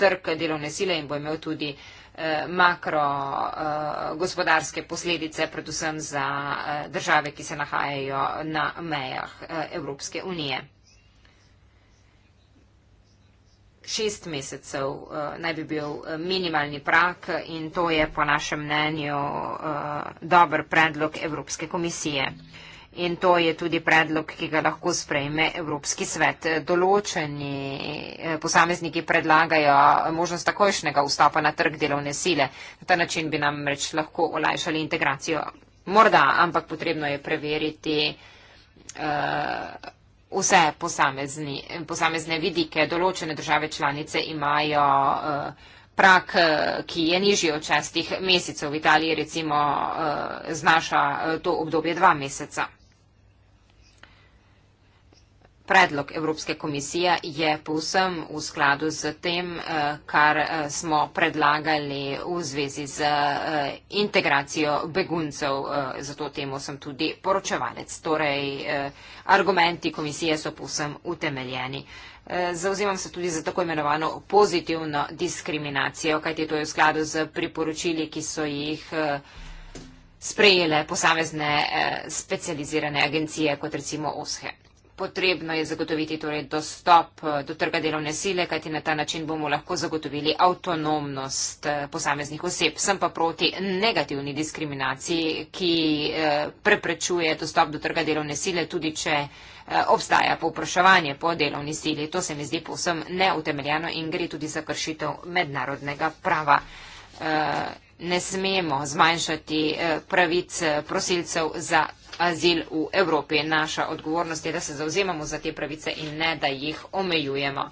A: trg delovne sile in bo imel tudi uh, Eh, makrogospodarske eh, posledice, predvsem za eh, države, ki se nahajajo na mejah Evropske unije. Šest mesecev naj bi bil minimalni prak in to je po našem mnenju dober predlog Evropske komisije in to je tudi predlog, ki ga lahko sprejme Evropski svet. Določeni eh, posamezniki predlagajo možnost takojšnjega vstopa na trg delovne sile. Na ta način bi nam reč lahko olajšali integracijo. Morda, ampak potrebno je preveriti uh, vse posamezni, posamezne vidike. Določene države članice imajo. Uh, eh, Prak, ki je nižji od šestih mesecev, v Italiji recimo znaša to obdobje dva meseca predlog Evropske komisije je povsem v skladu z tem, eh, kar eh, smo predlagali v zvezi z eh, integracijo beguncev. Zato temu sem tudi poročevalec. Torej, argumenti komisije so povsem utemeljeni. Zauzimam se tudi za tako imenovano pozitivno diskriminacijo, kajti to je v skladu z priporočili, ki so jih sprejele posamezne specializirane agencije, kot recimo OSHE. Potrebno je zagotoviti torej dostop eh, do trga delovne sile, kajti na ta način bomo lahko zagotovili avtonomnost eh, posameznih oseb. Sem pa proti negativni diskriminaciji, ki eh, preprečuje dostop do trga delovne sile, tudi če obstaja povpraševanje po delovni sili. To se mi zdi povsem neutemeljano in gre tudi za kršitev mednarodnega prava ne smemo zmanjšati eh, pravic eh, prosilcev za azil v Evropi. Naša odgovornost je, da se zauzemamo za te pravice in ne, da jih omejujemo.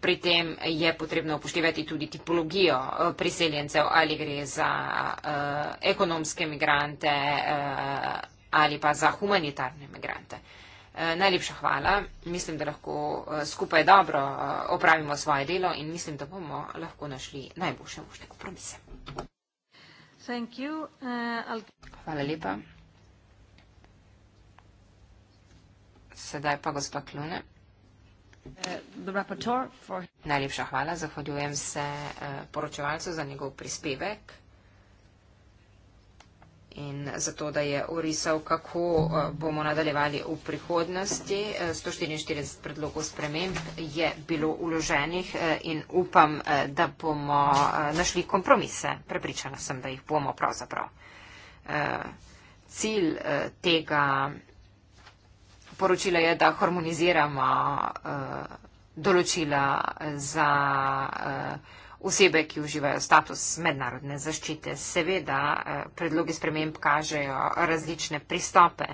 A: Pri tem je potrebno upoštevati tudi tipologijo eh, priseljencev, ali gre za uh, ekonomske migrante uh, ali pa za humanitarne migrante. Uh, najlepša hvala. Mislim, da lahko skupaj dobro opravimo svoje delo in mislim, da bomo lahko našli najboljše možne kompromise.
B: Thank you. Uh, I'll...
A: Hvala lepa. Sedaj pa gospa Klune. Uh, the rapporteur for... Najlepša hvala. Zahvaljujem se uh, poročevalcu za njegov prispevek in zato, da je orisal, kako eh, bomo nadaljevali v prihodnosti. 144 eh, predlogov sprememb je bilo uloženih eh, in upam, da bomo našli kompromise. Prepričana sem, da jih bomo pravzaprav. Cilj tega poročila je, da harmoniziramo določila za osebe, ki uživajo status mednarodne zaščite. Seveda, eh, predlogi sprememb kažejo različne pristope.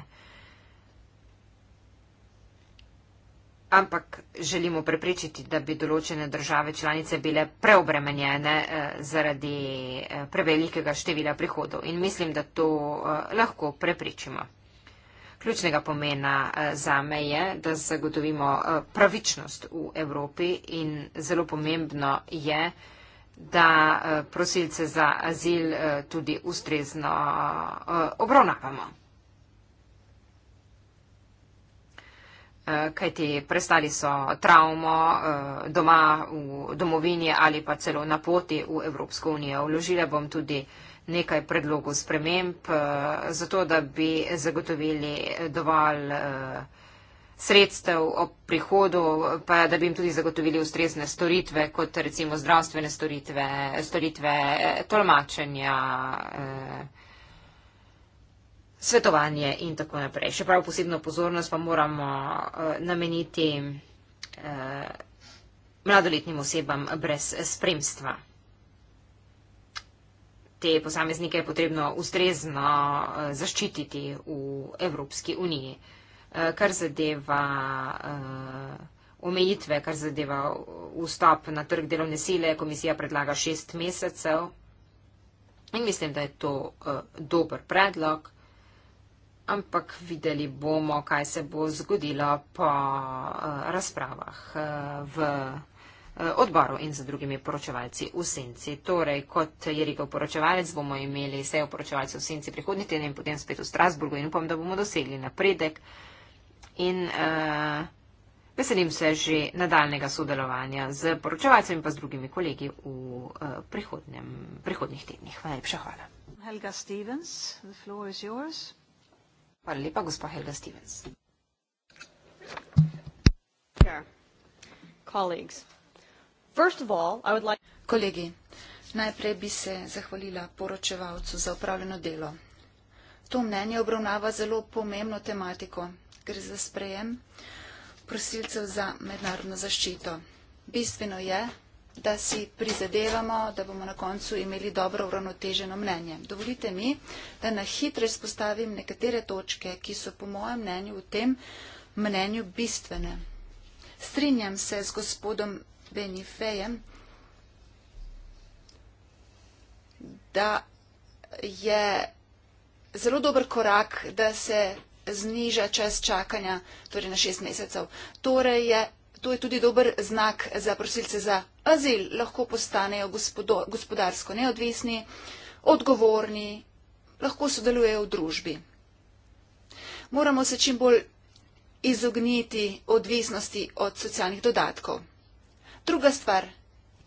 A: Ampak želimo preprečiti, da bi določene države članice bile preobremenjene eh, zaradi eh, prevelikega števila prihodov. In mislim, da to lahko preprečimo. Ključnega pomena zame je, da zagotovimo pravičnost v Evropi in zelo pomembno je, da da eh, prosilce za azil eh, tudi ustrezno eh, obravnavamo. Kaj ti prestali so travmo doma v domovini ali pa celo na poti v Evropsko unijo. Vložila bom tudi nekaj predlogov spremenb, zato da bi zagotovili dovolj sredstev ob prihodu, pa da bi jim tudi zagotovili ustrezne storitve, kot recimo zdravstvene storitve, storitve eh, tolmačenja, eh, svetovanje in tako naprej. Še prav posebno pozornost pa moramo eh, nameniti mladoletnim osebam brez spremstva. Te posameznike je potrebno ustrezno zaščititi v Evropski uniji. Eh, kar zadeva eh, omejitve, kar zadeva vstop na trg delovne sile. Komisija predlaga šest mesecev in mislim, da je to eh, dober predlog. Ampak videli bomo, kaj se bo zgodilo po razpravah v odboru in z drugimi poročevalci v senci. Torej, kot je rekel poročevalec, bomo imeli sejo poročevalcev v senci prihodnji teden in potem spet v Strasburgu in upam, da bomo dosegli napredek in uh, veselim se že nadaljnega sodelovanja z poročevalcem in pa z drugimi kolegi v uh, eh, prihodnih tednih. Najlepša hvala.
B: Helga Stevens, the floor is yours.
A: Hvala lepa, gospa Helga Stevens.
D: Kolegi, najprej bi se zahvalila poročevalcu za upravljeno delo. To mnenje obravnava zelo pomembno tematiko, gre za sprejem prosilcev za mednarodno zaščito. Bistveno je, da si prizadevamo, da bomo na koncu imeli dobro uravnoteženo mnenje. Dovolite mi, da na hitro izpostavim nekatere točke, ki so po mojem mnenju v tem mnenju bistvene. Strinjam se z gospodom Benifejem, da je zelo dober korak, da se zniža čas čakanja, torej na šest mesecev. Torej je, to je tudi dober znak za prosilce za azil, lahko postanejo gospodo, gospodarsko neodvisni, odgovorni, lahko sodelujejo v družbi. Moramo se čim bolj izogniti odvisnosti od socialnih dodatkov. Druga stvar,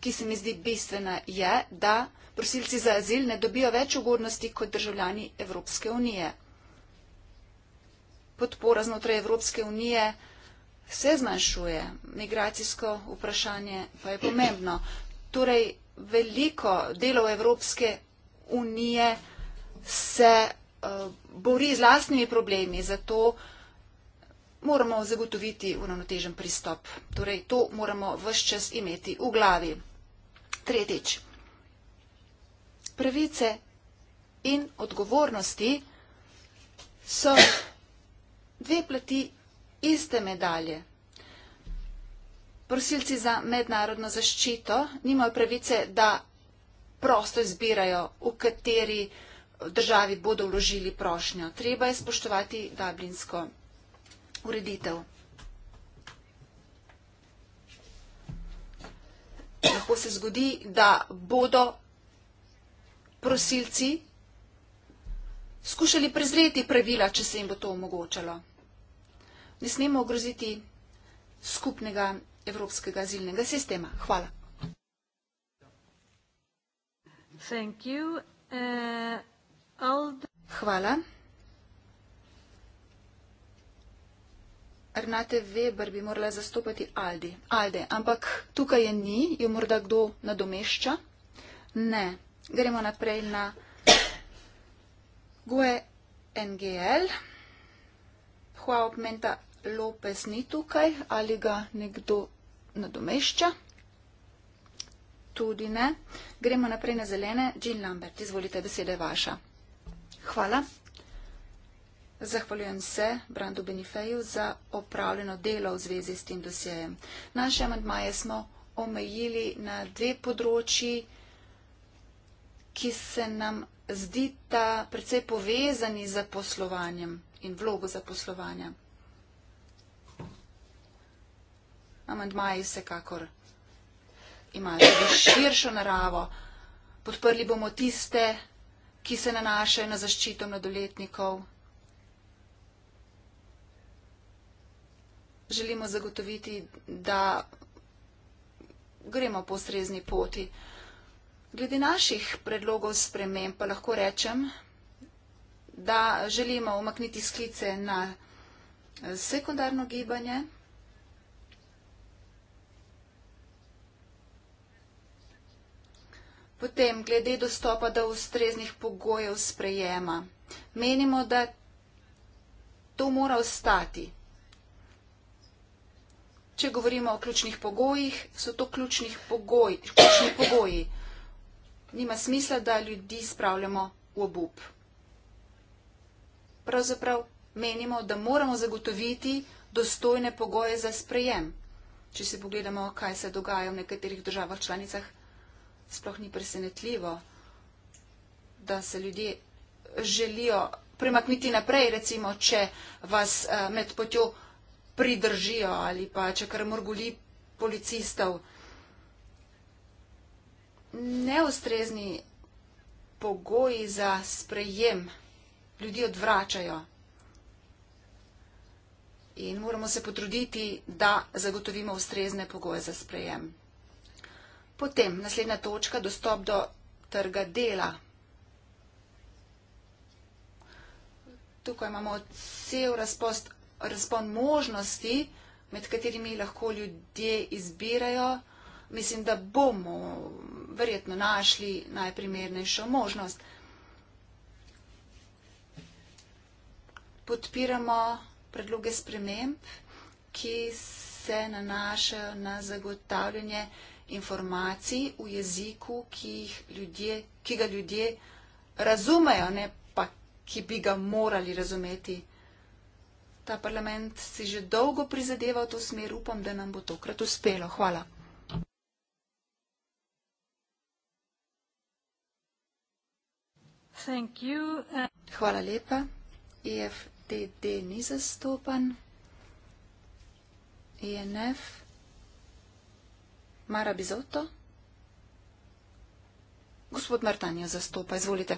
D: ki se mi zdi bistvena, je, da prosilci za azil ne dobijo več ugodnosti kot državljani Evropske unije podpora znotraj Evropske unije se zmanjšuje. Migracijsko vprašanje pa je pomembno. Torej, veliko delov Evropske unije se uh, bori z lastnimi problemi, zato moramo zagotoviti uravnotežen pristop. Torej, to moramo vse čas imeti v glavi. Tretjič. Pravice in odgovornosti so dve plati iste medalje. Prosilci za mednarodno zaščito nimajo pravice, da prosto izbirajo, v kateri državi bodo vložili prošnjo. Treba je spoštovati dublinsko ureditev. Lahko se zgodi, da bodo prosilci skušali prezreti pravila, če se jim bo to omogočalo ne smemo ogroziti skupnega evropskega azilnega sistema. Hvala. Uh, Hvala. Renate Weber bi morala zastopati Aldi. Alde, ampak tukaj je ni, jo morda kdo nadomešča? Ne. Gremo naprej na GUE NGL. Hua opmenta Lopez ni tukaj ali ga nekdo nadomešča. Tudi ne. Gremo naprej na zelene. Jean Lambert, izvolite, beseda je vaša. Hvala. Zahvaljujem se Brandu Benifeju za opravljeno delo v zvezi s tem dosjejem. Naše amandmaje smo omejili na dve področji, ki se nam zdita precej povezani z poslovanjem in vlogo za poslovanje. amandmaji vsekakor imajo tudi širšo naravo. Podprli bomo tiste, ki se nanašajo na zaščito mladoletnikov. Želimo zagotoviti, da gremo po srezni poti. Glede naših predlogov sprememb pa lahko rečem, da želimo omakniti sklice na eh, sekundarno gibanje. Potem, glede dostopa do ustreznih pogojev sprejema. Menimo, da to mora ostati. Če govorimo o ključnih pogojih, so to ključnih pogoj, ključni pogoji. Nima smisla, da ljudi spravljamo v obup. Pravzaprav menimo, da moramo zagotoviti dostojne pogoje za sprejem. Če se pogledamo, kaj se dogaja v nekaterih državah članicah sploh ni presenetljivo, da se ljudje želijo premakniti naprej, recimo, če vas eh, med potjo pridržijo ali pa če kar morguli policistov. Neustrezni pogoji za sprejem ljudi odvračajo. In moramo se potruditi, da zagotovimo ustrezne pogoje za sprejem. Potem naslednja točka, dostop do trga dela. Tukaj imamo cel razpost, razpon možnosti, med katerimi lahko ljudje izbirajo. Mislim, da bomo verjetno našli najprimernejšo možnost. Podpiramo predloge sprememb, ki se nanašajo na zagotavljanje informacij v jeziku, ki, ljudje, ki ga ljudje razumejo, ne pa ki bi ga morali razumeti. Ta parlament si že dolgo prizadeva v to smer, upam, da nam bo tokrat uspelo. Hvala. Hvala lepa. EFTD ni zastopan. INF e Mara Bizotto. Gospod Martanja zastopa, izvolite.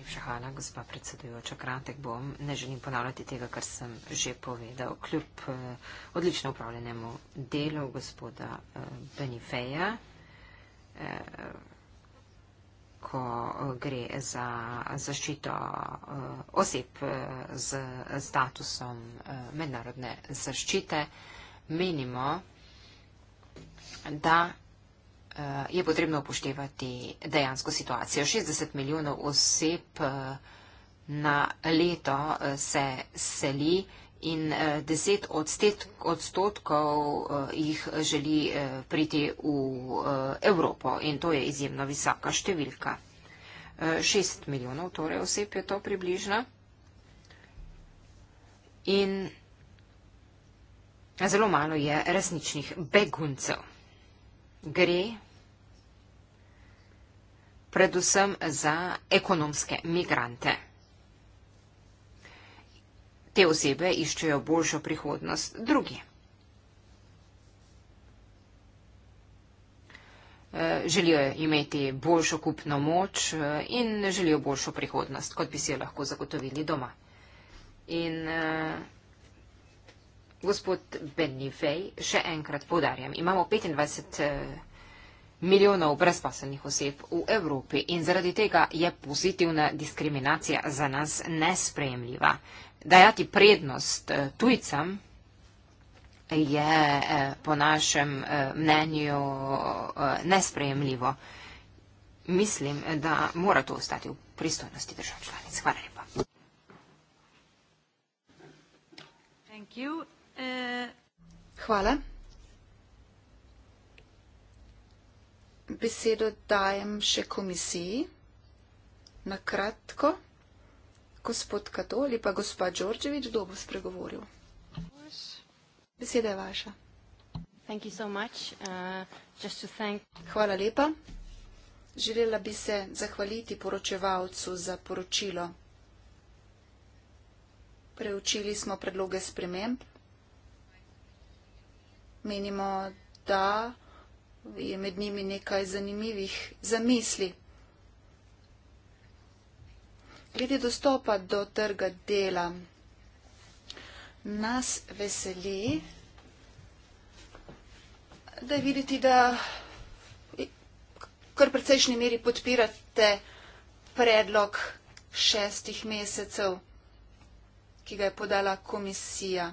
A: Lepša hvala, gospa predsedujoča. Kratek bom. Ne želim ponavljati tega, kar sem že povedal. Kljub eh, odlično upravljenemu delu gospoda eh, Benifeja, eh, ko gre za zaščito oseb z statusom mednarodne zaščite, menimo, da eh, je potrebno upoštevati dejansko situacijo. 60 milijonov oseb eh, na leto eh, se seli in 10 odstotkov jih želi priti v Evropo in to je izjemno visoka številka. 6 milijonov torej oseb je to približno. In zelo malo je resničnih beguncev gre predvsem za ekonomske migrante. Te osebe iščejo boljšo prihodnost drugi. Eh, želijo imeti boljšo kupno moč eh, in želijo boljšo prihodnost, kot bi si jo lahko zagotovili doma. In eh, Gospod Benifej, še enkrat podarjam, imamo 25 eh, milijonov brezpasenih oseb v Evropi in zaradi tega je pozitivna diskriminacija za nas nesprejemljiva. Dajati prednost eh, tujcem je eh, po našem mnenju nesprejemljivo. Mislim, da mora to ostati v pristojnosti držav članic. Hvala lepa.
B: Thank you. Eh.
D: Hvala. Besedo dajem še komisiji. Na kratko, gospod Kato ali pa gospa Đorđević, kdo bo spregovoril? Beseda je vaša. Thank you so much. Uh, just to thank... Hvala lepa. Želela bi se zahvaliti poročevalcu za poročilo. Preučili smo predloge sprememb menimo, da je med njimi nekaj zanimivih zamisli. Glede dostopa do trga dela nas veseli, da je videti, da kar precejšnji meri podpirate predlog šestih mesecev, ki ga je podala komisija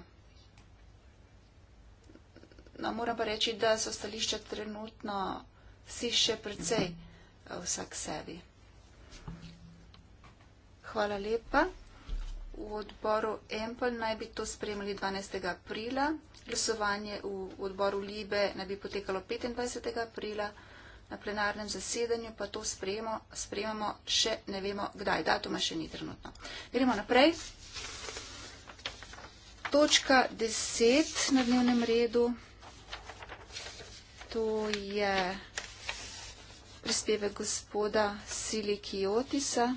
D: no, moram pa reči, da so stališča trenutno vsi še precej eh, vsak sebi. Hvala lepa. V odboru Empel naj bi to spremljali 12. aprila. Glasovanje v odboru Libe naj bi potekalo 25. aprila. Na plenarnem zasedanju pa to sprejemo, sprejemamo še ne vemo kdaj. Datuma še ni trenutno. Gremo naprej. Točka 10 na dnevnem redu to je prispevek gospoda Sili Kijotisa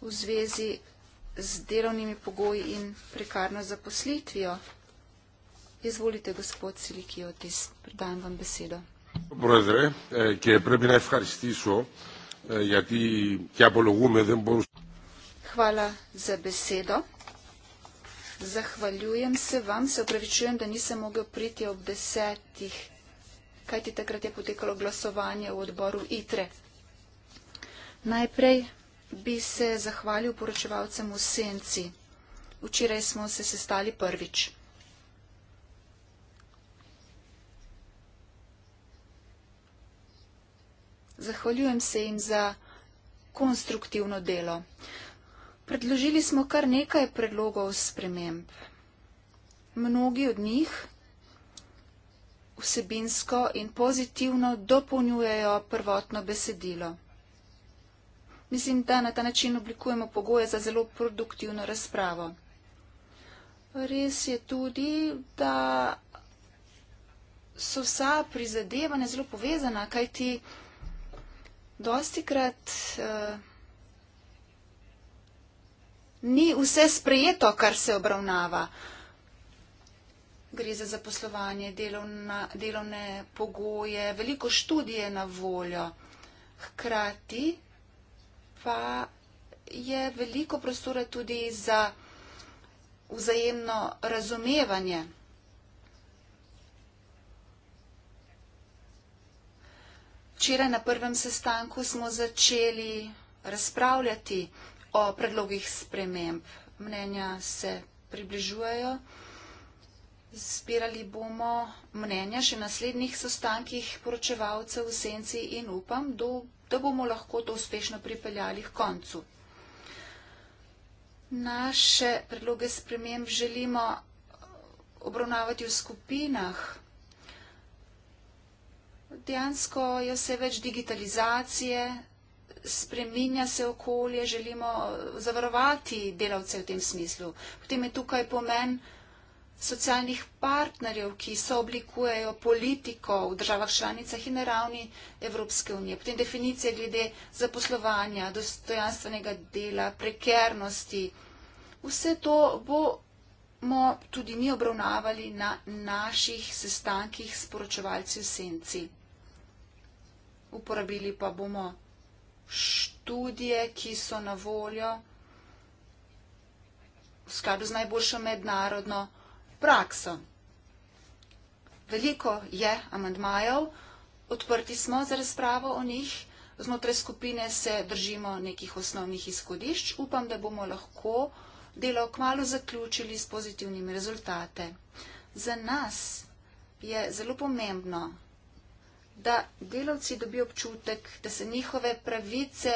D: v zvezi z delovnimi pogoji in prekarno zaposlitvijo. Izvolite, gospod Silikiotis, predajam vam besedo.
C: Prezre, eh, eh, ti,
D: Hvala za besedo. Zahvaljujem se vam, se opravičujem, da nisem mogel priti ob desetih, kajti takrat je potekalo glasovanje v odboru ITRE. Najprej bi se zahvalil poročevalcem v Senci. Včeraj smo se sestali prvič. Zahvaljujem se jim za konstruktivno delo. Predložili smo kar nekaj predlogov sprememb. Mnogi od njih vsebinsko in pozitivno dopolnjujejo prvotno besedilo. Mislim, da na ta način oblikujemo pogoje za zelo produktivno razpravo. Res je tudi, da so vsa prizadevanja zelo povezana, kajti dosti krat. Uh, eh, ni vse sprejeto, kar se obravnava. Gre za zaposlovanje, delovna, delovne pogoje, veliko študije na voljo. Hkrati pa je veliko prostora tudi za vzajemno razumevanje. Včeraj na prvem sestanku smo začeli razpravljati, o predlogih sprememb. Mnenja se približujejo. Zbirali bomo mnenja še naslednjih sostankih poročevalcev v senci in upam, do, da bomo lahko to uspešno pripeljali k koncu. Naše predloge sprememb želimo obravnavati v skupinah. Dejansko je vse več digitalizacije, spreminja se okolje, želimo eh, zavarovati delavce v tem smislu. Potem je tukaj pomen socialnih partnerjev, ki so oblikujejo politiko v državah članicah in na ravni Evropske unije. Potem definicije glede zaposlovanja, dostojanstvenega dela, prekernosti. Vse to bomo tudi mi obravnavali na naših sestankih s poročevalci v senci. Uporabili pa bomo študije, ki so na voljo v skladu z najboljšo mednarodno prakso. Veliko je amandmajev, odprti smo za razpravo o njih, znotraj skupine se držimo nekih osnovnih izhodišč, upam, da bomo lahko delo kmalo zaključili s pozitivnimi rezultate. Za nas je zelo pomembno, da delavci dobijo občutek, da se njihove pravice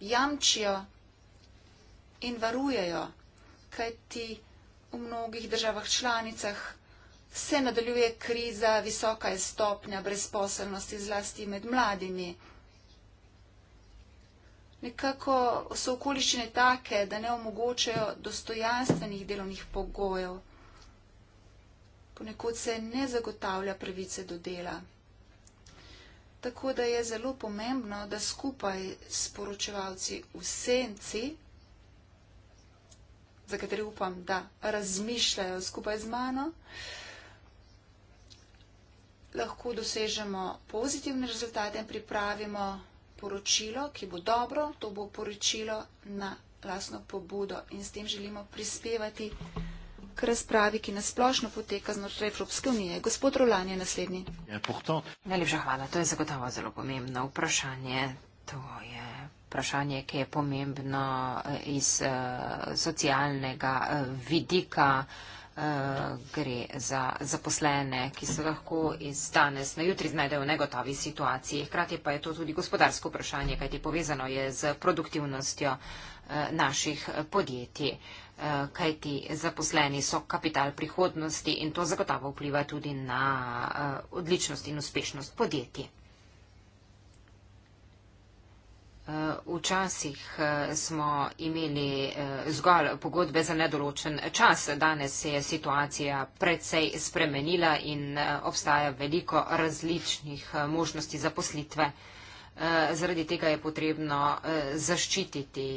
D: jamčijo in varujejo, kajti v mnogih državah članicah se nadaljuje kriza, visoka je stopnja brezposelnosti zlasti med mladimi. Nekako so okoliščine take, da ne omogočajo dostojanstvenih delovnih pogojev. Ponekod se ne zagotavlja pravice do dela. Tako da je zelo pomembno, da skupaj s poročevalci v senci, za kateri upam, da razmišljajo skupaj z mano, lahko dosežemo pozitivne rezultate in pripravimo poročilo, ki bo dobro. To bo poročilo na lasno pobudo in s tem želimo prispevati k razpravi, ki nasplošno poteka znotraj Evropske unije. Gospod Rolan je naslednji.
A: Ja, Najlepša hvala, to je zagotovo zelo pomembno vprašanje. To je vprašanje, ki je pomembno eh, iz eh, socialnega eh, vidika. Gre za zaposlene, ki se lahko iz danes na jutri znajdejo v negotovi situaciji. Hkrati pa je to tudi gospodarsko vprašanje, kajti povezano je z produktivnostjo naših podjetij. Eh, kajti zaposleni so kapital prihodnosti in to zagotovo vpliva tudi na eh, odličnost in uspešnost podjetij. Eh, včasih smo imeli zgolj pogodbe za nedoločen čas. Danes se je situacija predvsej spremenila in obstaja veliko različnih možnosti zaposlitve. Zaradi tega je potrebno zaščititi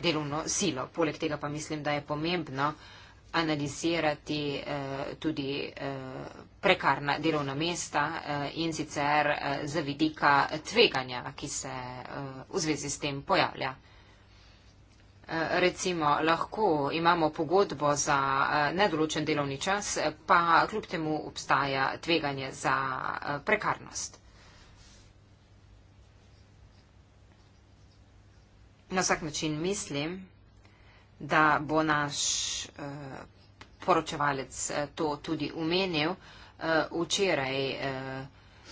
A: delovno silo. Poleg tega pa mislim, da je pomembno analizirati eh, tudi eh, prekarna delovna mesta eh, in sicer eh, za vidika tveganja, ki se eh, v zvezi s tem pojavlja. Eh, recimo, lahko imamo pogodbo za eh, nedoločen delovni čas, pa kljub temu obstaja tveganje za eh, prekarnost. na vsak način mislim, da bo naš eh, poročevalec eh, to tudi umenil. Eh, včeraj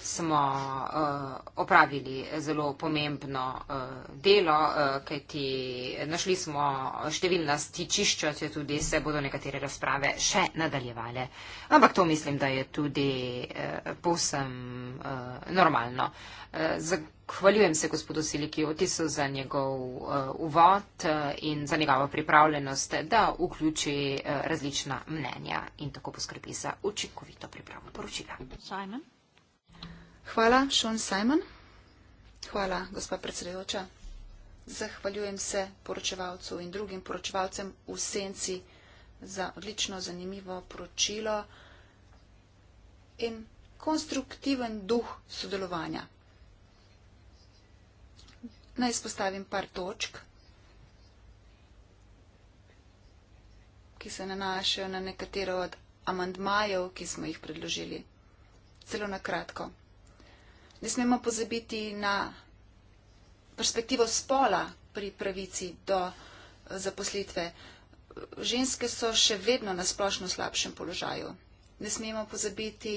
A: smo uh, opravili zelo pomembno uh, delo, uh, kajti našli smo številna stičišča, če tudi se bodo nekatere razprave še nadaljevale. Ampak to mislim, da je tudi uh, povsem uh, normalno. Uh, zahvaljujem se gospodu Silikiotisu za njegov uh, uvod in za njegovo pripravljenost, da vključi uh, različna mnenja in tako poskrbi za učinkovito pripravo poročila.
D: Simon? Hvala, Sean Simon. Hvala, gospa predsedujoča. Zahvaljujem se poročevalcu in drugim poročevalcem v senci za odlično zanimivo poročilo in konstruktiven duh sodelovanja. Naj spostavim par točk, ki se nanašajo na nekatero od amandmajev, ki smo jih predložili. Celo na kratko. Ne smemo pozabiti na perspektivo spola pri pravici do eh, zaposlitve. Ženske so še vedno na splošno slabšem položaju. Ne smemo pozabiti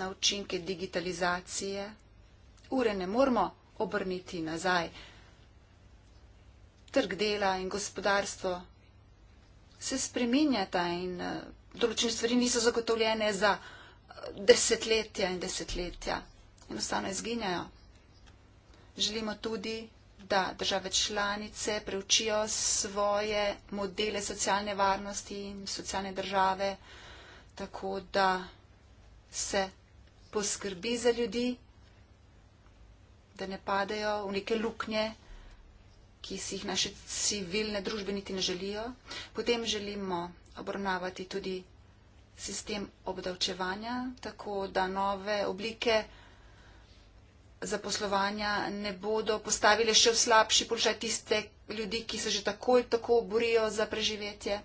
D: na učinke digitalizacije. Ure ne moramo obrniti nazaj. Trg dela in gospodarstvo se spreminjata in eh, določene stvari niso zagotovljene za eh, desetletja in desetletja enostavno izginjajo. Želimo tudi, da države članice preučijo svoje modele socialne varnosti in socialne države, tako da se poskrbi za ljudi, da ne padejo v neke luknje, ki si jih naše civilne družbe niti ne želijo. Potem želimo obravnavati tudi sistem obdavčevanja, tako da nove oblike zaposlovanja ne bodo postavile še v slabši položaj tiste ljudi, ki se že tako in tako borijo za preživetje?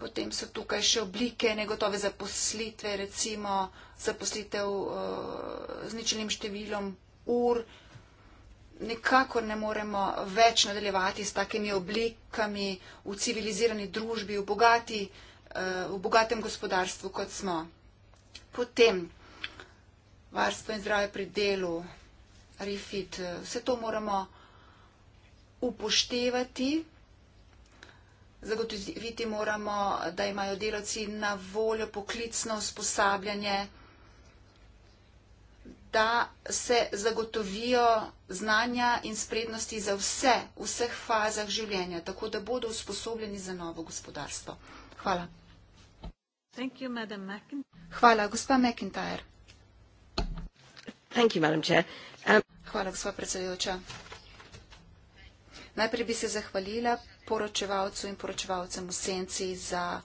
D: Potem so tukaj še oblike negotove zaposlitve, recimo zaposlitev eh, z ničelnim številom ur. Nekako ne moremo več nadaljevati s takimi oblikami v civilizirani družbi, v bogati družbi. Eh, v bogatem gospodarstvu, kot smo. Potem varstvo in zdravje pri delu, refit, eh, vse to moramo upoštevati. Zagotoviti moramo, da imajo delavci na voljo poklicno usposabljanje, da se zagotovijo znanja in sprednosti za vse, v vseh fazah življenja, tako da bodo usposobljeni za novo gospodarstvo. Hvala. Thank you, Madam McIn- Hvala, gospa McIntyre. Thank you, Madam Chair. Um... Hvala, gospa predsedujoča. Najprej bi se zahvalila poročevalcu in poročevalcem v Senci za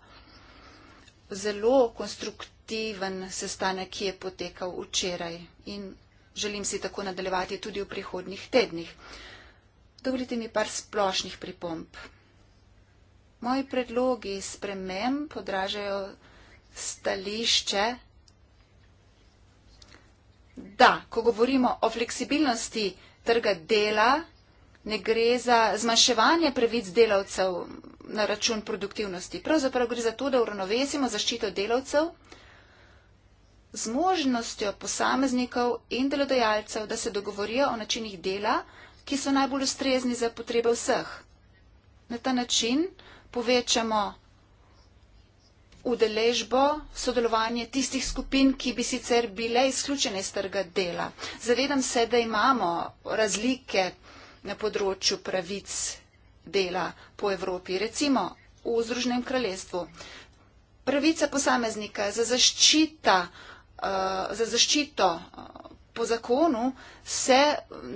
D: zelo konstruktiven sestanek, ki je potekal včeraj in želim si tako nadaljevati tudi v prihodnih tednih. Dovolite mi par splošnih pripomb. Moji predlogi spremem podražajo stališče, da, ko govorimo o fleksibilnosti trga dela, ne gre za zmanjševanje pravic delavcev na račun produktivnosti. Pravzaprav gre za to, da uravnovesimo zaščito delavcev z možnostjo posameznikov in delodajalcev, da se dogovorijo o načinih dela, ki so najbolj ustrezni za potrebe vseh. Na ta način povečamo udeležbo, sodelovanje tistih skupin, ki bi sicer bile izključene iz trga dela. Zavedam se, da imamo razlike na področju pravic dela po Evropi. Recimo v Združenem kraljestvu. Pravica posameznika za, zaščita, eh, za zaščito eh, po zakonu se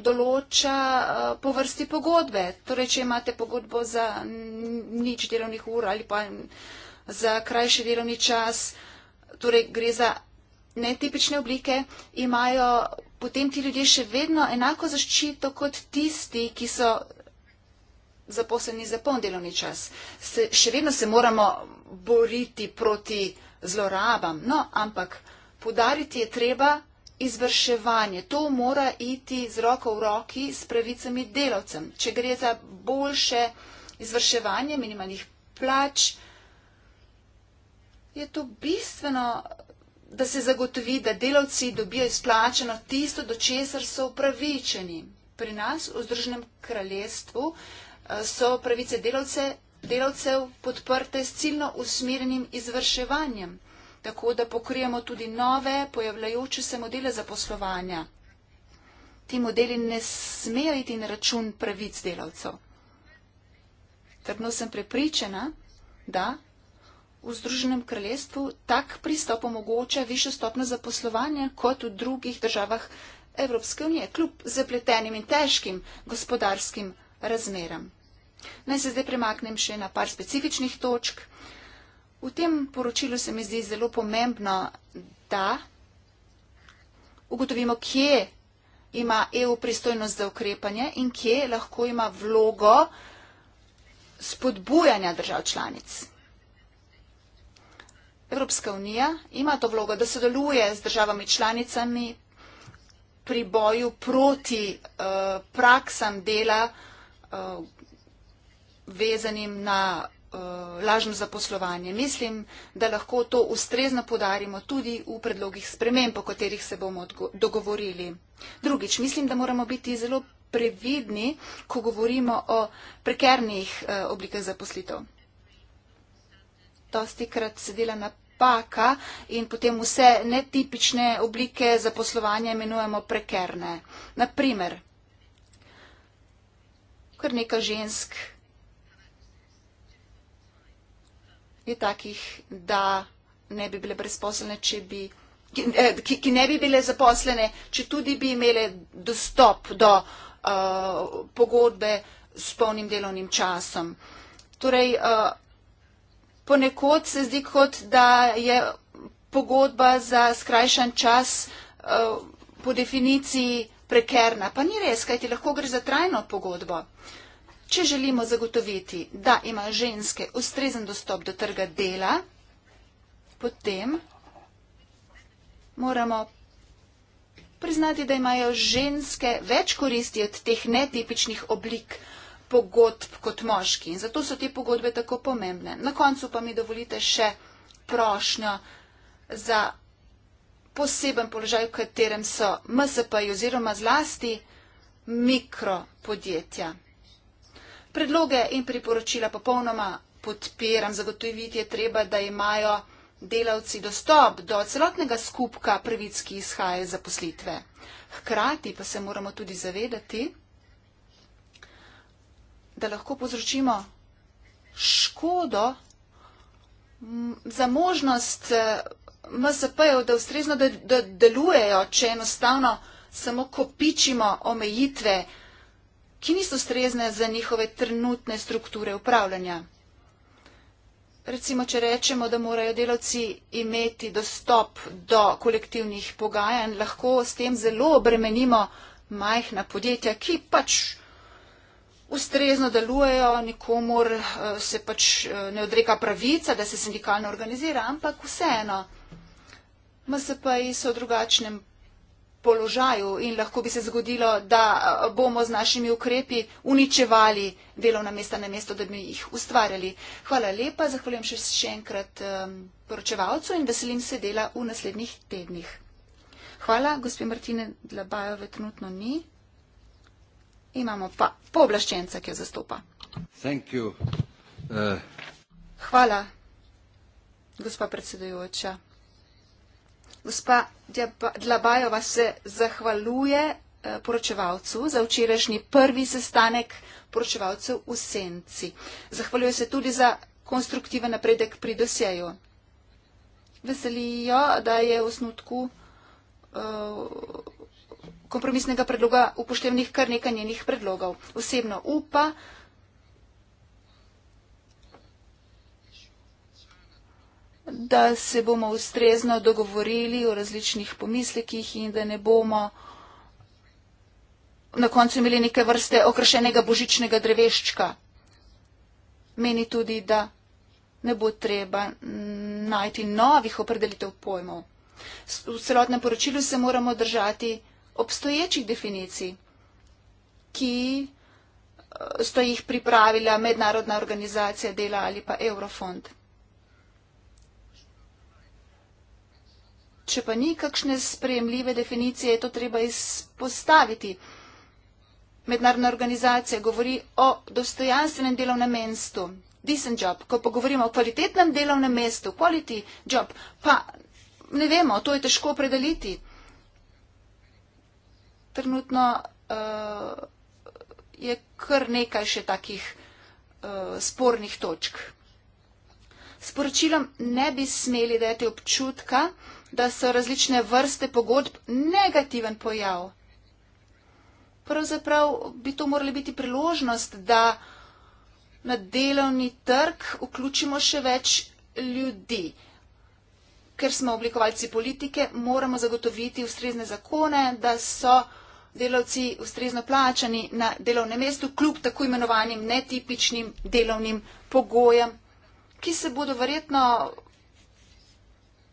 D: določa eh, po vrsti pogodbe. Torej, če imate pogodbo za nič delovnih ur ali pa za krajši delovni čas, torej gre za netipične oblike, imajo potem ti ljudje še vedno enako zaščito kot tisti, ki so zaposleni za poln delovni čas. Se, še vedno se moramo boriti proti zlorabam, no, ampak podariti je treba izvrševanje. To mora iti z roko v roki s pravicami delavcem. Če gre za boljše izvrševanje minimalnih plač, je to bistveno, da se zagotovi, da delavci dobijo izplačeno tisto, do česar so upravičeni. Pri nas v Združenem kraljestvu eh, so pravice delavce, delavcev podprte s ciljno usmerjenim izvrševanjem, tako da pokrijemo tudi nove pojavljajoče se modele zaposlovanja. Ti modeli ne smejo iti na račun pravic delavcev. Trdno sem prepričana, da v Združenem kraljestvu tak pristop omogoča više stopne zaposlovanja kot v drugih državah Evropske unije, kljub zapletenim in težkim gospodarskim razmeram. Naj se zdaj premaknem še na par specifičnih točk. V tem poročilu se mi zdi zelo pomembno, da ugotovimo, kje ima EU pristojnost za ukrepanje in kje lahko ima vlogo spodbujanja držav članic. Evropska unija ima to vlogo, da sodeluje z državami članicami pri boju proti uh, praksam dela uh, vezanim na uh, lažno zaposlovanje. Mislim, da lahko to ustrezno podarimo tudi v predlogih sprememb, po katerih se bomo dogovorili. Drugič, mislim, da moramo biti zelo previdni, ko govorimo o prekernih uh, oblikah zaposlitev dosti krat se dela napaka in potem vse netipične oblike zaposlovanja imenujemo prekerne. Naprimer, kar neka žensk je takih, da ne bi bile brezposelne, če bi. Ki, eh, ki ne bi bile zaposlene, če tudi bi imele dostop do uh, pogodbe s polnim delovnim časom. Torej, uh, ponekod se zdi, kot da je pogodba za skrajšan čas eh, po definiciji prekerna. Pa ni res, kajti lahko gre za trajno pogodbo. Če želimo zagotoviti, da ima ženske ustrezen dostop do trga dela, potem moramo priznati, da imajo ženske več koristi od teh netipičnih oblik pogodb kot moški. In zato so te pogodbe tako pomembne. Na koncu pa mi dovolite še prošnjo za poseben položaj, v katerem so MSP-ji oziroma zlasti mikropodjetja. Predloge in priporočila popolnoma podpiram. Zagotoviti je treba, da imajo delavci dostop do celotnega skupka prvic, ki izhaja iz zaposlitve. Hkrati pa se moramo tudi zavedati, da lahko povzročimo škodo za možnost eh, MSP-jev, da ustrezno de de delujejo, če enostavno samo kopičimo omejitve, ki niso ustrezne za njihove trenutne strukture upravljanja. Recimo, če rečemo, da morajo delavci imeti dostop do kolektivnih pogajanj, lahko s tem zelo obremenimo majhna podjetja, ki pač ustrezno delujejo, nikomor eh, se pač eh, ne odreka pravica, da se sindikalno organizira, ampak vseeno. MSP-ji so v drugačnem položaju in lahko bi se zgodilo, da eh, bomo z našimi ukrepi uničevali delovna mesta na mesto, da bi jih ustvarjali. Hvala lepa, zahvaljujem še, še enkrat um, poročevalcu in veselim se dela v naslednjih tednih. Hvala, gospod Martine Dlabajove, trenutno ni imamo pa pooblaščence, ki jo zastopa.
C: Uh.
D: Hvala, gospa predsedujoča. Gospa Dlabajova se zahvaljuje eh, poročevalcu za včerajšnji prvi sestanek poročevalcev v Senci. Zahvaljuje se tudi za konstruktiven napredek pri dosjeju. Veselijo, da je v snutku eh, kompromisnega predloga upoštevnih kar nekaj njenih predlogov. Osebno upa, da se bomo ustrezno dogovorili o različnih pomislekih in da ne bomo na koncu imeli neke vrste okrašenega božičnega dreveščka. Meni tudi, da ne bo treba najti novih opredelitev pojmov. V celotnem poročilu se moramo držati obstoječih definicij, ki eh, sta jih pripravila mednarodna organizacija dela ali pa Eurofond. Če pa ni kakšne sprejemljive definicije, je to treba izpostaviti. Mednarodna organizacija govori o dostojanstvenem delovnem mestu, decent job. Ko pa govorimo o kvalitetnem delovnem mestu, quality job, pa ne vemo, to je težko predeliti trenutno uh, je kar nekaj še takih uh, spornih točk. Sporočilom ne bi smeli dati občutka, da so različne vrste pogodb negativen pojav. Pravzaprav bi to morali biti priložnost, da na delovni trg vključimo še več ljudi. Ker smo oblikovalci politike, moramo zagotoviti ustrezne zakone, da so delavci ustrezno plačani na delovnem mestu, kljub tako imenovanim netipičnim delovnim pogojem, ki se bodo verjetno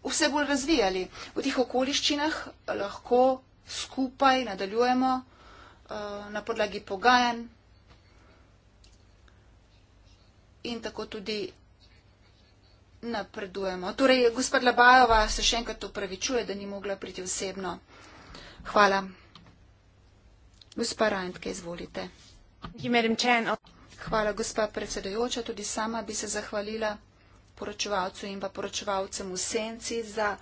D: vse bolj razvijali. V tih okoliščinah lahko skupaj nadaljujemo eh, na podlagi pogajanj in tako tudi napredujemo. Torej, gospod Labajova se še enkrat upravičuje, da ni mogla priti osebno. Hvala. Gospa Rajntke, izvolite. Hvala, gospa predsedojoča. Tudi sama bi se zahvalila poročevalcu in pa poročevalcem v senci za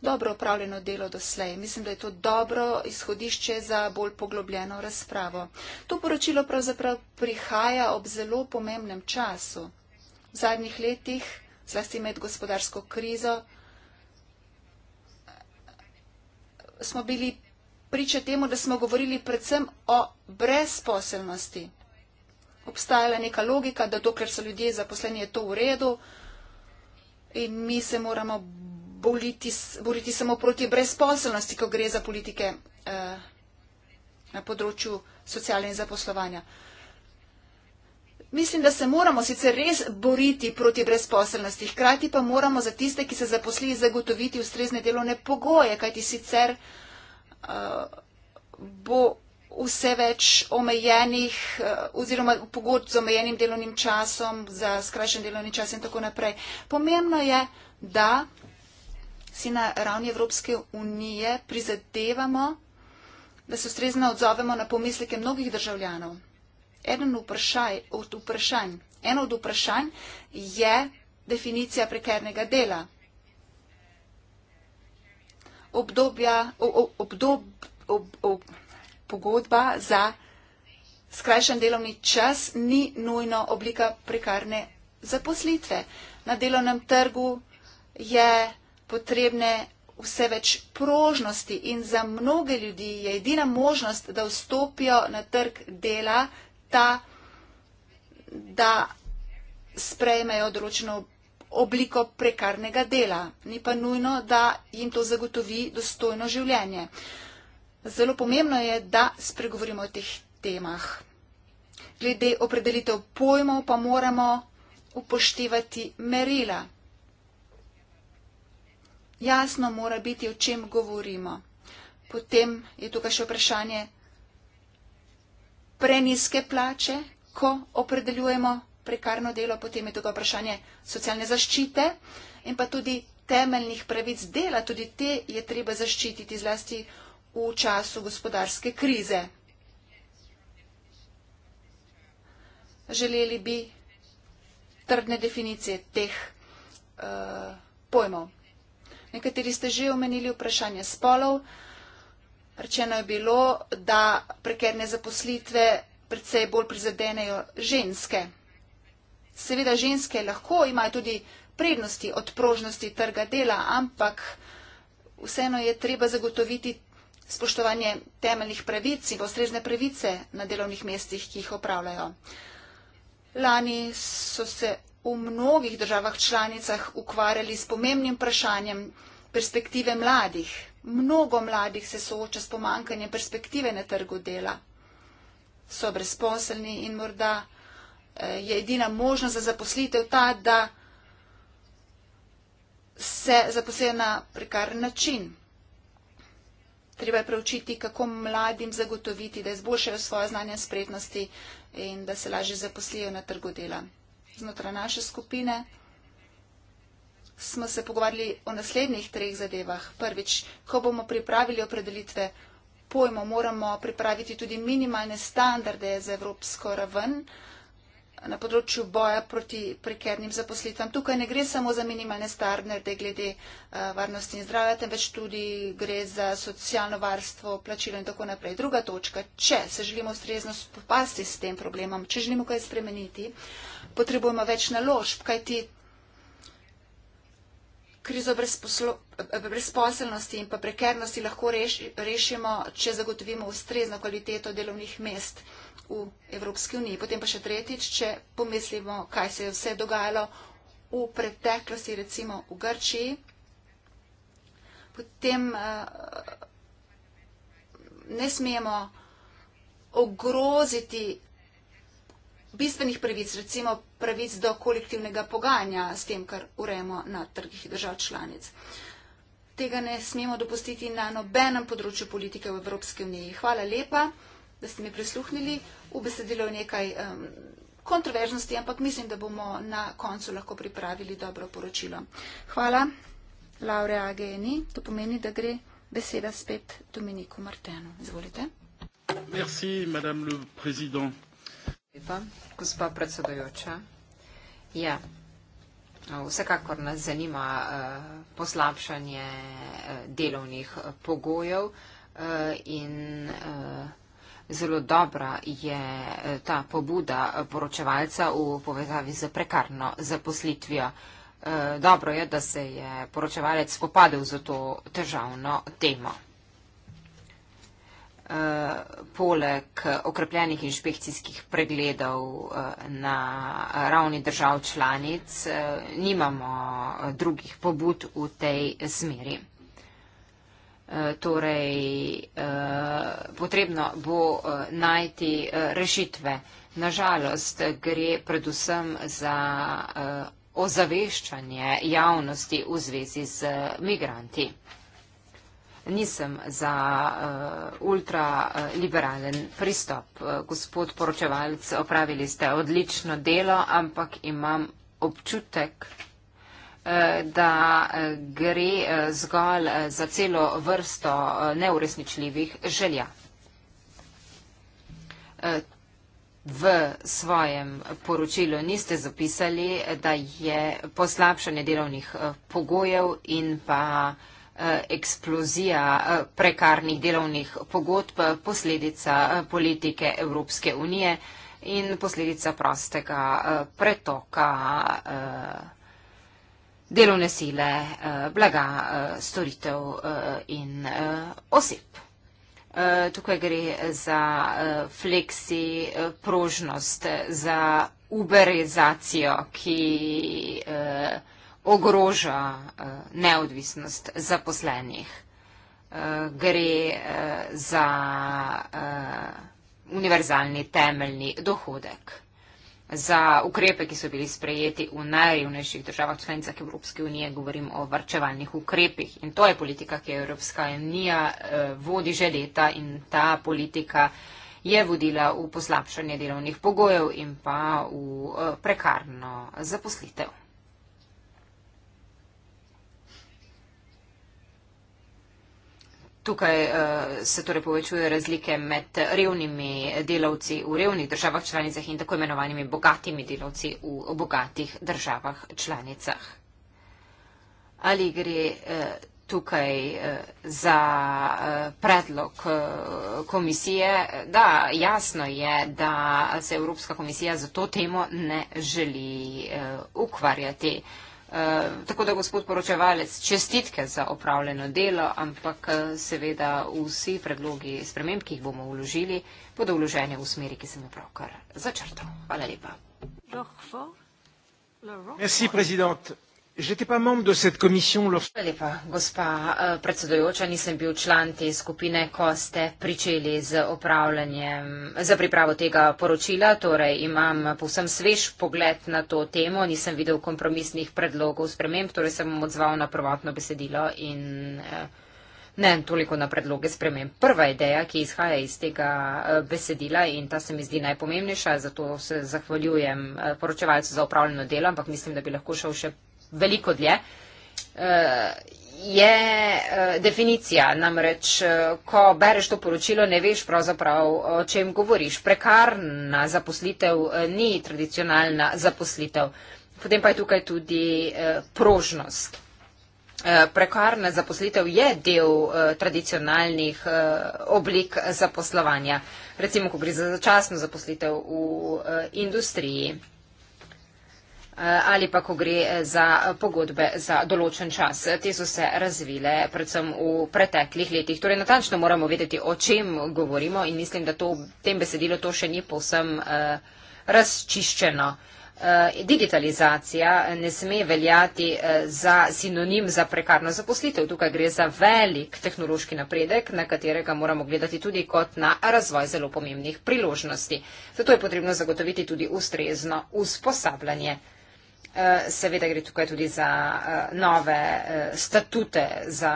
D: dobro upravljeno delo doslej. Mislim, da je to dobro izhodišče za bolj poglobljeno razpravo. To poročilo pravzaprav prihaja ob zelo pomembnem času. V zadnjih letih, zlasti med gospodarsko krizo, smo bili priča temu, da smo govorili predvsem o brezposelnosti. Obstajala je neka logika, da dokler so ljudje zaposleni, je to v redu in mi se moramo boliti, boliti samo proti brezposelnosti, ko gre za politike eh, na področju socialne in zaposlovanja. Mislim, da se moramo sicer res boriti proti brezposelnosti, hkrati pa moramo za tiste, ki se zaposli, zagotoviti ustrezne delovne pogoje, kajti sicer. Eh, Eh, bo vse več omejenih eh, oziroma pogod z omejenim delovnim časom, za skrajšen delovni čas in tako naprej. Pomembno je, da si na ravni Evropske unije prizadevamo, da se ustrezno odzovemo na pomisleke mnogih državljanov. Vprašaj, od vprašanj, eno od vprašanj je definicija prekernega dela obdobja, obdob, ob, ob, pogodba za skrajšan delovni čas ni nujno oblika prekarne zaposlitve. Na delovnem trgu je potrebne vse več prožnosti in za mnoge ljudi je edina možnost, da vstopijo na trg dela ta, da sprejmejo določeno obliko prekarnega dela, ni pa nujno, da jim to zagotovi dostojno življenje. Zelo pomembno je, da spregovorimo o teh temah. Glede opredelitev pojmov pa moramo upoštevati merila. Jasno mora biti, o čem govorimo. Potem je tukaj še vprašanje preniske plače, ko opredeljujemo prekarno delo, potem je tukaj vprašanje socialne zaščite in pa tudi temeljnih pravic dela, tudi te je treba zaščititi zlasti v času gospodarske krize. Želeli bi trdne definicije teh uh, pojmov. Nekateri ste že omenili vprašanje spolov. Rečeno je bilo, da prekerne zaposlitve predvsej bolj prizadenejo ženske. Seveda ženske lahko imajo tudi prednosti od prožnosti trga dela, ampak vseeno je treba zagotoviti spoštovanje temeljnih pravic in postrežne pravice na delovnih mestih, ki jih opravljajo. Lani so se v mnogih državah članicah ukvarjali s pomembnim vprašanjem perspektive mladih. Mnogo mladih se sooča s pomankanjem perspektive na trgu dela. So brezposelni in morda Eh, je edina možnost za zaposlitev ta, da se zaposlijo na prekaren način. Treba je preučiti, kako mladim zagotoviti, da izboljšajo svoje znanje spretnosti in da se lažje zaposlijo na trgu dela. Znotraj naše skupine smo se pogovarjali o naslednjih treh zadevah. Prvič, ko bomo pripravili opredelitve pojmo, moramo pripraviti tudi minimalne standarde za evropsko raven. Uh, na področju boja proti prekernim zaposlitvam. Tukaj ne gre samo za minimalne standarde glede eh, varnosti in zdravja, temveč tudi gre za socialno varstvo, plačilo in tako naprej. Druga točka, če se želimo ustrezno spopasti s tem problemom, če želimo kaj spremeniti, potrebujemo več naložb, kajti krizo brezposelnosti in pa prekernosti lahko rešimo, če zagotovimo ustrezno kvaliteto delovnih mest v Evropski uniji. Potem pa še tretjič, če pomislimo, kaj se je vse dogajalo v preteklosti, recimo v Grčiji, potem eh, ne smemo ogroziti bistvenih pravic, recimo pravic do kolektivnega pogajanja s tem, kar urejamo na trgih držav članic. Tega ne smemo dopustiti na nobenem področju politike v Evropske unije. Hvala lepa da ste mi prisluhnili. V besedilu je nekaj um, kontroverznosti, ampak mislim, da bomo na koncu lahko pripravili dobro poročilo. Hvala, Laure Ageni. To pomeni, da gre beseda spet Dominiku Martenu. Izvolite.
A: Merci, madame le président. Lepa, gospa predsedojoča. Ja. Vsekakor nas zanima eh, poslabšanje eh, delovnih eh, pogojev in zelo dobra je eh, ta pobuda eh, poročevalca v povezavi z prekarno zaposlitvijo. Eh, dobro je, da se je poročevalec spopadel za to težavno temo. Poleg okrepljenih inšpekcijskih pregledov na ravni držav članic nimamo drugih pobud v tej smeri. Eh, torej eh, potrebno bo eh, najti rešitve. Nažalost gre predvsem za ozaveščanje javnosti v zvezi z migranti. Nisem za uh, ultraliberalen pristop. Gospod poročevalc, opravili ste odlično delo, ampak imam občutek, Eh, da eh, gre eh, zgolj za celo vrsto neuresničljivih želja. V svojem poročilu niste zapisali, da je poslabšanje delovnih pogojev in pa eksplozija prekarnih delovnih pogodb posledica politike Evropske unije in posledica prostega pretoka delovne sile, eh, blaga, eh, storitev eh, in oseb. Tukaj gre za fleksi, prožnost, za uberizacijo, ki ogroža neodvisnost zaposlenih. Gre za univerzalni temeljni dohodek za ukrepe, ki so bili sprejeti v najrevnejših državah članicah Evropske unije, govorim o varčevalnih ukrepih. In to je politika, ki je Evropska unija eh, vodi že leta in ta politika je vodila v poslabšanje delovnih pogojev in pa v eh, prekarno zaposlitev. Tukaj uh, se torej povečuje razlike med revnimi delavci v revnih državah članicah in tako imenovanimi bogatimi delavci v bogatih državah članicah. Ali gre uh, tukaj uh, za uh, predlog uh, komisije? Da, jasno je, da se Evropska komisija za to temo ne želi uh, ukvarjati. Uh, Eh, tako da gospod poročevalec, čestitke za opravljeno delo, ampak eh, seveda vsi predlogi sprememb, ki jih bomo vložili, bodo vloženi v smeri, ki sem jo pravkar začrtal. Hvala lepa. Merci, Lepa, gospa eh, predsedojoča, nisem bil član te skupine, ko ste pričeli z upravljanjem, za pripravo tega poročila, torej imam povsem svež pogled na to temo, nisem videl kompromisnih predlogov sprememb, torej sem odzval na prvotno besedilo in eh, ne toliko na predloge sprememb. Prva ideja, ki izhaja iz tega eh, besedila in ta se mi zdi najpomembnejša, zato se zahvaljujem poročevalcu za upravljeno delo, ampak mislim, da bi lahko šel še veliko dlje, eh, je eh, definicija. Namreč, eh, ko bereš to poročilo, ne veš pravzaprav, o čem govoriš. Prekarna zaposlitev ni tradicionalna zaposlitev. Potem pa je tukaj tudi prožnost. Prekarna zaposlitev je del tradicionalnih oblik zaposlovanja. Recimo, ko gre za začasno zaposlitev v industriji. Eh, ali pa ko gre eh, za eh, pogodbe za določen čas. Te so se razvile predvsem v preteklih letih. Torej, natančno moramo vedeti, o čem govorimo in mislim, da to, tem besedilo to še ni povsem uh, razčiščeno. Digitalizacija ne sme veljati za sinonim za prekarno zaposlitev. Tukaj gre za velik tehnološki napredek, na katerega moramo gledati tudi kot na razvoj zelo pomembnih priložnosti. Zato je potrebno zagotoviti tudi ustrezno usposabljanje. Eh, seveda gre tukaj tudi za eh, nove eh, statute za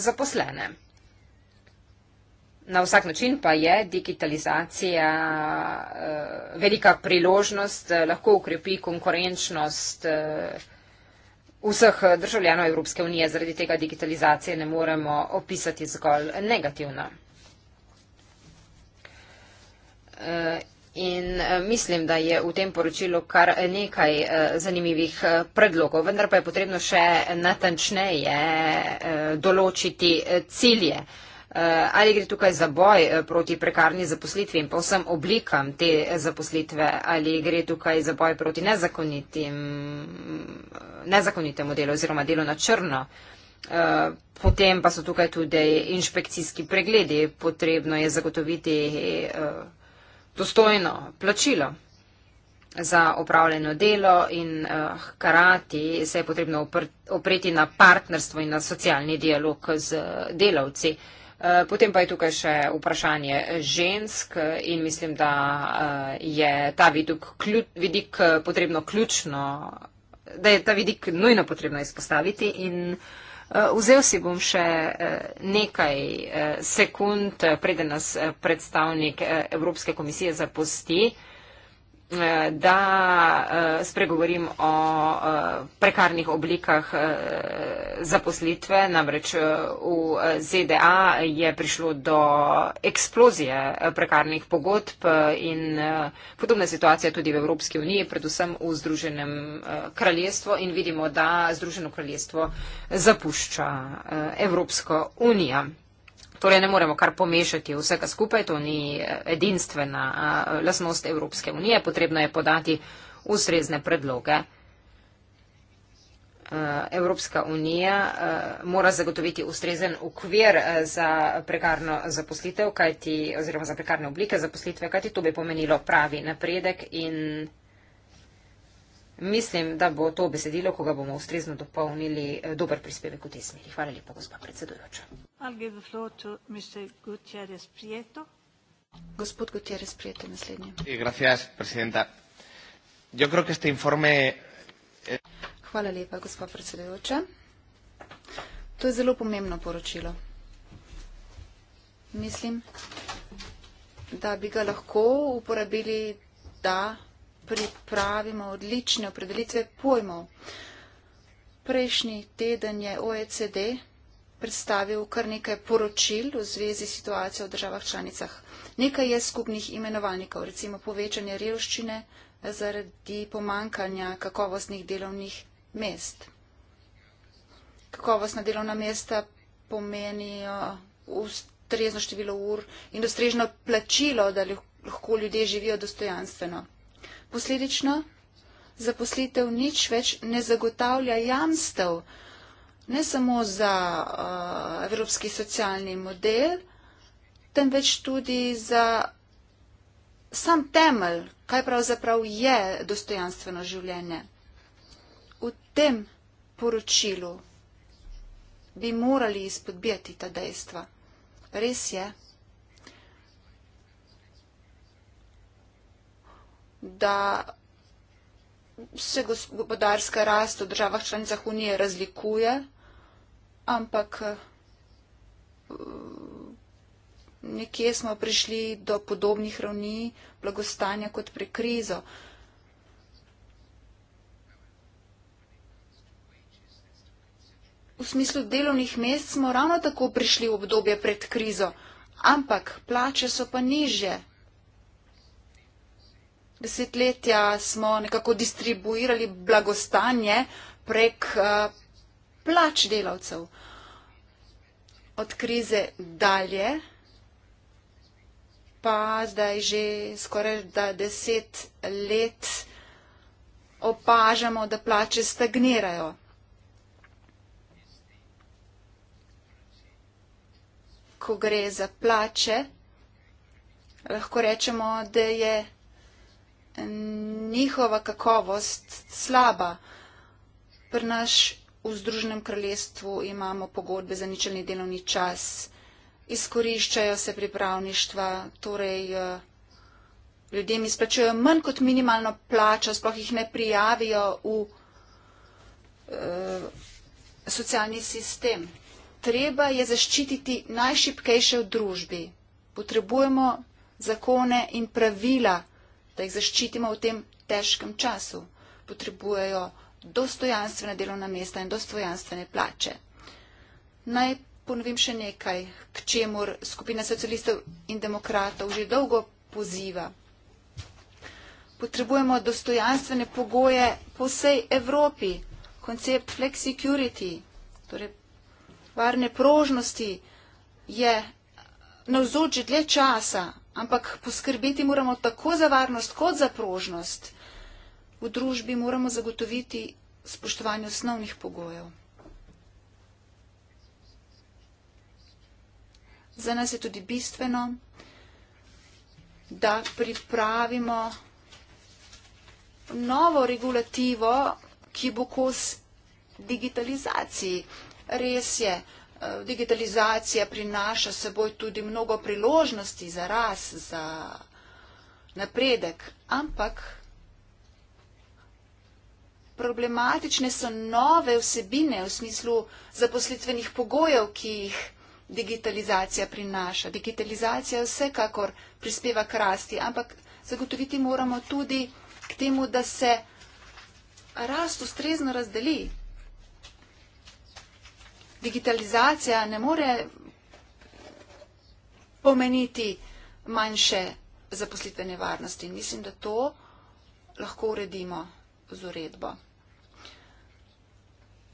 A: zaposlene. Na vsak način pa je digitalizacija velika priložnost, lahko ukrepi konkurenčnost vseh državljanov Evropske unije, zaradi tega digitalizacije ne moremo opisati zgolj negativno. In eh, mislim, da je v tem poročilu kar nekaj eh, zanimivih eh, predlogov, vendar pa je potrebno še natančneje določiti cilje. Ali gre tukaj za boj proti prekarni zaposlitvi in pa vsem oblikam te zaposlitve, ali gre tukaj za boj proti nezakonitemu delu oziroma delu na črno. Potem pa so tukaj tudi inšpekcijski pregledi. Potrebno je zagotoviti dostojno plačilo za opravljeno delo in eh, hkrati se je potrebno opreti na partnerstvo in na socialni dialog z delavci. Eh, potem pa je tukaj še vprašanje žensk eh, in mislim, da je ta vidik, vidik potrebno ključno, da je ta vidik nujno potrebno izpostaviti in uh, Eh, vzel si bom še eh, nekaj eh, sekund, preden nas predstavnik Evropske komisije zapusti da eh, spregovorim o eh, prekarnih oblikah eh, zaposlitve. Namreč v ZDA je prišlo do eksplozije prekarnih pogodb in podobna situacija tudi v Evropski uniji, predvsem v Združenem kraljestvu in vidimo, da Združeno kraljestvo zapušča Evropsko unijo. Torej ne moremo kar pomešati vsega skupaj, to ni eh, edinstvena eh, lasnost Evropske unije, potrebno je podati ustrezne predloge. Eh, Evropska unija mora zagotoviti ustrezen ukvir za prekarno zaposlitev, kajti, oziroma za prekarne oblike zaposlitve, kajti to bi pomenilo pravi napredek in. Mislim, da bo to besedilo, ko ga bomo ustrezno dopolnili, eh, dober prispevek v tej smeri. Hvala lepa, gospa predsedujoča.
D: Gospod Gutierrez, prijete naslednje. Eh, Hvala lepa, gospa predsedujoča. To je zelo pomembno poročilo. Mislim, da bi ga lahko uporabili, da pripravimo odlične opredelitve pojmov. Prejšnji teden je OECD predstavil kar nekaj poročil v zvezi s situacijo v državah članicah. Nekaj je skupnih imenovalnikov, recimo povečanje revščine zaradi pomankanja kakovostnih delovnih mest. Kakovostna delovna mesta pomenijo ustrezno število ur in ustrezno plačilo, da lahko ljudje živijo dostojanstveno posledično zaposlitev nič več ne zagotavlja jamstev, ne samo za uh, evropski socialni model, temveč tudi za sam temelj, kaj pravzaprav je dostojanstveno življenje. V tem poročilu bi morali izpodbijati ta dejstva. Res je. da se gospodarska rast v državah članicah Unije razlikuje, ampak eh, nekje smo prišli do podobnih ravni blagostanja kot pri krizo. V smislu delovnih mest smo ravno tako prišli v obdobje pred krizo, ampak plače so pa nižje desetletja smo nekako distribuirali blagostanje prek eh, plač delavcev. Od krize dalje pa zdaj že skoraj da deset let opažamo, da plače stagnirajo. Ko gre za plače, lahko rečemo, da je njihova kakovost slaba. Pri naš v Združenem kraljestvu imamo pogodbe za ničelni delovni čas, izkoriščajo se pripravništva, torej eh, ljudem izplačujejo manj kot minimalno plačo, sploh jih ne prijavijo v eh, socialni sistem. Treba je zaščititi najšipkejše v družbi. Potrebujemo zakone in pravila, da jih zaščitimo v tem težkem času. Potrebujejo dostojanstvene delovna mesta in dostojanstvene plače. Naj ponovim še nekaj, k čemur skupina socialistov in demokratov že dolgo poziva. Potrebujemo dostojanstvene pogoje po vsej Evropi. Koncept flexicurity, torej varne prožnosti, je navzoči dlje časa, ampak poskrbeti moramo tako za varnost kot za prožnost. V družbi moramo zagotoviti spoštovanje osnovnih pogojev. Za nas je tudi bistveno, da pripravimo novo regulativo, ki bo kos digitalizaciji. Res je, Eh, digitalizacija prinaša seboj tudi mnogo priložnosti za ras, za napredek, ampak problematične so nove vsebine v smislu zaposlitvenih pogojev, ki jih digitalizacija prinaša. Digitalizacija vsekakor prispeva k rasti, ampak zagotoviti moramo tudi k temu, da se rast ustrezno razdeli digitalizacija ne more pomeniti manjše zaposlitvene varnosti. In mislim, da to lahko uredimo z uredbo.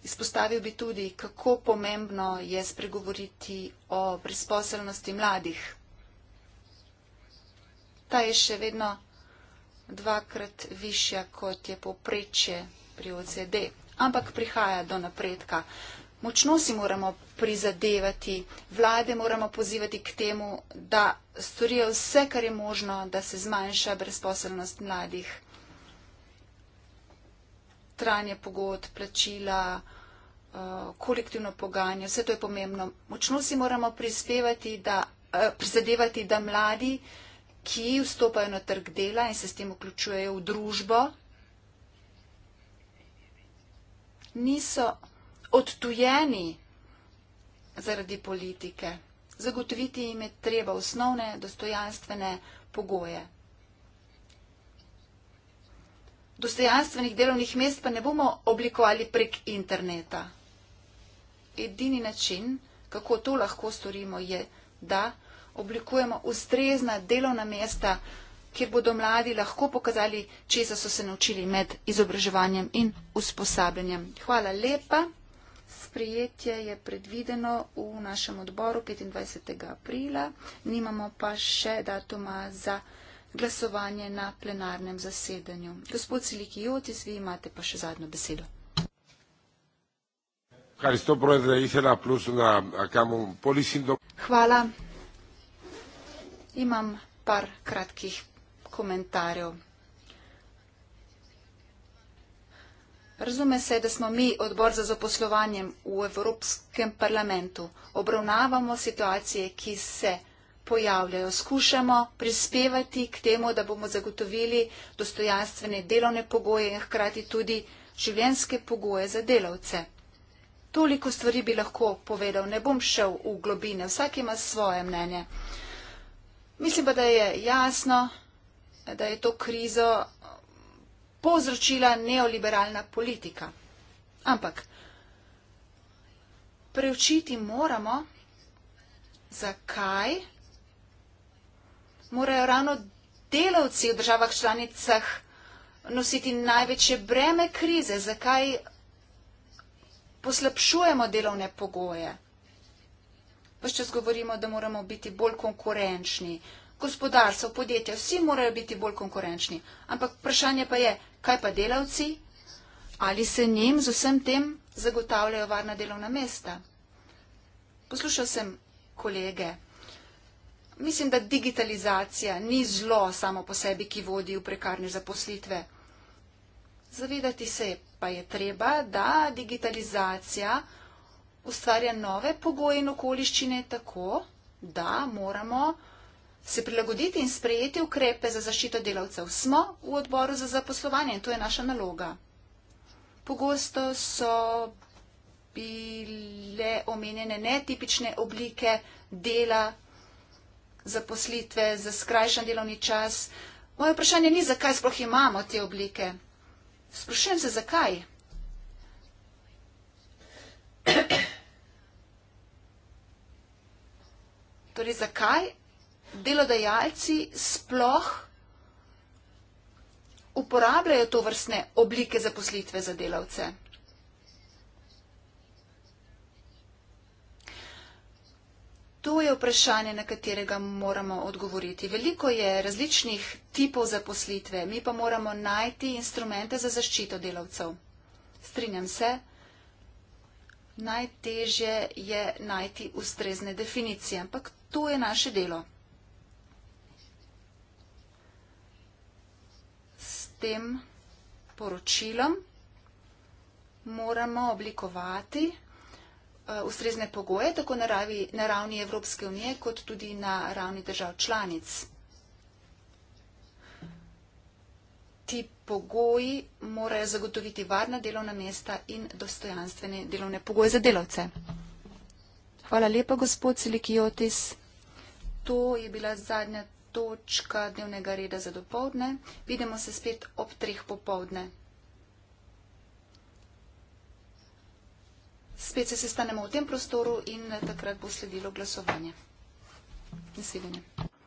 D: Izpostavil bi tudi, kako pomembno je spregovoriti o brezposelnosti mladih. Ta je še vedno dvakrat višja, kot je poprečje pri OCD, ampak prihaja do napredka. Močno si moramo prizadevati, vlade moramo pozivati k temu, da storijo vse, kar je možno, da se zmanjša brezposelnost mladih. Tranje pogod, plačila, eh, kolektivno poganje, vse to je pomembno. Močno si moramo prispevati, da, eh, prizadevati, da mladi, ki vstopajo na trg dela in se s tem vključujejo v družbo, niso odtujeni zaradi politike. Zagotoviti jim je treba osnovne, dostojanstvene pogoje. Dostojanstvenih delovnih mest pa ne bomo oblikovali prek interneta. Edini način, kako to lahko storimo, je, da oblikujemo ustrezna delovna mesta, kjer bodo mladi lahko pokazali, če so se naučili med izobraževanjem in usposabljanjem. Hvala lepa sprejetje je predvideno v našem odboru 25. aprila, nimamo pa še datuma za glasovanje na plenarnem zasedanju. Gospod Siliki Jotis, vi imate pa še zadnjo besedo. Hvala. Imam par kratkih komentarjev. Razume se, da smo mi odbor za zaposlovanje v Evropskem parlamentu, obravnavamo situacije, ki se pojavljajo, skušamo prispevati k temu, da bomo zagotovili dostojanstvene delovne pogoje in hkrati tudi življenjske pogoje za delavce. Toliko stvari bi lahko povedal, ne bom šel v globine, vsak ima svoje mnenje. Mislim pa, da je jasno, da je to krizo povzročila neoliberalna politika. Ampak preučiti moramo, zakaj morajo ravno delavci v državah članicah nositi največje breme krize, zakaj poslabšujemo delovne pogoje. Vse čas govorimo, da moramo biti bolj konkurenčni, gospodarstvo, podjetja, vsi morajo biti bolj konkurenčni. Ampak vprašanje pa je, kaj pa delavci? Ali se njim z vsem tem zagotavljajo varna delovna mesta? Poslušal sem kolege. Mislim, da digitalizacija ni zlo samo po sebi, ki vodi v prekarne zaposlitve. Zavedati se pa je treba, da digitalizacija ustvarja nove pogoje in okoliščine tako, da moramo se prilagoditi in sprejeti ukrepe za zaščito delavcev. Smo v odboru za zaposlovanje in to je naša naloga. Pogosto so bile omenjene netipične oblike dela, zaposlitve za skrajšan delovni čas. Moje vprašanje ni, zakaj sploh imamo te oblike. Sprašujem se, zakaj. Torej, zakaj delodajalci sploh uporabljajo to vrstne oblike zaposlitve za delavce. To je vprašanje, na katerega moramo odgovoriti. Veliko je različnih tipov zaposlitve, mi pa moramo najti instrumente za zaščito delavcev. Strinjam se, najtežje je najti ustrezne definicije, ampak to je naše delo. tem poročilom moramo oblikovati eh, ustrezne pogoje, tako na ravni, na ravni Evropske unije, kot tudi na ravni držav članic. Ti pogoji morajo zagotoviti varna delovna mesta in dostojanstvene delovne pogoje za delavce. Hvala lepa, gospod Silikiotis. To je bila zadnja točka dnevnega reda za dopoldne. Vidimo se spet ob treh popoldne. Spet se sestanemo v tem prostoru in takrat bo sledilo glasovanje. Naslednje.